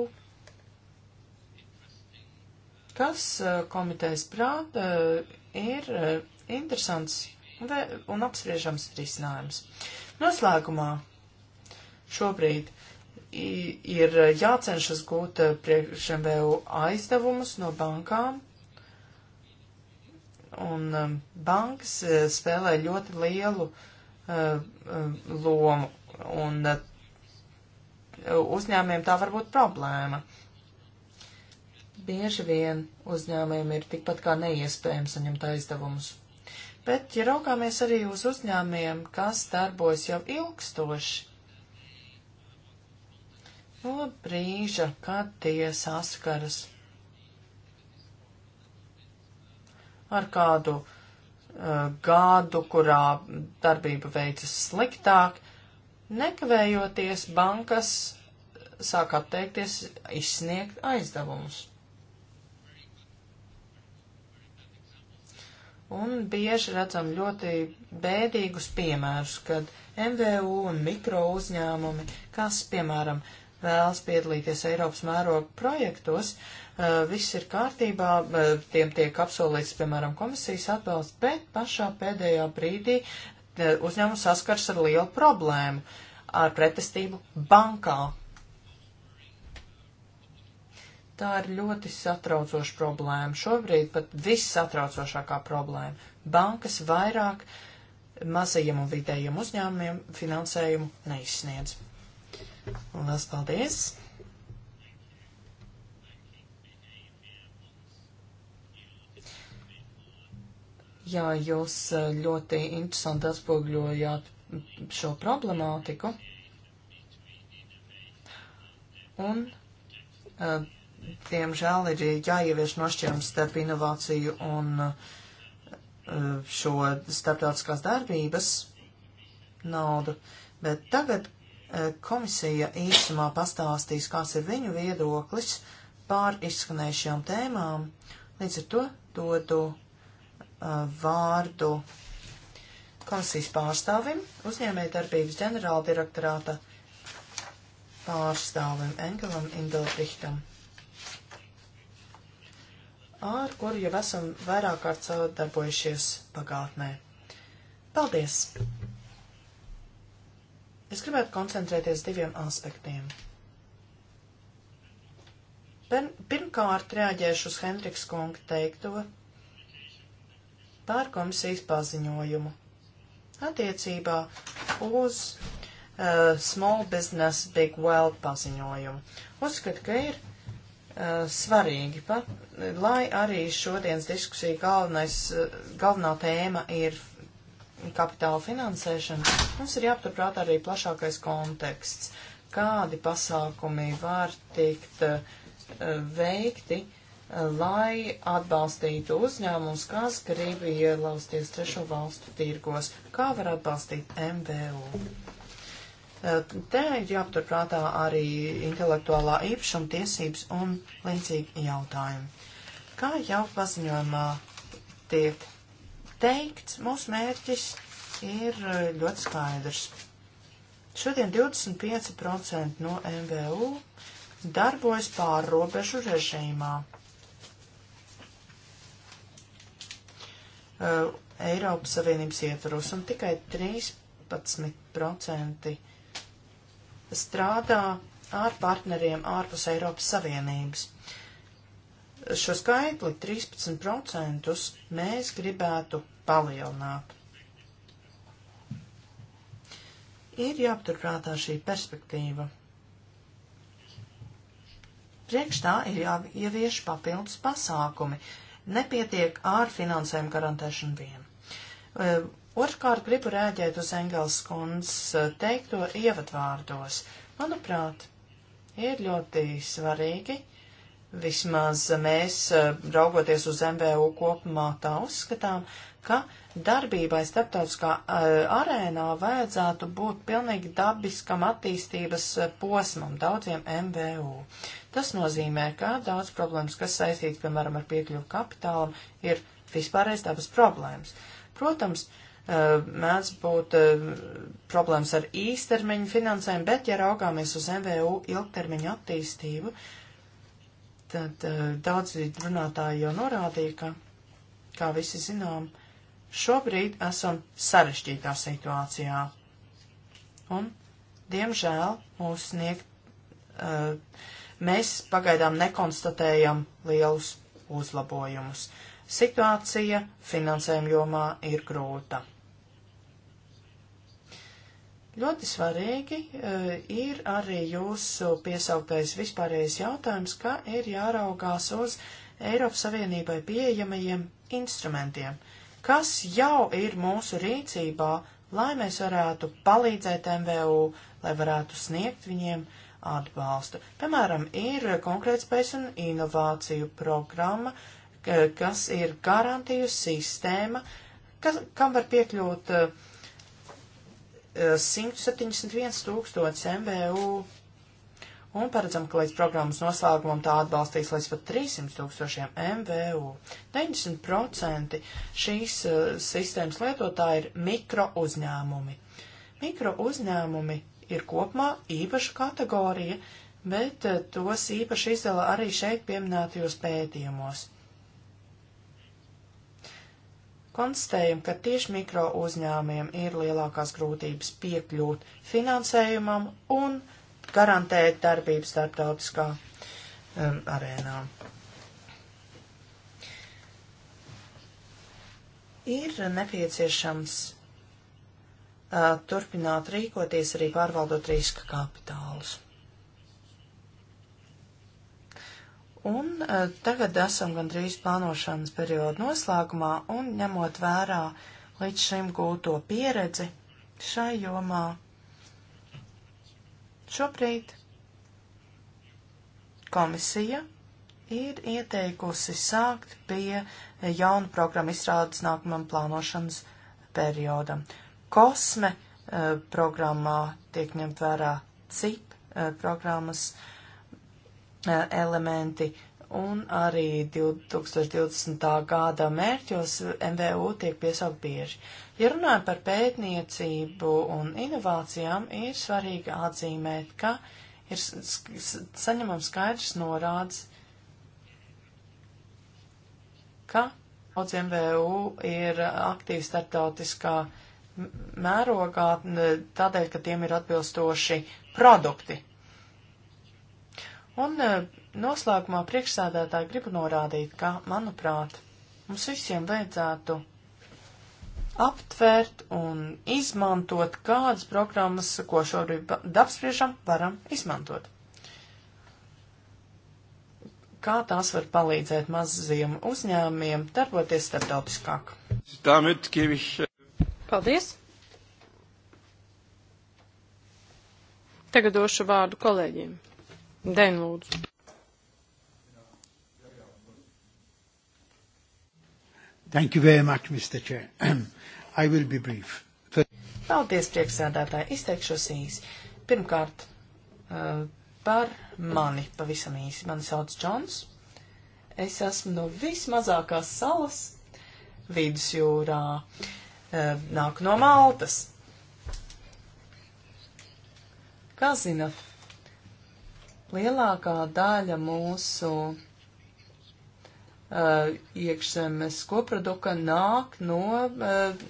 Kas eh, komitejas prāta eh, ir interesants un apspriežams risinājums. Noslēgumā šobrīd ir jācenšas gūt eh, priekšmvēju aizdevumus no bankām, un eh, bankas eh, spēlē ļoti lielu lomu, un uzņēmiem tā var būt problēma. Bieži vien uzņēmējiem ir tikpat kā neiespējams saņemt aizdevumus. Bet, ja raugāmies arī uz uzņēmiem, kas darbojas jau ilgstoši, no brīža, kad tie saskaras ar kādu uh, gadu, kurā darbība veicas sliktāk, nekavējoties bankas sāk atteikties izsniegt aizdevumus. Un bieži redzam ļoti bēdīgus piemērus, kad MVU un mikro uzņēmumi, kas, piemēram, vēlas piedalīties Eiropas mēroga projektos, eh, viss ir kārtībā, eh, tiem tiek apsolīts, piemēram, komisijas atbalsts, bet pašā pēdējā brīdī eh, uzņēmums saskars ar lielu problēmu, ar pretestību bankā, Tā ir ļoti satraucoša problēma. Šobrīd pat vissatraucošākā problēma. Bankas vairāk mazajiem un vidējiem uzņēmumiem finansējumu neizsniedz. Lielas paldies! Jā, jūs eh, ļoti interesanti atspogļojāt šo problemātiku. Un eh, diemžēl, ir jāievieš nošķirums starp inovāciju un eh, šo starptautiskās darbības naudu. Bet tagad eh, komisija īsumā pastāstīs, kāds ir viņu viedoklis pār izskanējušajām tēmām. Līdz ar to dodu uh, vārdu komisijas pārstāvim, uzņēmēja darbības ģenerāldirektorāta pārstāvim Engelam Indelbrichtam ar kuru jau esam vairāk kārt sadarbojušies pagātnē. Paldies! Es gribētu koncentrēties diviem aspektiem. Pirmkārt, reaģēšu uz Hendriks kunga teikto par komisijas paziņojumu attiecībā uz uh, Small Business Big Well paziņojumu. Uzskatu, ka ir Eh, svarīgi, pat, lai arī šodienas diskusija galvenais, eh, galvenā tēma ir kapitāla finansēšana, mums ir jāpaturprāt arī plašākais konteksts, kādi pasākumi var tikt uh, veikti, uh, lai atbalstītu uzņēmumus, kas grib ielausties trešo valstu tirgos, kā var atbalstīt MVU. Te ir jāpaturprātā arī intelektuālā īpašuma tiesības un līdzīgi jautājumi. Kā jau paziņojumā tiek teikts, mūsu mērķis ir ļoti skaidrs. Šodien 25% no MVU darbojas pārrobežu režīmā. Uh, Eiropas Savienības ietvaros un tikai 13% strādā ar partneriem ārpus Eiropas Savienības. Šo skaitli 13% mēs gribētu palielināt. Ir jāpaturprātā šī perspektīva. Priekš tā ir jāievieš papildus pasākumi. Nepietiek ar finansējumu garantēšanu vien Otrkārt, gribu rēģēt uz Engels kundzes eh, teikto ievadvārdos. Manuprāt, ir ļoti svarīgi, vismaz mēs, eh, raugoties uz MVU kopumā, tā uzskatām, ka darbībai starptautiskā eh, arēnā vajadzētu būt pilnīgi dabiskam attīstības posmam daudziem MVU. Tas nozīmē, ka daudz problēmas, kas saistīts, piemēram, ar piekļuvu kapitālam, ir vispārreiz dabas problēmas. Protams, uh, Eh, mēdz būt eh, problēmas ar īstermiņu finansēm, bet, ja raugāmies uz MVU ilgtermiņu attīstību, tad eh, daudzi runātāji jau norādīja, ka, kā visi zinām, šobrīd esam sarežģītā situācijā. Un, diemžēl, mūs sniegt, mēs pagaidām nekonstatējam lielus uzlabojumus. Situācija finansējuma jomā ir grūta. Ļoti svarīgi uh, ir arī jūsu piesauktais vispārējais jautājums, ka ir jāraugās uz Eiropas Savienībai pieejamajiem instrumentiem, kas jau ir mūsu rīcībā, lai mēs varētu palīdzēt MVU, lai varētu sniegt viņiem atbalstu. Piemēram, ir konkrētspējas un inovāciju programma, eh, kas ir garantiju sistēma, kas, kam var piekļūt uh, 171 tūkstotis MBU un paredzam, ka līdz programmas noslēgumam tā atbalstīs līdz pat 300 tūkstošiem MVU. 90% šīs uh, sistēmas lietotāji ir mikro uzņēmumi. Mikro uzņēmumi ir kopumā īpaša kategorija, bet uh, tos īpaši izdala arī šeit pieminētajos pētījumos konstatējam, ka tieši mikro uzņēmiem ir lielākās grūtības piekļūt finansējumam un garantēt darbību starptautiskā um, arēnā. Ir nepieciešams uh, turpināt rīkoties arī pārvaldot riska kapitālus. Un uh, tagad esam gandrīz plānošanas perioda noslēgumā un ņemot vērā līdz šim gūto pieredzi šai jomā. Šobrīd komisija ir ieteikusi sākt pie jaunu programmu izstrādes nākamam plānošanas periodam. Kosme uh, programmā tiek ņemt vērā CIP uh, programmas uh, E, elementi un arī 2020. gada mērķos MVU tiek piesaukt bieži. Ja runājam par pētniecību un inovācijām, ir svarīgi atzīmēt, ka ir saņemams skaidrs norādes, ka Daudz MVU ir aktīvi startautiskā mērogā, tādēļ, ka tiem ir atbilstoši produkti Un e, noslēgumā priekšsēdētāji gribu norādīt, ka, manuprāt, mums visiem vajadzētu aptvērt un izmantot, kādas programmas, ko šobrīd apspriežam, varam izmantot. Kā tās var palīdzēt mazajiem uzņēmumiem darboties starptautiskāk? Äh, Paldies! Tagad došu vārdu kolēģiem. Den lūdzu. Thank you very much, Mr. Chair. I will be brief. Paldies, priekšsēdētāji. Izteikšos īsi. Pirmkārt, uh, par mani pavisam īsi. Mani sauc Džons. Es esmu no vismazākās salas vidusjūrā. Uh, nāku no Maltas. Kā zinat, Lielākā daļa mūsu uh, iekšzemes koprodukta nāk no uh,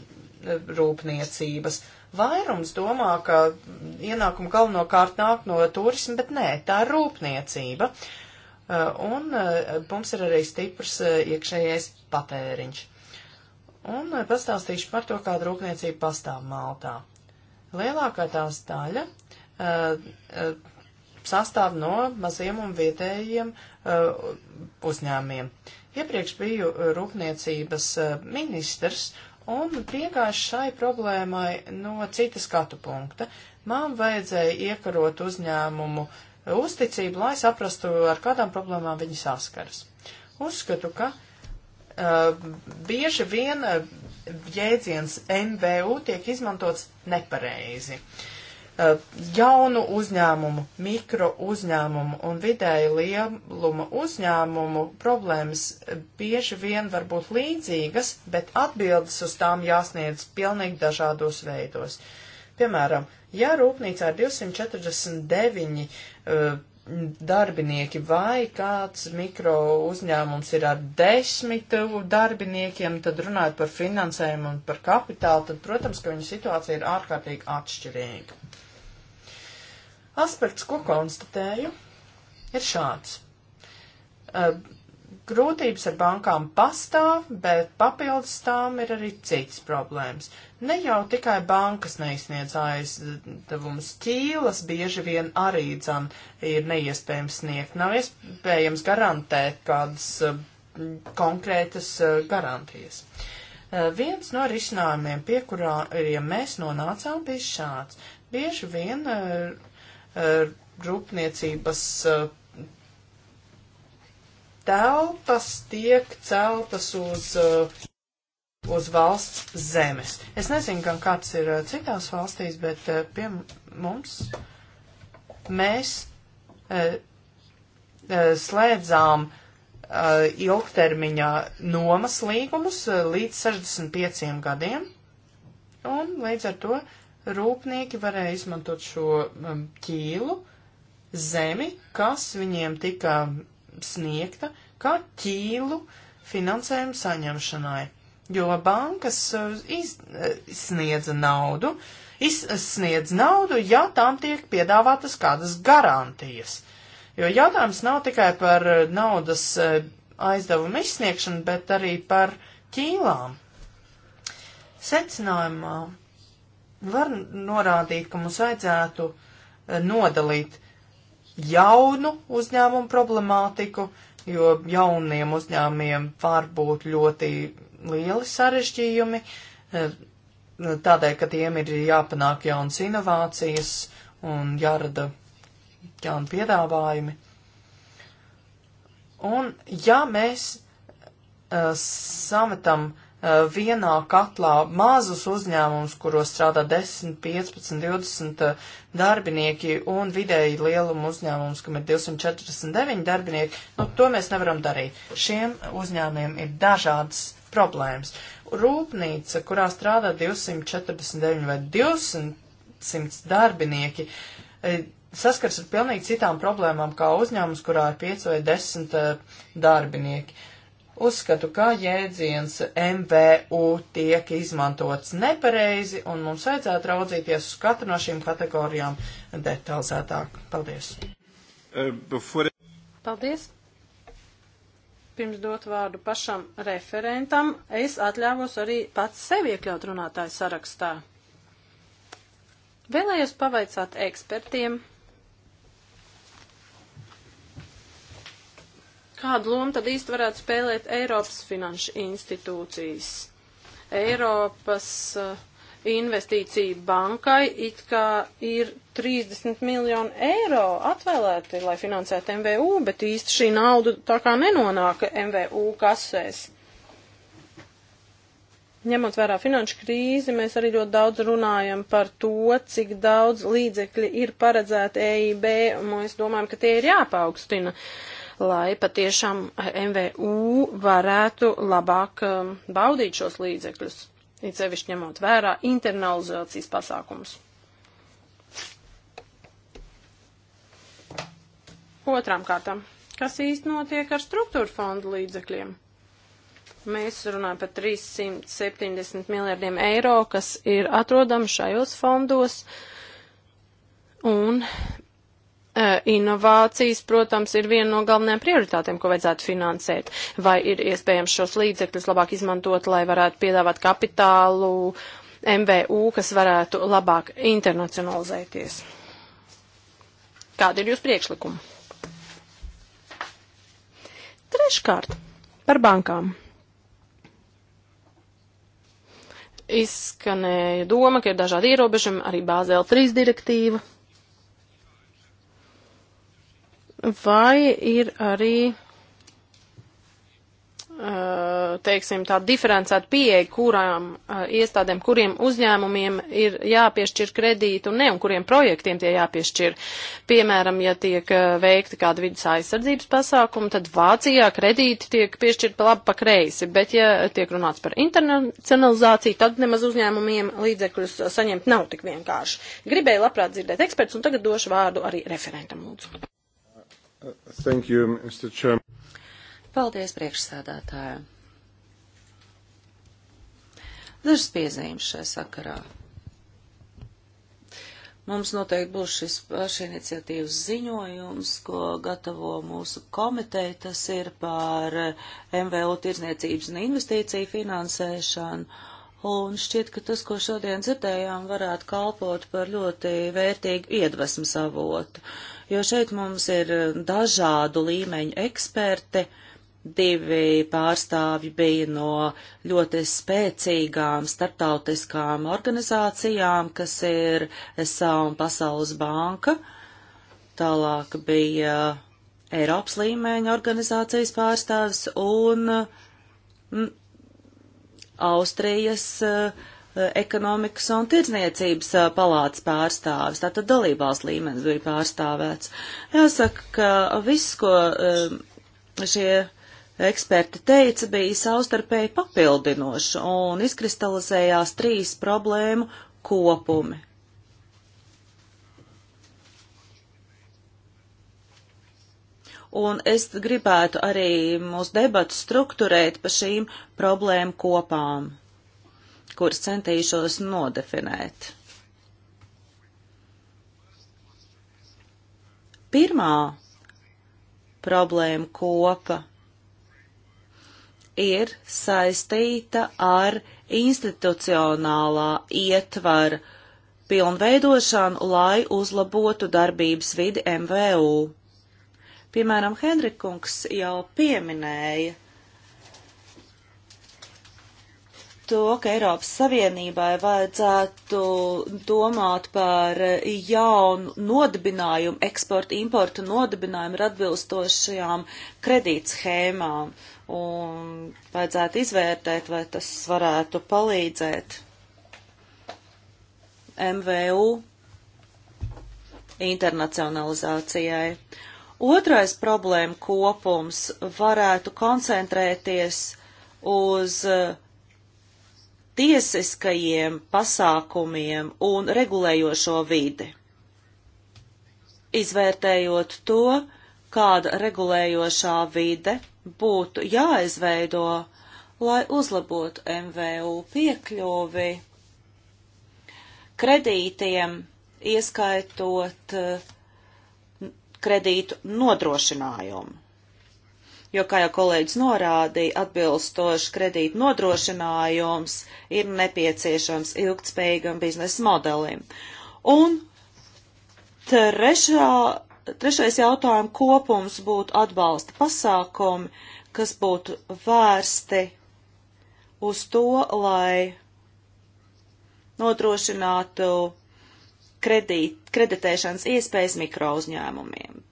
rūpniecības. Vairums domā, ka ienākumu galvenokārt nāk no turisma, bet nē, tā ir rūpniecība. Uh, un uh, mums ir arī stiprs uh, iekšējais patēriņš. Un uh, pastāstīšu par to, kāda rūpniecība pastāv Maltā. Lielākā tās daļa sastāv no maziem un vietējiem uh, uzņēmiem. Iepriekš biju rūpniecības uh, ministrs un piegājuši šai problēmai no citas skatu punkta. Man vajadzēja iekarot uzņēmumu uzticību, lai saprastu, ar kādām problēmām viņi saskaras. Uzskatu, ka uh, bieži vien uh, jēdziens MVU tiek izmantots nepareizi. Uh, Uh, jaunu uzņēmumu, mikro uzņēmumu un vidēju lielumu uzņēmumu problēmas bieži vien var būt līdzīgas, bet atbildes uz tām jāsniedz pilnīgi dažādos veidos. Piemēram, ja rūpnīcā ir 249 uh, darbinieki vai kāds mikro uzņēmums ir ar desmit darbiniekiem, tad runājot par finansējumu un par kapitālu, tad, protams, ka viņu situācija ir ārkārtīgi atšķirīga. Aspekts, ko konstatēju, ir šāds. Grūtības ar bankām pastāv, bet papildus tām ir arī citas problēmas. Ne jau tikai bankas neizsniedz aizdevumus, ķīlas bieži vien arī dzan ir neiespējams sniegt. Nav iespējams garantēt kādas konkrētas garantijas. Viens no risinājumiem, pie kuriem ja mēs nonācām, bija šāds. Bieži vien uh, Eh, rūpniecības eh, telpas tiek celtas uz, eh, uz valsts zemes. Es nezinu, gan kāds ir citās valstīs, bet pie mums mēs slēdzām ilgtermiņā nomas līgumus līdz 65 gadiem, un līdz ar to rūpnieki varēja izmantot šo um, ķīlu, zemi, kas viņiem tika sniegta, kā ķīlu finansējumu saņemšanai. Jo bankas uh, iz, izsniedza uh, naudu, izsniedz uh, naudu, ja tām tiek piedāvātas kādas garantijas. Jo jautājums nav tikai par naudas aizdevumu izsniegšanu, bet arī par ķīlām. Secinājumā var norādīt, ka mums vajadzētu eh, nodalīt jaunu uzņēmumu problemātiku, jo jauniem uzņēmiem var būt ļoti lieli sarežģījumi, eh, tādēļ, ka tiem ir jāpanāk jaunas inovācijas un jārada jauni piedāvājumi. Un ja mēs eh, sametam uh, Eh, vienā katlā mazus uzņēmumus, kuros strādā 10, 15, 20 darbinieki un vidēji lielumu uzņēmumus, kam ir 249 darbinieki, nu, to mēs nevaram darīt. Šiem uzņēmumiem ir dažādas problēmas. Rūpnīca, kurā strādā 249 vai 200 darbinieki, eh, saskars ar pilnīgi citām problēmām kā uzņēmums, kurā ir 5 vai 10 eh, darbinieki. Uh, Uzskatu, ka jēdziens MVU tiek izmantots nepareizi, un mums vajadzētu raudzīties uz katru no šīm kategorijām detalizētāk. Paldies! Eh, Paldies! Pirms dot vārdu pašam referentam, es atļāvos arī pats sevi iekļaut runātāju sarakstā. Vēlējos pavaicāt ekspertiem, Kādu lomu tad īsti varētu spēlēt Eiropas finanšu institūcijas? Eiropas uh, eh, investīciju bankai it kā ir 30 miljoni eiro atvēlēti, lai finansētu MVU, bet īsti šī nauda tā kā nenonāk MVU kasēs. Ņemot vērā finanšu krīzi, mēs arī ļoti daudz runājam par to, cik daudz līdzekļi ir paredzēti EIB, un mēs domājam, ka tie ir jāpaukstina. Uh, lai patiešām MVU varētu labāk um, baudīt šos līdzekļus, it sevišķi ņemot vērā internalizācijas pasākumus. Otrām kārtām, kas īsti notiek ar struktūra fondu līdzekļiem? Mēs runājam par 370 miljardiem eiro, kas ir atrodami šajos fondos, un Inovācijas, protams, ir viena no galvenajām prioritātēm, ko vajadzētu finansēt. Vai ir iespējams šos līdzekļus labāk izmantot, lai varētu piedāvāt kapitālu MVU, kas varētu labāk internacionalizēties? Kāda ir jūsu priekšlikuma? Treškārt, par bankām. Izskanēja doma, ka ir dažādi ierobežojumi, arī Bāzēla 3 direktīva vai ir arī, teiksim, tā diferencēta pieeja, kurām iestādēm, kuriem uzņēmumiem ir jāpiešķir kredītu un ne, un kuriem projektiem tie jāpiešķir. Piemēram, ja tiek veikti kāda vidas aizsardzības pasākuma, tad Vācijā kredīti tiek piešķirti pa labi pa kreisi, bet ja tiek runāts par internacionalizāciju, tad nemaz uzņēmumiem līdzekļus saņemt nav tik vienkārši. Gribēju labprāt dzirdēt eksperts, un tagad došu vārdu arī referentam lūdzu. Thank you, Mr. Chairman. Paldies, priekšsēdētāja. Dažas piezīmes šai sakarā. Mums noteikti būs šis pašiniciatīvas ziņojums, ko gatavo mūsu komiteja. Tas ir par MVU tirzniecības un investīciju finansēšanu. Un šķiet, ka tas, ko šodien dzirdējām, varētu kalpot par ļoti vērtīgu iedvesmu savotu. Uh, jo šeit mums ir eh, dažādu līmeņu eksperti. Divi pārstāvji bija no ļoti spēcīgām starptautiskām organizācijām, kas ir SA un Pasaules banka. Tālāk bija Eiropas līmeņa organizācijas pārstāvis un mm, Austrijas uh, E, ekonomikas un tirdzniecības e, palātas pārstāvis, tātad dalībās līmenis bija pārstāvēts. Jāsaka, ka viss, ko e, šie eksperti teica, bija savstarpēji papildinoši un izkristalizējās trīs problēmu kopumi. un es gribētu arī mūsu debatu struktūrēt pa šīm problēmu kopām kuras centīšos nodefinēt. Pirmā problēma kopa ir saistīta ar institucionālā ietvara pilnveidošanu, lai uzlabotu darbības vidi MVU. Piemēram, Henrikungs jau pieminēja to, ka Eiropas Savienībai vajadzētu domāt par jaunu nodibinājumu, eksporta, importa nodibinājumu ar atbilstošajām kredītschēmām. Un vajadzētu izvērtēt, vai tas varētu palīdzēt MVU internacionalizācijai. Otrais problēma kopums varētu koncentrēties uz uh, tiesiskajiem pasākumiem un regulējošo vidi. Izvērtējot to, kāda regulējošā vide būtu jāizveido, lai uzlabotu MVU piekļuvi kredītiem, ieskaitot eh, kredītu nodrošinājumu jo, kā jau kolēģis norādīja, atbilstoši kredīta nodrošinājums ir nepieciešams ilgtspējīgam biznesa modelim. Un trešā, trešais jautājuma kopums būtu atbalsta pasākumi, kas būtu vērsti uz to, lai nodrošinātu kredīt, kreditēšanas iespējas mikrouzņēmumiem.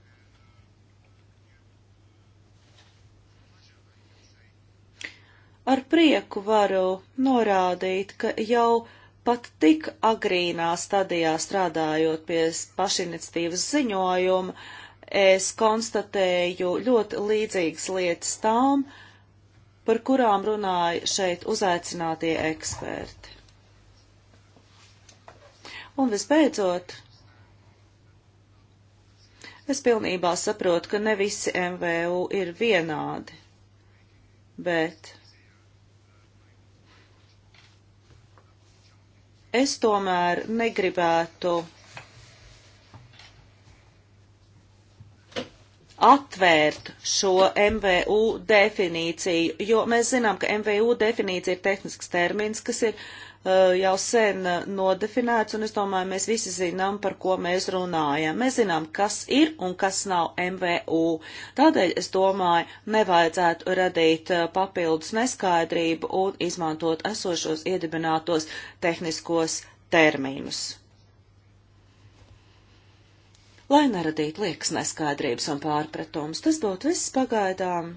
Ar prieku varu norādīt, ka jau pat tik agrīnā stadijā strādājot pie pašiniciatīvas ziņojuma, es konstatēju ļoti līdzīgas lietas tām, par kurām runāja šeit uzaicinātie eksperti. Un visbeidzot, es pilnībā saprotu, ka ne visi MVU ir vienādi, bet Es tomēr negribētu atvērt šo MVU definīciju, jo mēs zinām, ka MVU definīcija ir tehnisks termins, kas ir uh, Eh, jau sen nodefinēts, un es domāju, mēs visi zinām, par ko mēs runājam. Mēs zinām, kas ir un kas nav MVU. Tādēļ, es domāju, nevajadzētu radīt eh, papildus neskaidrību un izmantot esošos iedibinātos tehniskos termīnus. Lai neradītu liekas neskaidrības un pārpratums, tas būtu viss pagaidām.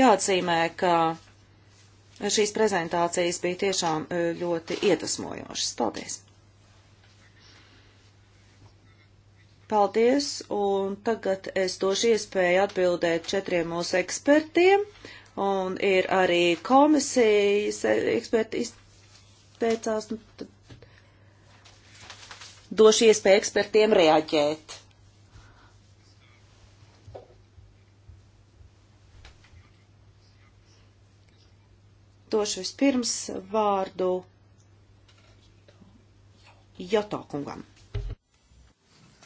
Jāatzīmē, ka šīs prezentācijas bija tiešām e, ļoti iedvesmojošas. Paldies! Paldies, un tagad es došu iespēju atbildēt četriem mūsu ekspertiem, un ir arī komisijas eksperti izteicās, nu, tad došu iespēju ekspertiem reaģēt. došu vispirms vārdu Jotā kungam.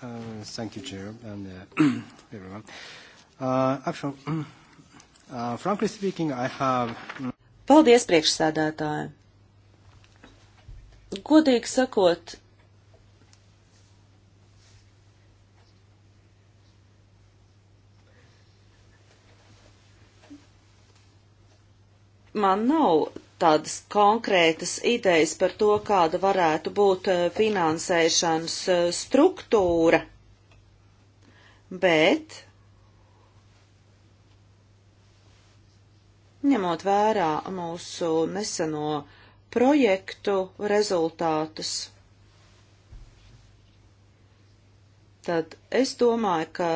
Uh, thank you, Chair, and uh, everyone. Uh, actually, uh, frankly speaking, I have... Mm, Paldies, priekšsēdētāji. Godīgi sakot, man nav tādas konkrētas idejas par to, kāda varētu būt eh, finansēšanas eh, struktūra, bet ņemot vērā mūsu neseno projektu rezultātus, tad es domāju, ka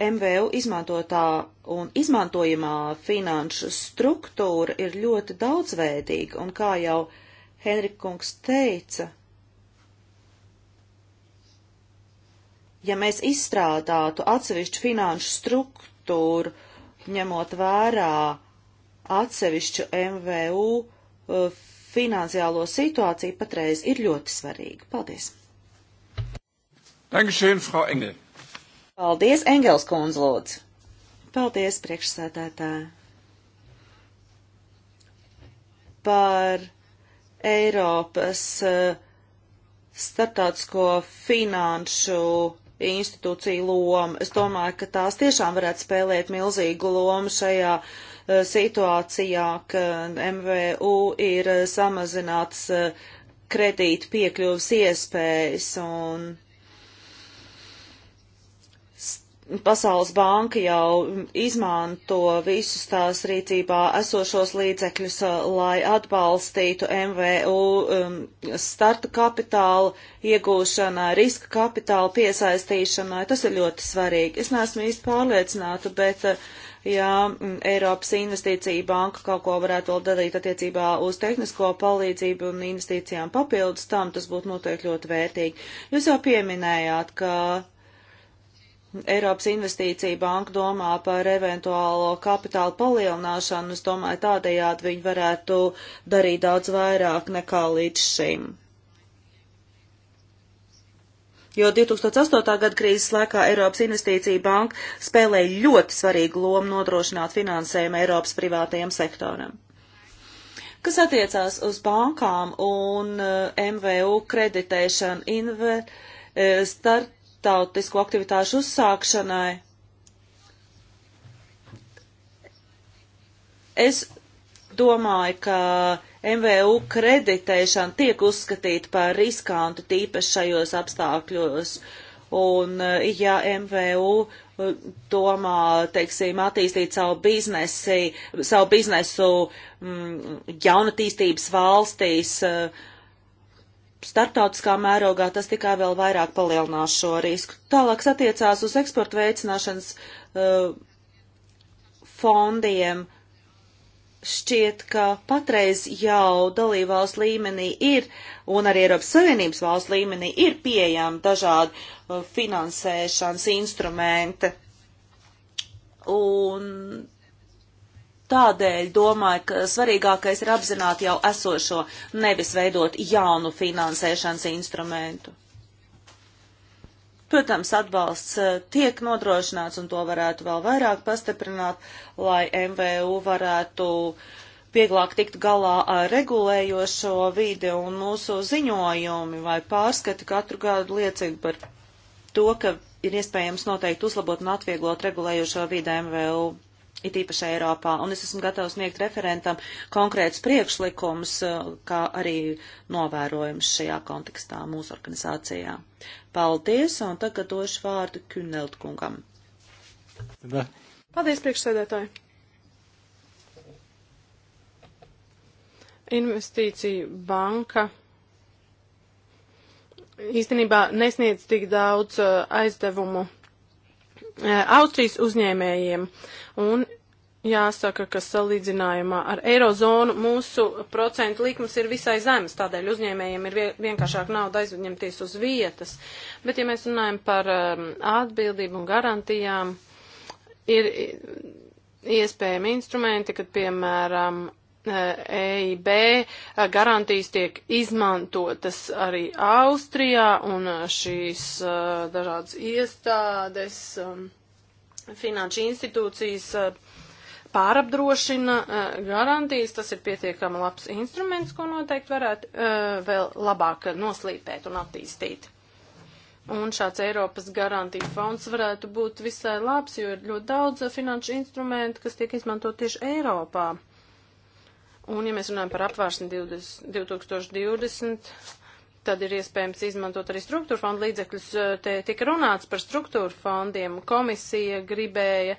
MVU izmantotā un izmantojamā finanšu struktūra ir ļoti daudzveidīga, un kā jau Henrikungs teica, ja mēs izstrādātu atsevišķu finanšu struktūru, ņemot vērā atsevišķu MVU eh, finansiālo situāciju, patreiz ir ļoti svarīga. Paldies! Dankeschön, Frau Engel. Paldies, Engels kundz, lūdzu. Paldies, priekšsēdētāji. Par Eiropas eh, startautisko finanšu institūciju lomu. Es domāju, ka tās tiešām varētu spēlēt milzīgu lomu šajā eh, situācijā, ka MVU ir eh, samazināts kredītu piekļuvas iespējas un Pasaules banka jau izmanto visus tās rīcībā esošos līdzekļus, eh, lai atbalstītu MVU um, starta kapitālu iegūšanai, riska kapitālu piesaistīšanai. Tas ir ļoti svarīgi. Es neesmu īsti pārliecināta, bet eh, ja mm, Eiropas investīcija banka kaut ko varētu vēl darīt attiecībā uz tehnisko palīdzību un investīcijām papildus tam, tas būtu noteikti ļoti vērtīgi. Jūs jau pieminējāt, ka Eiropas investīcija banka domā par eventuālo kapitālu palielināšanu, es domāju, tādējādi viņi varētu darīt daudz vairāk nekā līdz šim. Jo 2008. gada krīzes laikā Eiropas investīcija banka spēlēja ļoti svarīgu lomu nodrošināt finansējumu Eiropas privātajam sektoram. Kas attiecās uz bankām un eh, MVU kreditēšanu, inve, eh, start, starptautisku aktivitāšu uzsākšanai. Es domāju, ka MVU kreditēšana tiek uzskatīta par riskantu tīpaši šajos apstākļos. Un ja MVU uh, domā, teiksim, attīstīt savu, biznesi, savu biznesu m, mm, jaunatīstības valstīs, m, uh, starptautiskā mērogā tas tikai vēl vairāk palielinās šo risku. Tālāk attiecās uz eksporta veicināšanas uh, fondiem. Šķiet, ka patreiz jau dalībvalsts līmenī ir, un arī Eiropas Savienības valsts līmenī ir pieejami dažādi uh, finansēšanas instrumenti. Un tādēļ domāju, ka svarīgākais ir apzināt jau esošo, nevis veidot jaunu finansēšanas instrumentu. Protams, atbalsts eh, tiek nodrošināts, un to varētu vēl vairāk pastiprināt, lai MVU varētu vieglāk tikt galā ar regulējošo vidi, un mūsu ziņojumi vai pārskati katru gadu liecina par to, ka ir iespējams noteikti uzlabot un atvieglot regulējošo vidi MVU it īpaši Eiropā, un es esmu gatavs sniegt referentam konkrēts priekšlikums, eh, kā arī novērojums šajā kontekstā mūsu organizācijā. Paldies, un tagad došu vārdu Künelt kungam. Da. Paldies, priekšsēdētāji! Investīcija banka īstenībā nesniedz tik daudz eh, aizdevumu E, Austrijas uzņēmējiem. Un jāsaka, ka salīdzinājumā ar eirozonu mūsu procentu likmes ir visai zemes, tādēļ uzņēmējiem ir vienkāršāk nauda aizņemties uz vietas. Bet, ja mēs runājam par um, atbildību un garantijām, ir iespējami instrumenti, kad, piemēram, EIB garantijas tiek izmantotas arī Austrijā un šīs e, dažādas iestādes, e, finanšu institūcijas e, pārapdrošina garantijas. Tas ir pietiekami labs instruments, ko noteikti varētu vēl labāk noslīpēt un attīstīt. Un šāds Eiropas garantija fonds varētu būt visai labs, jo ir ļoti daudz finanšu instrumentu, kas tiek izmantot tieši Eiropā. Uh, Un, ja mēs runājam par apvārsni 20, 2020, tad ir iespējams izmantot arī struktūra fondu līdzekļus. Te tika runāts par struktūra fondiem. Komisija gribēja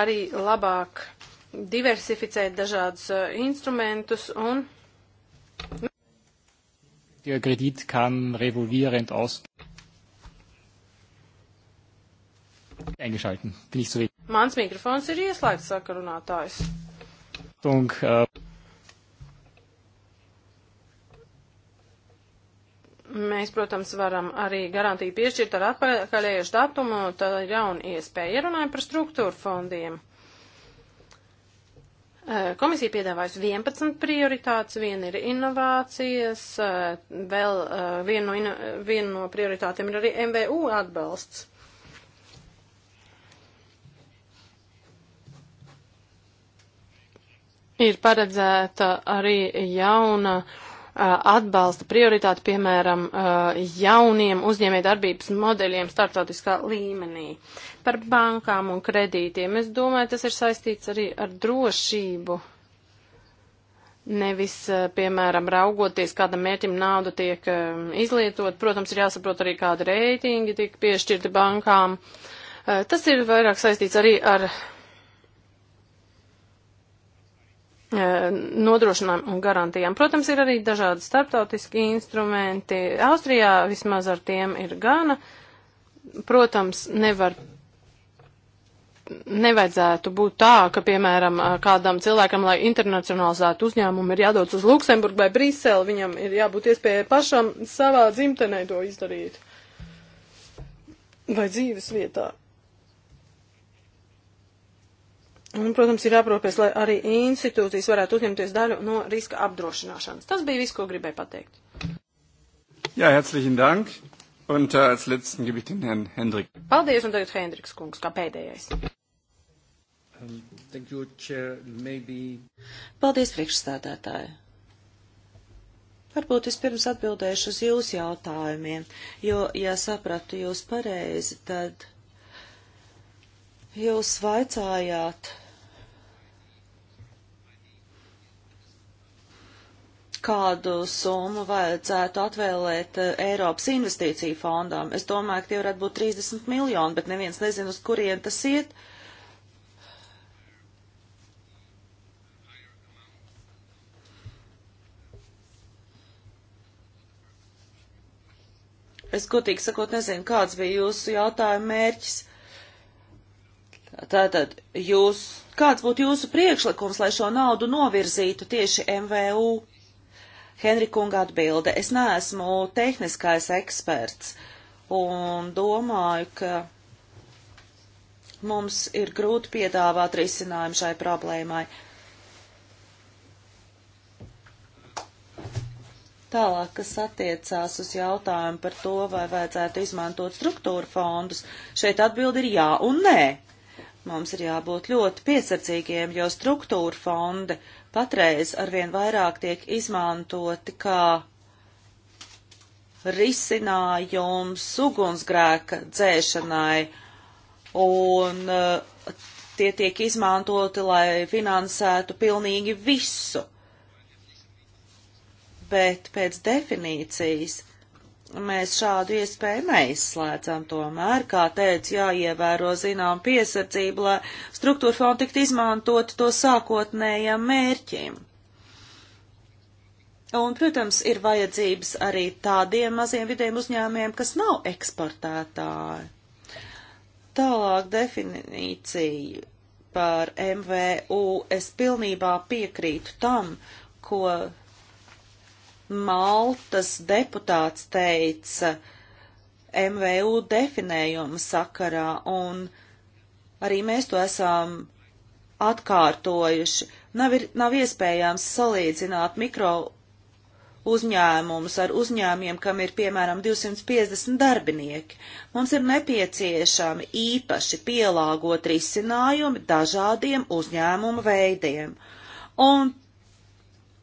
arī labāk diversificēt dažādus instrumentus un. Der Kredit kann revolvierend aus. Eingeschalten. Bin ich zu wenig. Mans mikrofons ir ieslēgts, saka runātājs. Tung, uh... Mēs, protams, varam arī garantiju piešķirt ar atpakaļējušu datumu, tā ir jauna iespēja. Ja runājam par struktūru fondiem, eh, Komisija piedāvājas 11 prioritātes, viena ir inovācijas, eh, vēl eh, viena no, ino, viena no prioritātiem ir arī MVU atbalsts. Ir paredzēta arī jauna uh, atbalsta prioritāti, piemēram, jauniem uzņēmē darbības modeļiem startautiskā līmenī. Par bankām un kredītiem. Es domāju, tas ir saistīts arī ar drošību. Nevis, piemēram, raugoties, kādam mērķim nauda tiek izlietot. Protams, ir jāsaprot arī, kāda reitingi tiek piešķirti bankām. Tas ir vairāk saistīts arī ar Eh, nodrošinājumu un garantijām. Protams, ir arī dažādi starptautiski instrumenti. Austrijā vismaz ar tiem ir gana. Protams, nevar, nevajadzētu būt tā, ka, piemēram, eh, kādam cilvēkam, lai internacionalizētu uzņēmumu, ir jādodas uz Luksemburgu vai Briseli, viņam ir jābūt iespējai pašam savā dzimtenē to izdarīt vai dzīves vietā. Un, protams, ir jāprūpēs, lai arī institūcijas varētu uzņemties daļu no riska apdrošināšanas. Tas bija viss, ko gribēju pateikt. Jā, herzlichen dank. Un uh, äh, als letzten gebe ich den Herrn Hendrik. Paldies, un tagad Hendriks kungs, kā pēdējais. Um, thank you, chair. Maybe... Paldies, priekšstādātāji. Varbūt es pirms atbildēšu uz jūsu jautājumiem, jo, ja sapratu jūs pareizi, tad Jūs vaicājāt, kādu summu vajadzētu atvēlēt eh, Eiropas investīciju fondam. Es domāju, ka tie varētu būt 30 miljoni, bet neviens nezin, uz kurien tas iet. Es godīgi sakot nezinu, kāds bija jūsu jautājuma mērķis. Uh, Tātad jūs, kāds būtu jūsu priekšlikums, lai šo naudu novirzītu tieši MVU? Henrikungā atbilde, es neesmu tehniskais eksperts un domāju, ka mums ir grūti piedāvāt risinājumu šai problēmai. Tālāk, kas attiecās uz jautājumu par to, vai vajadzētu izmantot struktūra fondus, šeit atbildi ir jā un nē. Mums ir jābūt ļoti piesardzīgiem, jo struktūra fondi patreiz arvien vairāk tiek izmantoti kā risinājums ugunsgrēka dzēšanai, un uh, tie tiek izmantoti, lai finansētu pilnīgi visu. Bet pēc definīcijas mēs šādu iespēju neizslēdzam tomēr, kā teicu, jāievēro zinām piesardzību, lai struktūra fonda tikt izmantot to sākotnējam mērķim. Un, protams, ir vajadzības arī tādiem maziem vidiem uzņēmiem, kas nav eksportētāji. Tālāk definīcija par MVU. Es pilnībā piekrītu tam, ko Maltas deputāts teica MVU definējuma sakarā, un arī mēs to esam atkārtojuši. Nav, ir, nav iespējams salīdzināt mikro uzņēmumus ar uzņēmiem, kam ir piemēram 250 darbinieki. Mums ir nepieciešami īpaši pielāgot risinājumi dažādiem uzņēmumu veidiem. Un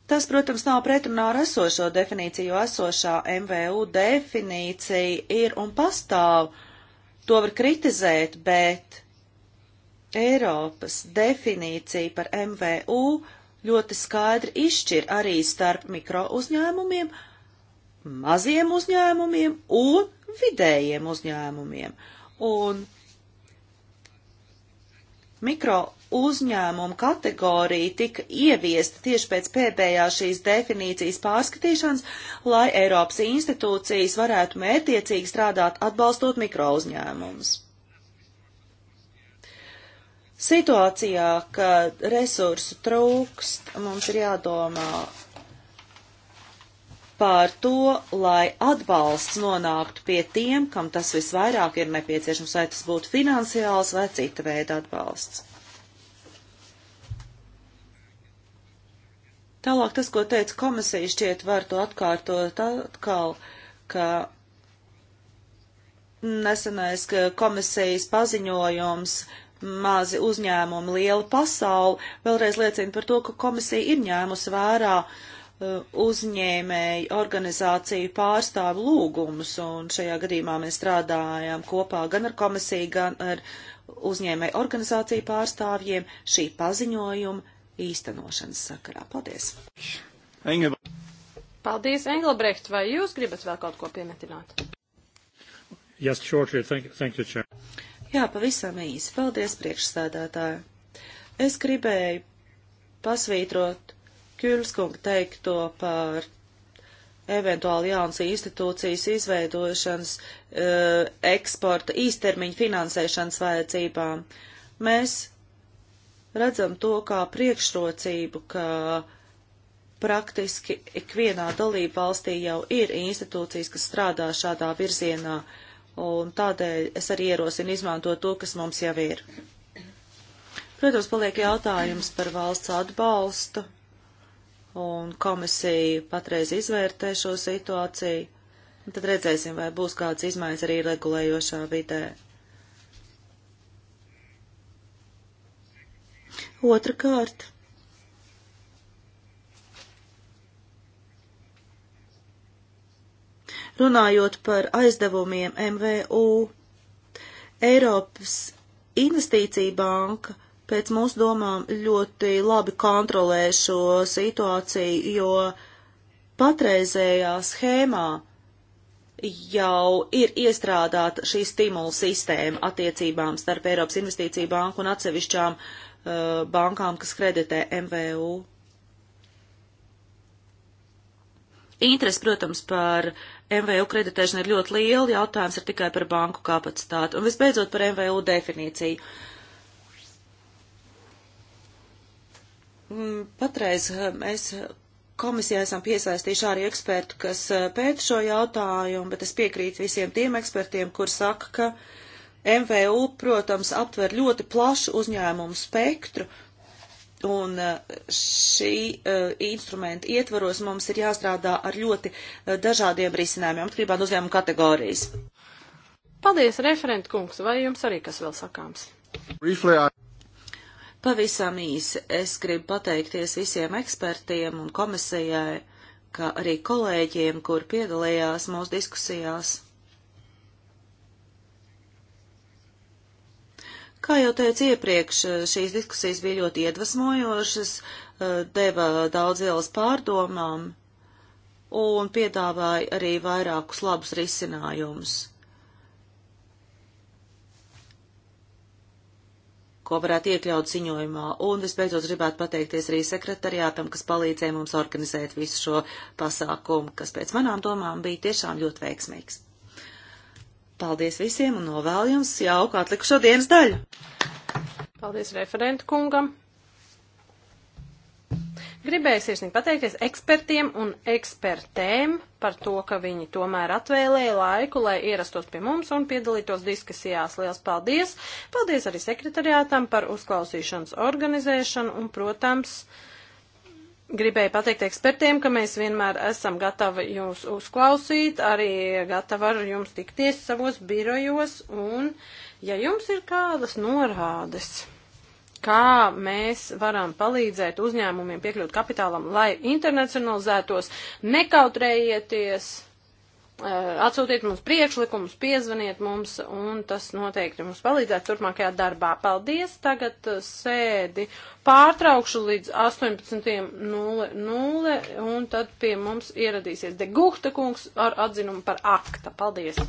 Tas, protams, nav pretrunā ar esošo definīciju, jo esošā MVU definīcija ir un pastāv. To var kritizēt, bet Eiropas definīcija par MVU ļoti skaidri izšķir arī starp mikro uzņēmumiem, maziem uzņēmumiem un vidējiem uzņēmumiem. Un mikro uzņēmumu kategorija tika ieviesta tieši pēc pēdējā šīs definīcijas pārskatīšanas, lai Eiropas institūcijas varētu mērtiecīgi strādāt atbalstot mikrouzņēmumus. Situācijā, kad resursu trūkst, mums ir jādomā par to, lai atbalsts nonāktu pie tiem, kam tas visvairāk ir nepieciešams, vai tas būtu finansiāls vai cita veida atbalsts. Tālāk tas, ko teica komisija, šķiet var to atkārtot atkal, ka nesenais komisijas paziņojums mazi uzņēmumi, liela pasaule vēlreiz liecina par to, ka komisija ir ņēmusi vērā uh, uzņēmēju organizāciju pārstāvu lūgumus, un šajā gadījumā mēs strādājām kopā gan ar komisiju, gan ar uzņēmēju organizāciju pārstāvjiem šī paziņojuma īstenošanas sakarā. Paldies! Engel. Paldies, Engelbrecht, vai jūs gribat vēl kaut ko piemetināt? Yes, shortly. Thank you, thank you, Chair. Jā, pavisam īsi. Paldies, priekšsēdētāji. Es gribēju pasvītrot Kļūskunga teikto par eventuāli jaunas institūcijas izveidošanas, eh, eksporta īstermiņa finansēšanas vajadzībām. Mēs redzam to kā priekšrocību, ka praktiski ikvienā dalība valstī jau ir institūcijas, kas strādā šādā virzienā, un tādēļ es arī ierosinu izmantot to, kas mums jau ir. Protams, paliek jautājums par valsts atbalstu, un komisija patreiz izvērtē šo situāciju, un tad redzēsim, vai būs kāds izmaiņas arī regulējošā vidē. Otrakārt. Runājot par aizdevumiem MVU, Eiropas investīcija banka pēc mūsu domām ļoti labi kontrolē šo situāciju, jo patreizējā schēmā jau ir iestrādāta šī stimulu sistēma attiecībām starp Eiropas investīciju banku un atsevišķām uh, Uh, bankām, kas kreditē MVU. Interesi, protams, par MVU kreditēšanu ir ļoti liela, jautājums ir tikai par banku kapacitāti. Un visbeidzot par MVU definīciju. Mm, patreiz uh, mēs komisijā esam piesaistījuši arī ekspertu, kas uh, pēta šo jautājumu, bet es piekrītu visiem tiem ekspertiem, kur saka, ka MVU, protams, aptver ļoti plašu uzņēmumu spektru, un uh, šī uh, instrumenta ietvaros mums ir jāstrādā ar ļoti uh, dažādiem risinājumiem, atkarībā no uzņēmuma kategorijas. Paldies, referent kungs, vai jums arī kas vēl sakāms? Pavisam īsi es gribu pateikties visiem ekspertiem un komisijai, kā arī kolēģiem, kur piedalījās mūsu diskusijās. Kā jau teicu iepriekš, šīs diskusijas bija ļoti iedvesmojošas, eh, deva daudz vielas pārdomām un piedāvāja arī vairākus labus risinājumus, ko varētu iekļaut ziņojumā. Un visbeidzot gribētu pateikties arī sekretariātam, kas palīdzēja mums organizēt visu šo pasākumu, kas pēc manām domām bija tiešām ļoti veiksmīgs. Paldies visiem un novēlu jums jauku atlikušo dienas daļu. Paldies referentu kungam. Gribēju sirsnīgi pateikties ekspertiem un ekspertēm par to, ka viņi tomēr atvēlēja laiku, lai ierastos pie mums un piedalītos diskusijās. Liels paldies! Paldies arī sekretariātam par uzklausīšanas organizēšanu un, protams, uh, gribēju pateikt ekspertiem, ka mēs vienmēr esam gatavi jūs uzklausīt, arī gatavi ar jums tikties savos birojos, un ja jums ir kādas norādes, kā mēs varam palīdzēt uzņēmumiem piekļūt kapitālam, lai internacionalizētos, nekautrējieties Eh, atsūtiet mums priekšlikumus, piezvaniet mums, un tas noteikti mums palīdzēs turpmākajā darbā. Paldies! Tagad eh, sēdi pārtraukšu līdz 18.00, un tad pie mums ieradīsies Degukta kungs ar atzinumu par akta. Paldies!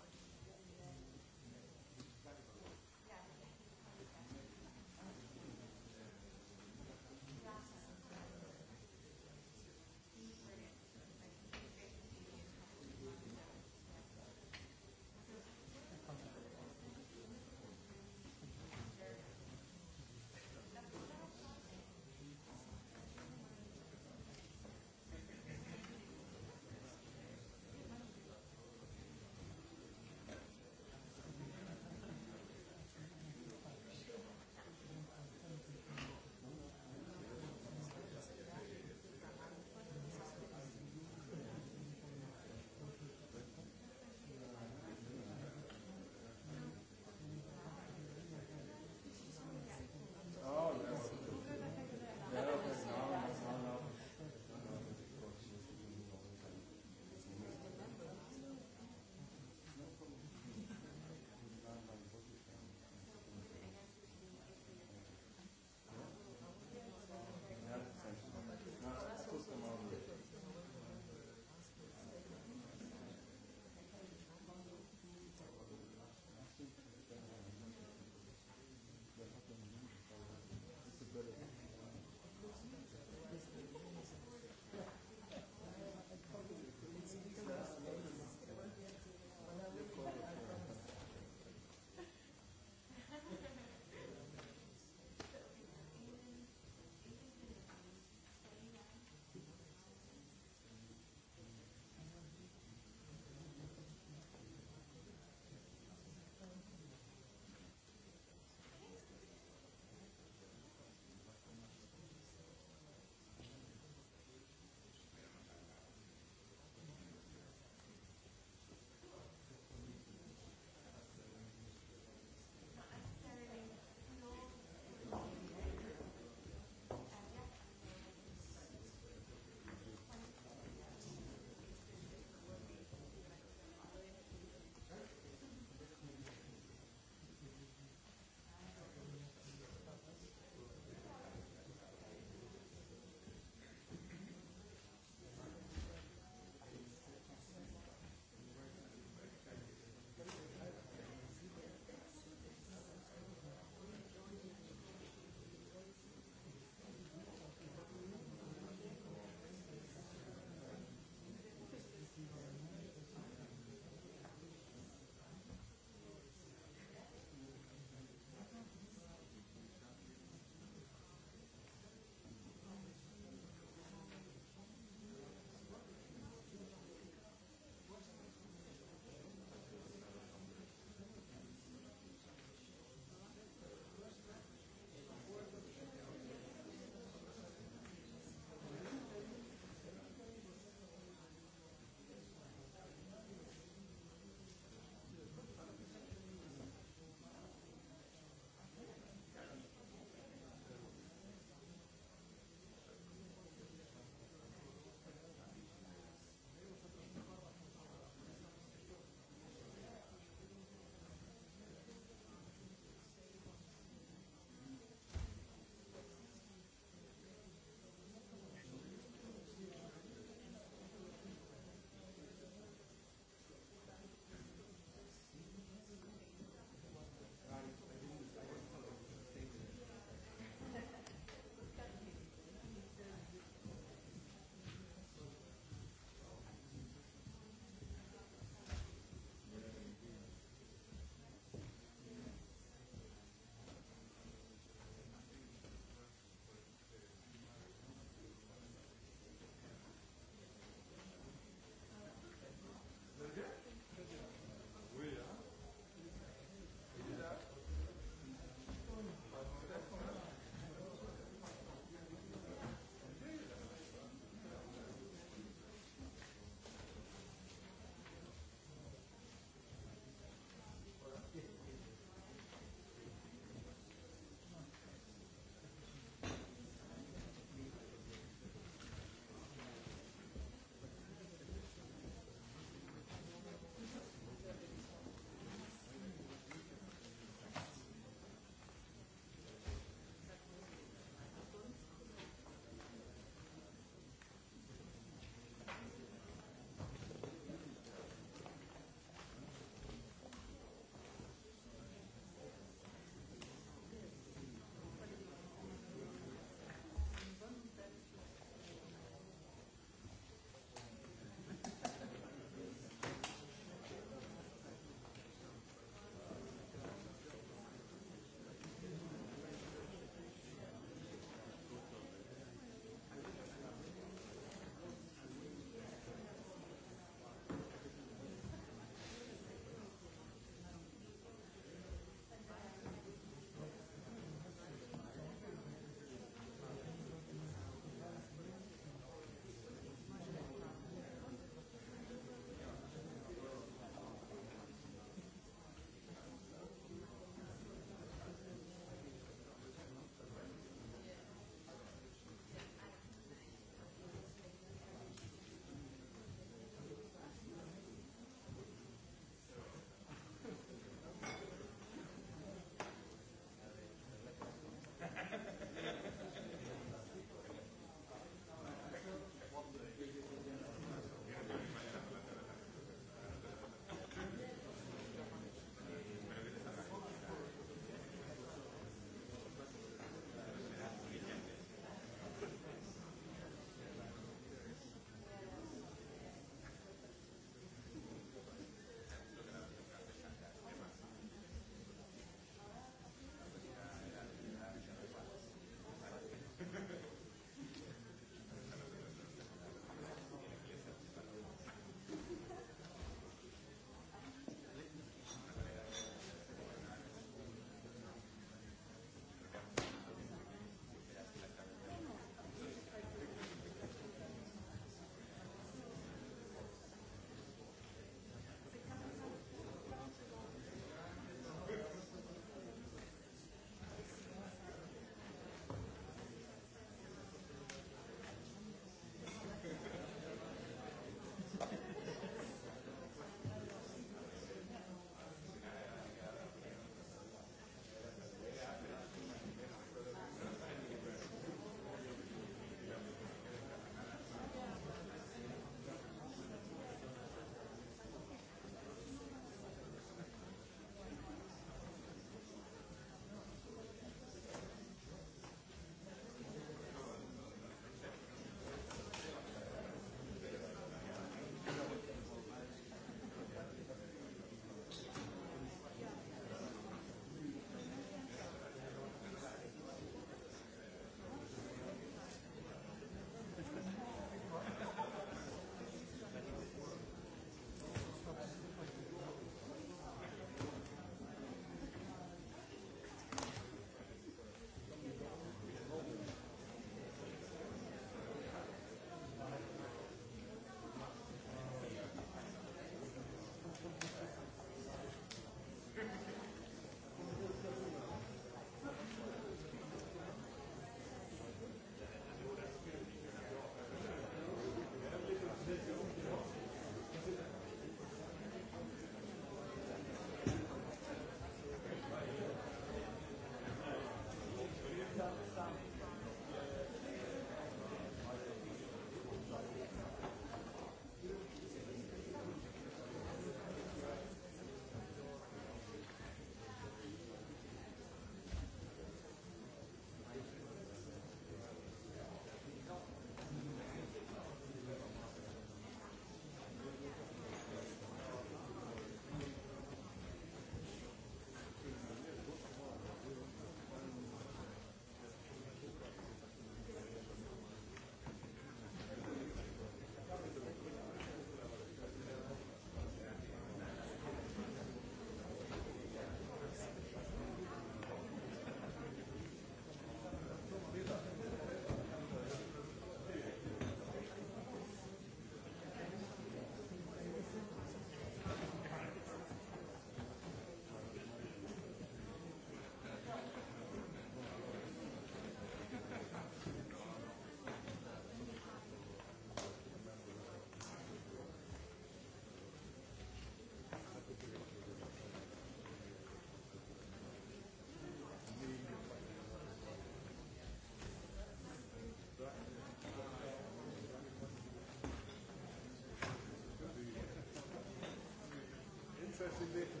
interesting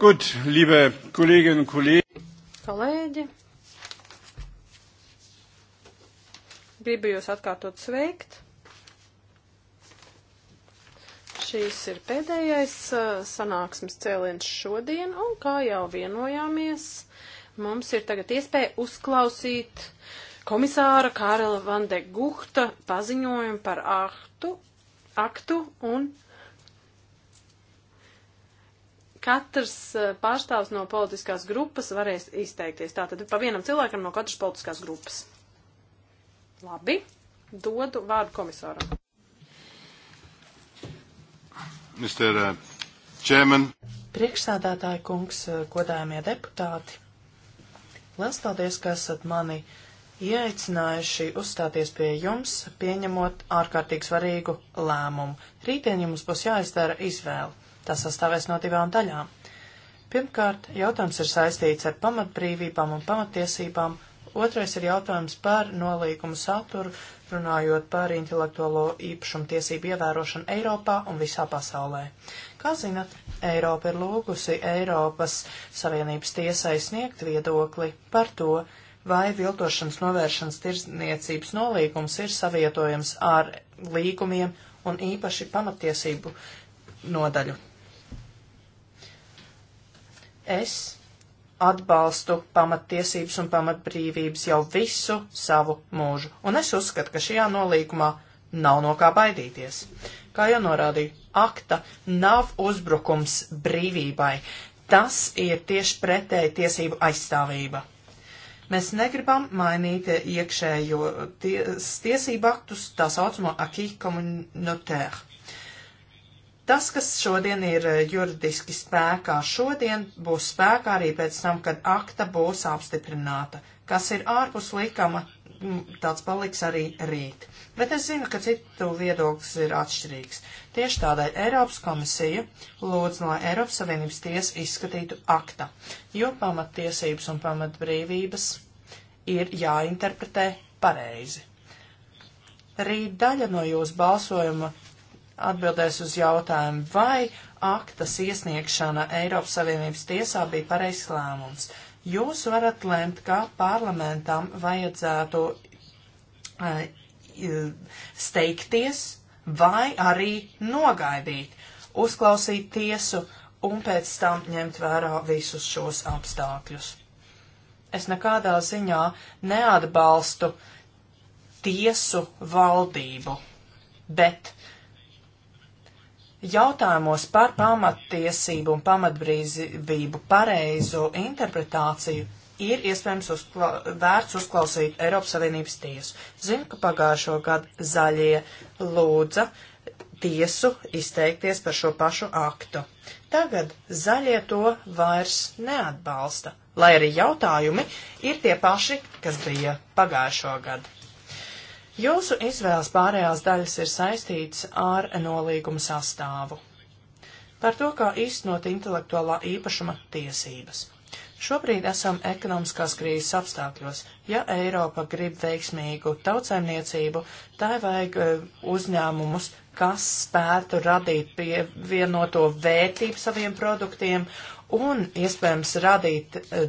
Gut, liebe Kolleginnen und Kollegen. Kolēģi, gribu jūs atkārtot sveikt. Šīs ir pēdējais uh, sanāksmes cēliens šodien, un kā jau vienojāmies, mums ir tagad iespēja uzklausīt komisāra Kārela Vande Guhta paziņojumu par aktu, aktu un katrs eh, pārstāvs no politiskās grupas varēs izteikties. Tātad pa vienam cilvēkam no katras politiskās grupas. Labi, dodu vārdu komisāram. Mr. Eh, Chairman. Priekšsādātāji kungs, eh, godājumie deputāti. Liels paldies, ka esat mani ieaicinājuši uzstāties pie jums, pieņemot ārkārtīgi svarīgu lēmumu. Rītdien jums būs jāizdara izvēle Tas sastāvēs no divām daļām. Pirmkārt, jautājums ir saistīts ar pamatbrīvībām un pamatiesībām, otrais ir jautājums par nolīgumu saturu, runājot par intelektuālo īpašumu tiesību ievērošanu Eiropā un visā pasaulē. Kā zinat, Eiropa ir lūgusi Eiropas Savienības tiesai sniegt viedokli par to, vai viltošanas novēršanas tirzniecības nolīgums ir savietojams ar līgumiem un īpaši pamatiesību nodaļu. Es atbalstu pamattiesības un pamatbrīvības jau visu savu mūžu, un es uzskatu, ka šajā nolīgumā nav no kā baidīties. Kā jau norādīju, akta nav uzbrukums brīvībai. Tas ir tieši pretēji tiesību aizstāvība. Mēs negribam mainīt iekšējo ties, tiesību aktus, tā saucamo acquis communautaire. Tas, kas šodien ir eh, juridiski spēkā, šodien būs spēkā arī pēc tam, kad akta būs apstiprināta. Kas ir ārpus likama, tāds paliks arī rīt. Bet es zinu, ka citu viedoklis ir atšķirīgs. Tieši tādēļ Eiropas komisija lūdz no Eiropas Savienības tiesa izskatītu akta, jo pamattiesības un pamatbrīvības ir jāinterpretē pareizi. Rīt daļa no jūsu balsojuma atbildēs uz jautājumu, vai aktas iesniegšana Eiropas Savienības tiesā bija pareizs lēmums. Jūs varat lemt, ka parlamentam vajadzētu uh, steigties vai arī nogaidīt, uzklausīt tiesu un pēc tam ņemt vērā visus šos apstākļus. Es nekādā ziņā neatbalstu tiesu valdību, bet jautājumos par pamattiesību un pamatbrīvību pareizu interpretāciju ir iespējams uzkla vērts uzklausīt Eiropas Savienības tiesu. Zinu, ka pagājušo gadu zaļie lūdza tiesu izteikties par šo pašu aktu. Tagad zaļie to vairs neatbalsta, lai arī jautājumi ir tie paši, kas bija pagājušo gadu. Jūsu izvēles pārējās daļas ir saistītas ar nolīguma sastāvu. Par to, kā īstenot intelektuālā īpašuma tiesības. Šobrīd esam ekonomiskās krīzes apstākļos. Ja Eiropa grib veiksmīgu tautsaimniecību, tai vajag eh, uzņēmumus, kas spētu radīt pievienoto vērtību saviem produktiem un iespējams radīt eh,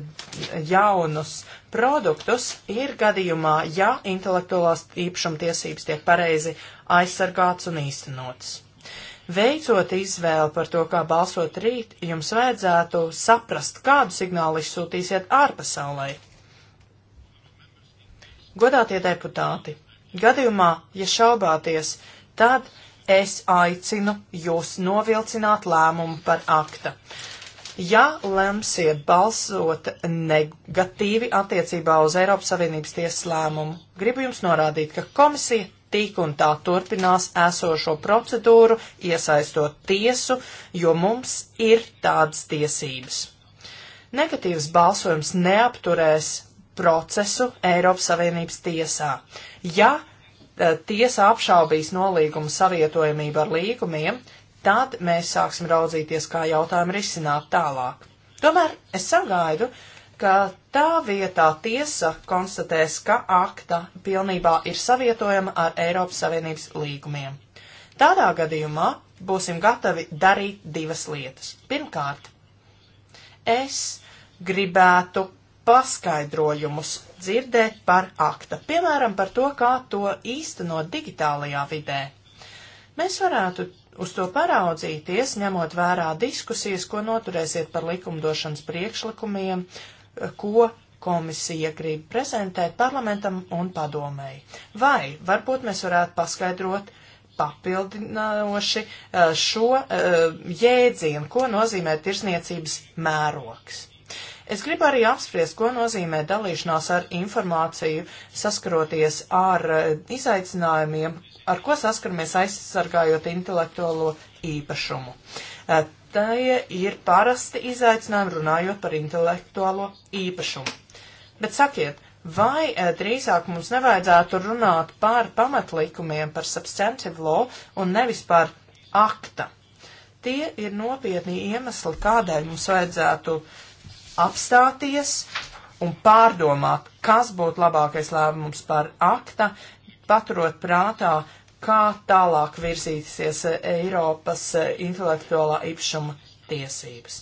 jaunus produktus ir gadījumā, ja intelektuālās īpašumtiesības tiek pareizi aizsargāts un īstenots. Veicot izvēli par to, kā balsot rīt, jums vajadzētu saprast, kādu signālu izsūtīsiet ārpasaulē. Godātie deputāti, gadījumā, ja šaubāties, tad es aicinu jūs novilcināt lēmumu par akta. Uh, ja lemsiet balsot negatīvi attiecībā uz Eiropas Savienības tiesas lēmumu. Gribu jums norādīt, ka komisija tik un tā turpinās esošo procedūru, iesaistot tiesu, jo mums ir tādas tiesības. Negatīvs balsojums neapturēs procesu Eiropas Savienības tiesā. Ja eh, tiesa apšaubīs nolīgumu savietojamību ar līgumiem, tad mēs sāksim raudzīties, kā jautājumu risināt tālāk. Tomēr es sagaidu, ka tā vietā tiesa konstatēs, ka akta pilnībā ir savietojama ar Eiropas Savienības līgumiem. Tādā gadījumā būsim gatavi darīt divas lietas. Pirmkārt, es gribētu paskaidrojumus dzirdēt par akta, piemēram, par to, kā to īstenot digitālajā vidē. Mēs varētu uz to paraudzīties, ņemot vērā diskusijas, ko noturēsiet par likumdošanas priekšlikumiem, ko komisija grib prezentēt parlamentam un padomēji. Vai varbūt mēs varētu paskaidrot papildinoši eh, šo eh, jēdzienu, ko nozīmē tirsniecības mērogs. Es gribu arī apspriest, ko nozīmē dalīšanās ar informāciju, saskaroties ar eh, izaicinājumiem, ar ko saskaramies aizsargājot intelektuālo īpašumu. Tie ir parasti izaicinājumi runājot par intelektuālo īpašumu. Bet sakiet, vai drīzāk mums nevajadzētu runāt par pamatlikumiem, par substantive law un nevis par akta? Tie ir nopietni iemesli, kādēļ mums vajadzētu apstāties un pārdomāt, kas būtu labākais lēmums par akta paturot prātā, kā tālāk virzīsies eh, Eiropas eh, intelektuālā īpašuma tiesības.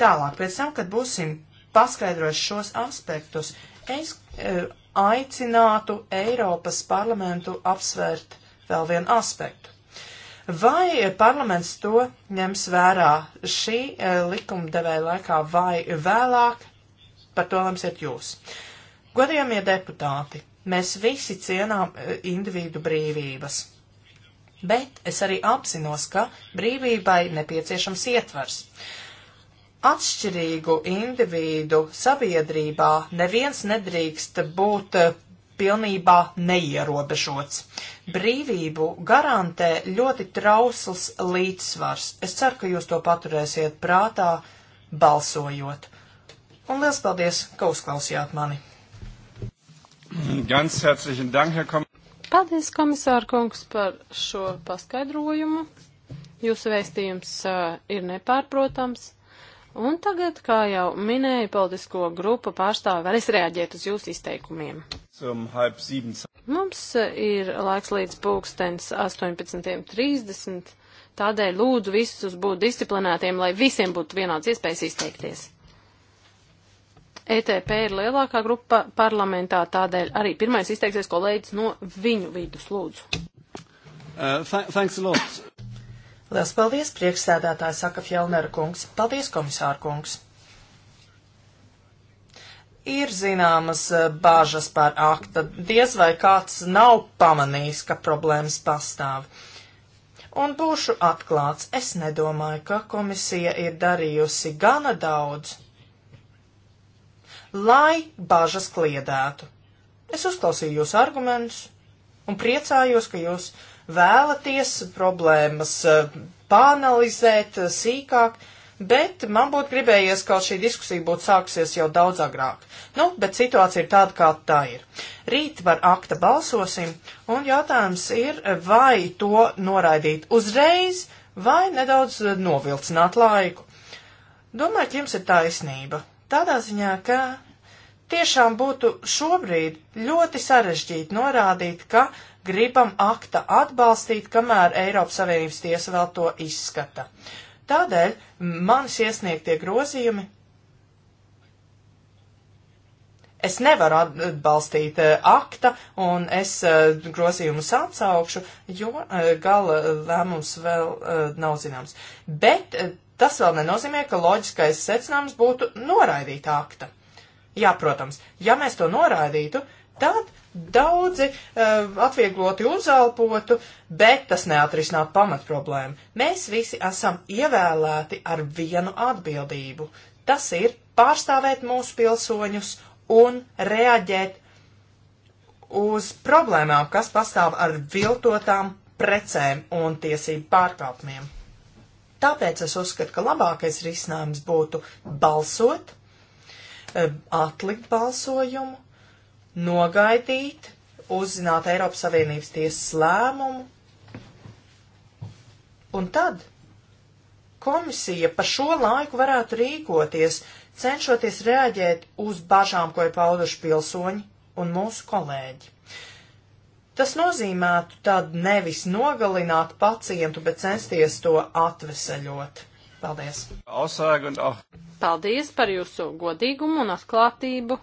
Tālāk, pēc tam, kad būsim paskaidrojuši šos aspektus, es e, aicinātu Eiropas parlamentu apsvērt vēl vienu aspektu. Vai parlaments to ņems vērā šī e, likumdevēja laikā vai vēlāk, par to lemsiet jūs. Godījamie deputāti, Mēs visi cienām e, individu brīvības. Bet es arī apzinos, ka brīvībai nepieciešams ietvars. Atšķirīgu individu sabiedrībā neviens nedrīkst būt e, pilnībā neierobežots. Brīvību garantē ļoti trausls līdzsvars. Es ceru, ka jūs to paturēsiet prātā, balsojot. Un liels paldies, ka uzklausījāt mani! Ganz herzlichen Dank, Herr Kommissar. Paldies, komisāra kungs, par šo paskaidrojumu. Jūsu vēstījums uh, ir nepārprotams. Un tagad, kā jau minēja, politisko grupu pārstāvi varēs reaģēt uz jūsu izteikumiem. Mums ir laiks līdz pulkstens 18.30, tādēļ lūdzu visus būt disciplinētiem, lai visiem būtu vienāds iespējas izteikties. ETP ir lielākā grupa parlamentā, tādēļ arī pirmais izteiksies kolēģis no viņu vidus, lūdzu. Uh, th thanks a lot. Lielas paldies, priekšsēdētāji, saka Fjellnera kungs. Paldies, komisāra kungs. Ir zināmas uh, bāžas par akta, diez vai kāds nav pamanījis, ka problēmas pastāv. Un būšu atklāts, es nedomāju, ka komisija ir darījusi gana daudz lai bažas kliedētu. Es uzklausīju jūsu argumentus un priecājos, ka jūs vēlaties problēmas eh, pāanalizēt eh, sīkāk, bet man būtu gribējies, ka šī diskusija būtu sāksies jau daudz agrāk. Nu, bet situācija ir tāda, kā tā ir. Rīt par akta balsosim, un jautājums ir, eh, vai to noraidīt uzreiz, vai nedaudz novilcināt laiku. Domāju, ka jums ir taisnība. Tādā ziņā, ka tiešām būtu šobrīd ļoti sarežģīti norādīt, ka gribam akta atbalstīt, kamēr Eiropas Savienības tiesa vēl to izskata. Tādēļ manis iesniegtie grozījumi es nevaru atbalstīt eh, akta un es eh, grozījumus atsaukšu, jo eh, gala lēmums vēl nav zināms. Bet tas vēl nenozīmē, ka loģiskais secinājums būtu noraidīt akta. Jā, protams, ja mēs to noraidītu, tad daudzi uh, atviegloti uzelpotu, bet tas neatrisināt pamatproblēmu. Mēs visi esam ievēlēti ar vienu atbildību. Tas ir pārstāvēt mūsu pilsoņus un reaģēt uz problēmām, kas pastāv ar viltotām precēm un tiesību pārkāpumiem. Tāpēc es uzskatu, ka labākais risinājums būtu balsot, e, atlikt balsojumu, nogaidīt, uzzināt Eiropas Savienības tiesas lēmumu, un tad komisija pa šo laiku varētu rīkoties, cenšoties reaģēt uz bažām, ko ir pauduši pilsoņi un mūsu kolēģi. Tas nozīmētu tad nevis nogalināt pacientu, bet censties to atveseļot. Paldies! Paldies par jūsu godīgumu un atklātību!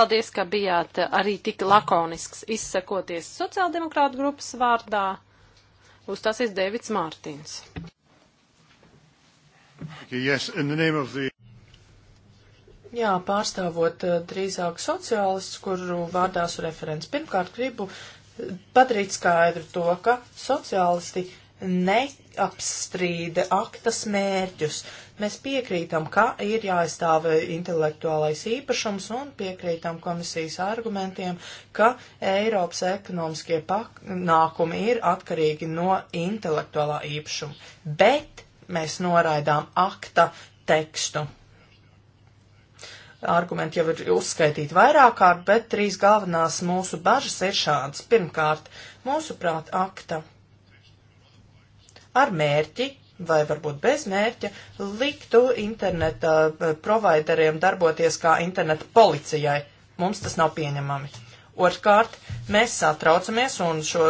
Paldies, ka bijāt arī tik lakonisks izsakoties sociāldemokrāta grupas vārdā. Uzstāsies Dēvids Mārtins. Okay, yes, the... Jā, pārstāvot eh, drīzāk sociālistus, kuru vārdā su referents. Pirmkārt, gribu padarīt skaidru to, ka sociālisti neapstrīda aktas mērķus. Mēs piekrītam, ka ir jāaizstāv intelektuālais īpašums un piekrītam komisijas argumentiem, ka Eiropas ekonomiskie panākumi ir atkarīgi no intelektuālā īpašuma. Bet mēs noraidām akta tekstu. Argumenti jau ir uzskaitīti vairāk kārt, bet trīs galvenās mūsu bažas ir šādas. Pirmkārt, mūsuprāt, akta ar mērķi vai varbūt bez mērķa liktu interneta eh, provideriem darboties kā interneta policijai. Mums tas nav pieņemami. Otrkārt, mēs satraucamies, un šo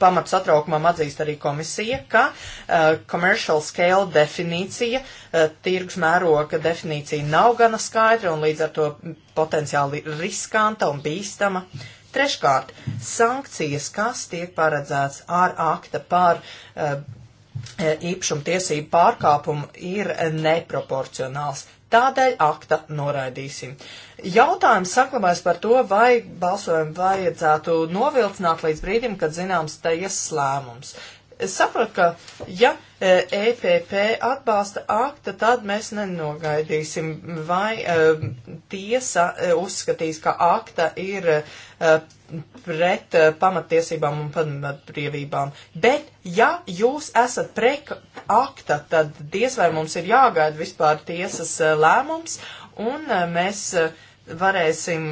pamatu satraukumam atzīst arī komisija, ka uh, commercial scale definīcija, uh, tirgus mēroga definīcija nav gana skaidra un līdz ar to potenciāli riskanta un bīstama. Treškārt, sankcijas, kas tiek paredzēts ar akta par uh, īpašumtiesību pārkāpumu, ir neproporcionāls. Tādēļ akta noraidīsim. Jautājums saklabājas par to, vai balsojumu vajadzētu novilcināt līdz brīdim, kad zināms tiesas lēmums. Es saprotu, ka ja EPP atbalsta aktu, tad mēs nenogaidīsim, vai e, tiesa e, uzskatīs, ka akta ir e, pret pamatiesībām un pamatbrīvībām. Bet, ja jūs esat pret akta, tad diez vai mums ir jāgaida vispār tiesas lēmums, un mēs varēsim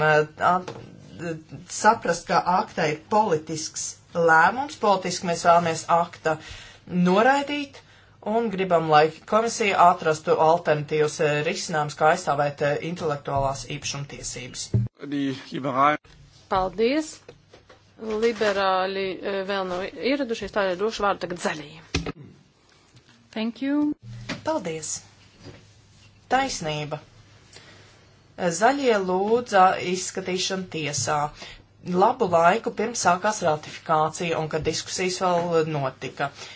saprast, ka akta ir politisks lēmums, politiski mēs vēlamies akta uh, noraidīt un gribam, lai komisija atrastu alternatīvas eh, risinājums, kā aizstāvēt eh, intelektuālās īpašumtiesības. Paldies! Liberāļi eh, vēl nav ieradušies, tā ir došu vārdu tagad zaļajiem. Thank you. Paldies. Taisnība. Zaļie lūdza izskatīšanu tiesā labu laiku pirms sākās ratifikācija un kad diskusijas vēl notika. Uh,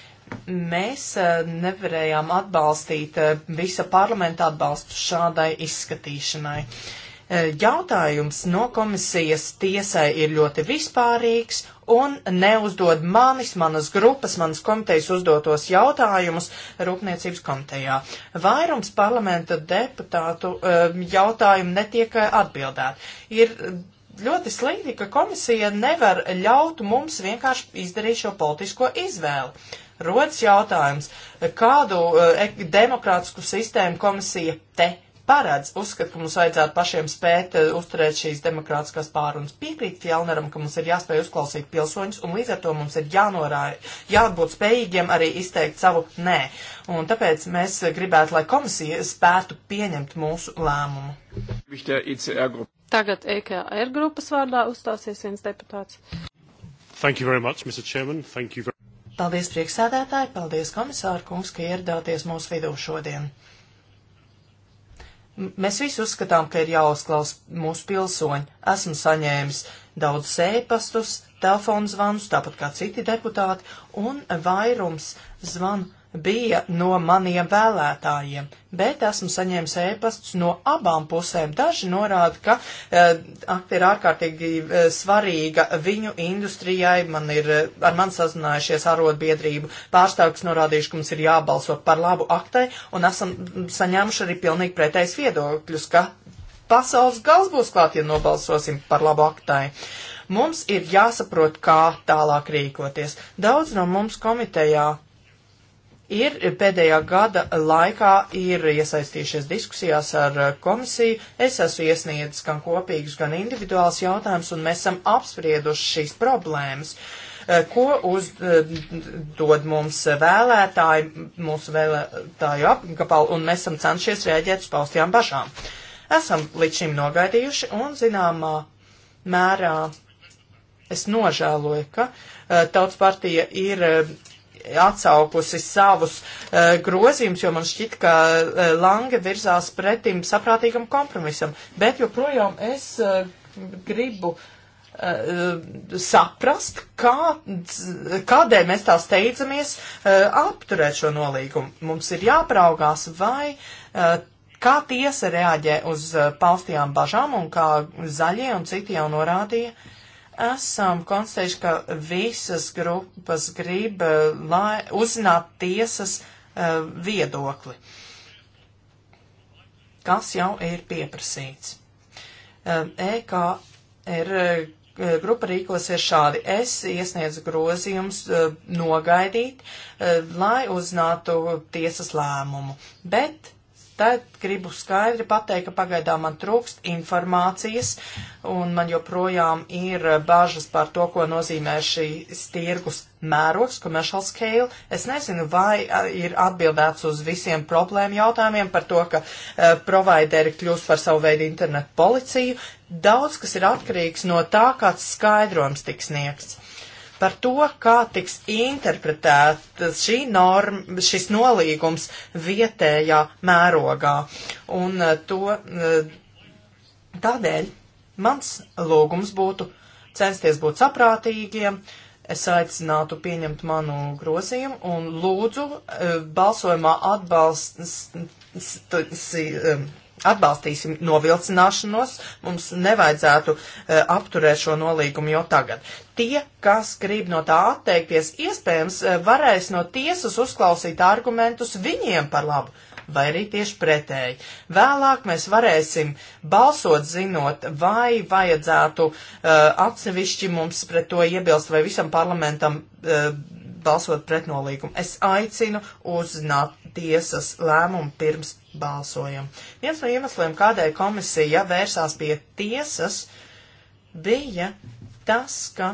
mēs eh, nevarējām atbalstīt eh, visa parlamenta atbalstu šādai izskatīšanai. Eh, jautājums no komisijas tiesai ir ļoti vispārīgs un neuzdod manis, manas grupas, manas komitejas uzdotos jautājumus Rūpniecības komitejā. Vairums parlamenta deputātu jautājumu netiek atbildēt. Ir ļoti slikti, ka komisija nevar ļaut mums vienkārši izdarīt šo politisko izvēlu rodas jautājums, kādu uh, demokrātisku sistēmu komisija te paredz. Uzskat, ka mums vajadzētu pašiem spēt uh, uzturēt šīs demokrātiskās pārunas. Piekrīt Fjellneram, ka mums ir jāspēj uzklausīt pilsoņus, un līdz ar to mums ir jānorāja, jābūt spējīgiem arī izteikt savu nē. Un tāpēc mēs gribētu, lai komisija spētu pieņemt mūsu lēmumu. Tagad EKR grupas vārdā uzstāsies viens deputāts. Thank you very much, Mr. Chairman. Thank you very Paldies priekšsēdētāji, paldies komisāru kungs, ka ieradāties mūsu vidū šodien. M mēs visi uzskatām, ka ir jāuzklaus mūsu pilsoņi. Esmu saņēmis daudz sēpastus, telefonu zvanus, tāpat kā citi deputāti, un vairums zvanu bija no maniem vēlētājiem, bet esmu saņēmis ēpastus no abām pusēm. Daži norāda, ka eh, akti ir ārkārtīgi eh, svarīga viņu industrijai. Man ir, eh, ar man sazinājušies arotbiedrību pārstāvis norādījuši, ka mums ir jābalso par labu aktai, un esam saņēmuši arī pilnīgi pretējs viedokļus, ka pasaules gals būs klāt, ja nobalsosim par labu aktai. Mums ir jāsaprot, kā tālāk rīkoties. Daudz no mums komitejā ir pēdējā gada laikā ir iesaistījušies diskusijās ar eh, komisiju. Es esmu iesniedzis gan kopīgus, gan individuāls jautājums, un mēs esam apsprieduši šīs problēmas, eh, ko uzdod eh, mums vēlētāji, mūsu vēlētāju apgabalu, un mēs esam cenšies rēģēt uz paustajām bažām. Esam līdz šim nogaidījuši un zināmā mērā es nožēloju, ka uh, Tautas partija ir uh, atsaukusi savus uh, grozījumus, jo man šķiet, ka uh, Lange virzās pretim saprātīgam kompromisam. Bet joprojām es uh, gribu saprast, kā, kādēļ mēs tā steidzamies apturēt šo nolīgumu. Mums ir jāpraugās, vai kā tiesa reaģē uz paustījām bažām un kā zaļie un citi jau norādīja, uh, esam konstatējuši, ka visas grupas grib eh, lai, uzzināt tiesas uh, viedokli, kas jau ir pieprasīts. Uh, eh, EKR uh, grupa rīkosies šādi. Es iesniedzu grozījums nogaidīt, lai uzzinātu tiesas lēmumu, bet tad gribu skaidri pateikt, ka pagaidām man trūkst informācijas un man joprojām ir bažas par to, ko nozīmē šīs tirgus mērogs, commercial scale. Es nezinu, vai ir atbildēts uz visiem problēmu jautājumiem par to, ka uh, provideri kļūst par savu veidu internetu policiju. Daudz kas ir atkarīgs no tā, kāds skaidrojums tiks sniegts par to, kā tiks interpretētas šī norma, šis nolīgums vietējā mērogā. Un eh, to eh, tādēļ mans lūgums būtu censties būt saprātīgiem, es aicinātu pieņemt manu grozījumu un lūdzu eh, balsojumā atbalst, atbalstīsim novilcināšanos, mums nevajadzētu apturēt šo nolīgumu jau tagad tie, kas grib no tā atteikties, iespējams, eh, varēs no tiesas uzklausīt argumentus viņiem par labu, vai arī tieši pretēji. Vēlāk mēs varēsim balsot zinot, vai vajadzētu uh, atsevišķi mums pret to iebilst, vai visam parlamentam uh, balsot pret nolīgumu. Es aicinu uzzināt tiesas lēmumu pirms balsojam. Viens no iemesliem, kādēļ komisija vērsās pie tiesas, bija tas, ka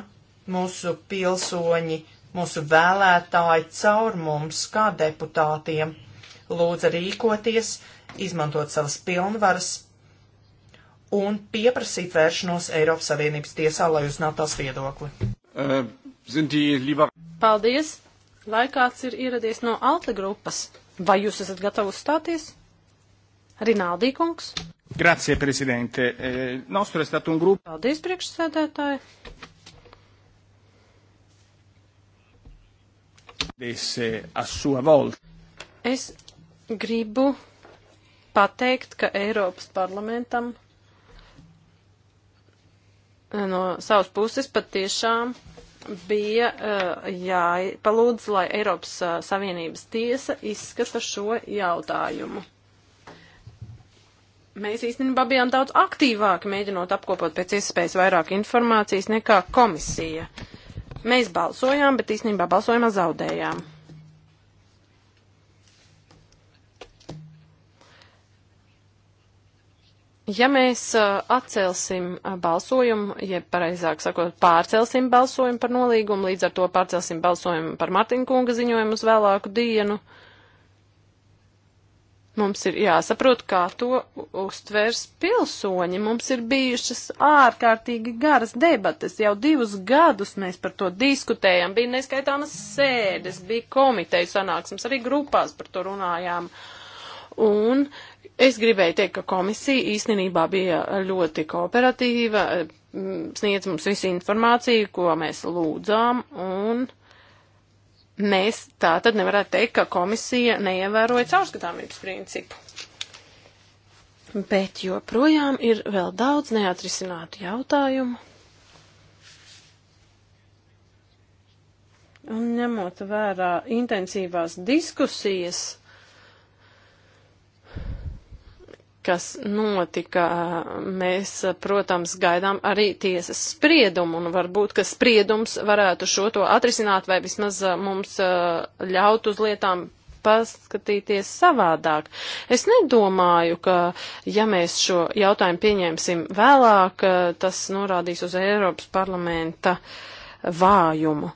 mūsu pilsoņi, mūsu vēlētāji caur mums, kā deputātiem, lūdza rīkoties, izmantot savas pilnvaras un pieprasīt vēršanos Eiropas Savienības tiesā, lai uzzinātu tās viedokli. Uh, Paldies! Vai kāds ir ieradies no Alta grupas? Vai jūs esat gatavi uzstāties? Rinaldī kungs? Grazie, prezidente. Eh, nostro è stato un grupo. Paldies, priekšsēdētāji. Desse a sua volta. Es gribu pateikt, ka Eiropas parlamentam eh, no savas puses patiešām bija uh, eh, jāpalūdz, lai Eiropas uh, Savienības tiesa izskata šo jautājumu mēs īstenībā bijām daudz aktīvāki, mēģinot apkopot pēc iespējas vairāk informācijas nekā komisija. Mēs balsojām, bet īstenībā balsojumā zaudējām. Ja mēs atcelsim balsojumu, jeb ja pareizāk sakot, pārcelsim balsojumu par nolīgumu, līdz ar to pārcelsim balsojumu par Martinkunga ziņojumu uz vēlāku dienu, uh, Mums ir jāsaprot, kā to uztvērs pilsoņi. Mums ir bijušas ārkārtīgi garas debates. Jau divus gadus mēs par to diskutējam. Bija neskaitāmas sēdes, bija komiteju sanāksmes, arī grupās par to runājām. Un es gribēju teikt, ka komisija īstenībā bija ļoti kooperatīva, sniedz mums visu informāciju, ko mēs lūdzām, un mēs tā tad nevarētu teikt, ka komisija neievēroja caurskatāmības principu. Bet joprojām ir vēl daudz neatrisinātu jautājumu. Un ņemot vērā intensīvās diskusijas, kas notika, mēs, protams, gaidām arī tiesas spriedumu, un varbūt, ka spriedums varētu šo to atrisināt, vai vismaz eh, mums eh, ļaut uz lietām paskatīties savādāk. Es nedomāju, ka ja mēs šo jautājumu pieņemsim vēlāk, eh, tas norādīs uz Eiropas parlamenta vājumu.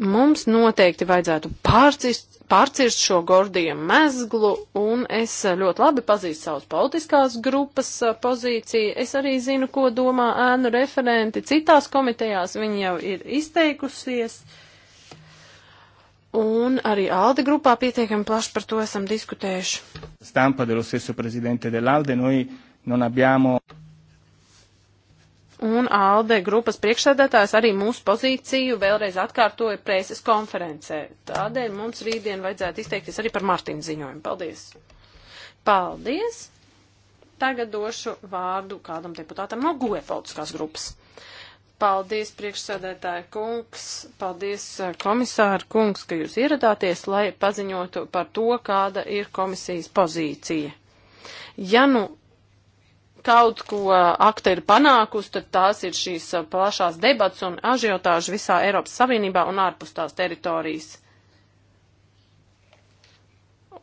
Mums noteikti vajadzētu pārcist pārcirst šo gordiem mezglu, un es eh, ļoti labi pazīstu savas politiskās grupas eh, pozīciju. Es arī zinu, ko domā ēnu referenti citās komitejās, viņi jau ir izteikusies. Un arī Alde grupā pietiekami plaši par to esam diskutējuši. Stampa dello stesso presidente dell'Alde, noi non abbiamo un ALDE grupas priekšsēdētājs arī mūsu pozīciju vēlreiz atkārtoja preses konferencē. Tādēļ mums rītdien vajadzētu izteikties arī par Martina ziņojumu. Paldies! Paldies! Tagad došu vārdu kādam deputātam no GUE politiskās grupas. Paldies, priekšsēdētāja kungs, paldies, eh, komisāra kungs, ka jūs ieradāties, lai paziņotu par to, kāda ir komisijas pozīcija. Ja nu kaut ko akta ir panākusi, tad tās ir šīs uh, plašās debats un ažiotāži visā Eiropas Savienībā un ārpus tās teritorijas.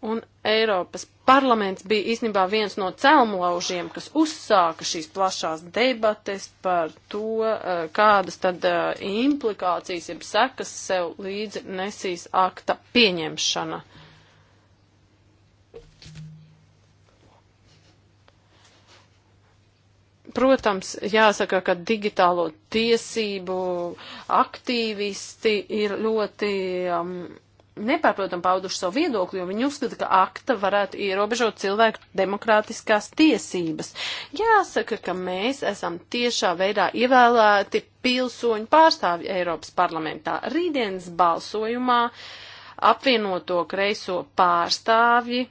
Un Eiropas parlaments bija īstenībā viens no celmlaužiem, kas uzsāka šīs plašās debates par to, uh, kādas tad uh, implikācijas, jeb sekas sev līdzi nesīs akta pieņemšana. Uh, Protams, jāsaka, ka digitālo tiesību aktīvisti ir ļoti um, nepārprotam pauduši savu viedokli, jo viņi uzskata, ka akta varētu ierobežot cilvēku demokrātiskās tiesības. Jāsaka, ka mēs esam tiešā veidā ievēlēti pilsoņu pārstāvji Eiropas parlamentā. Rītdienas balsojumā apvienoto kreiso pārstāvji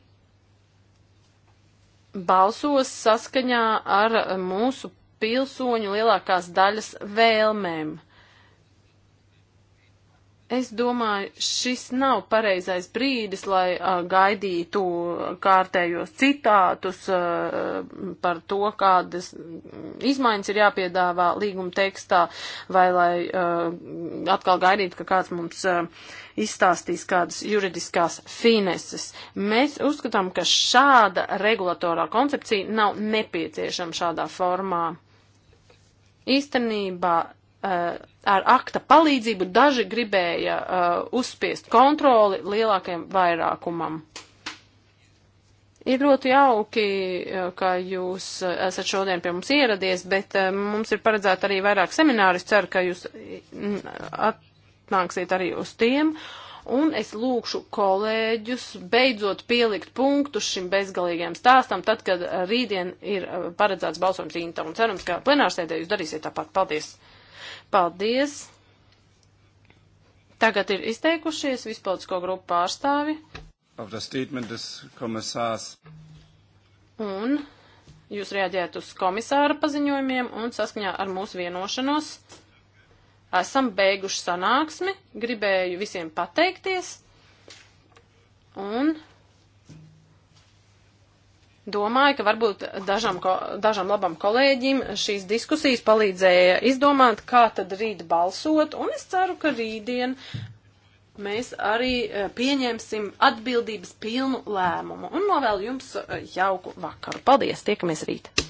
balsos saskaņā ar mūsu pilsoņu lielākās daļas vēlmēm. Es domāju, šis nav pareizais brīdis, lai uh, gaidītu kārtējos citātus uh, par to, kādas izmaiņas ir jāpiedāvā līguma tekstā, vai lai uh, atkal gaidītu, ka kāds mums uh, izstāstīs kādas juridiskās fineses. Mēs uzskatām, ka šāda regulatorā koncepcija nav nepieciešama šādā formā. Īstenībā. Uh, ar akta palīdzību daži gribēja uh, uzspiest kontroli lielākajam vairākumam. Ir ļoti jauki, uh, ka jūs esat šodien pie mums ieradies, bet uh, mums ir paredzēta arī vairāk semināru. Es ceru, ka jūs mm, atnāksiet arī uz tiem. Un es lūkšu kolēģus beidzot pielikt punktu šim bezgalīgajam stāstam, tad, kad uh, rītdien ir paredzēts balsojums Inta. Un cerams, ka plenārsēdē jūs darīsiet tāpat. Paldies! Paldies! Tagad ir izteikušies vispolitisko grupu pārstāvi. Un jūs reaģējat uz komisāra paziņojumiem un saskaņā ar mūsu vienošanos. Esam beiguši sanāksmi, gribēju visiem pateikties un Domāju, ka varbūt dažam, ko, dažam labam kolēģim šīs diskusijas palīdzēja izdomāt, kā tad rīt balsot, un es ceru, ka rītdien mēs arī e, pieņemsim atbildības pilnu lēmumu. Un novēlu jums e, jauku vakaru. Paldies, tiekamies rīt!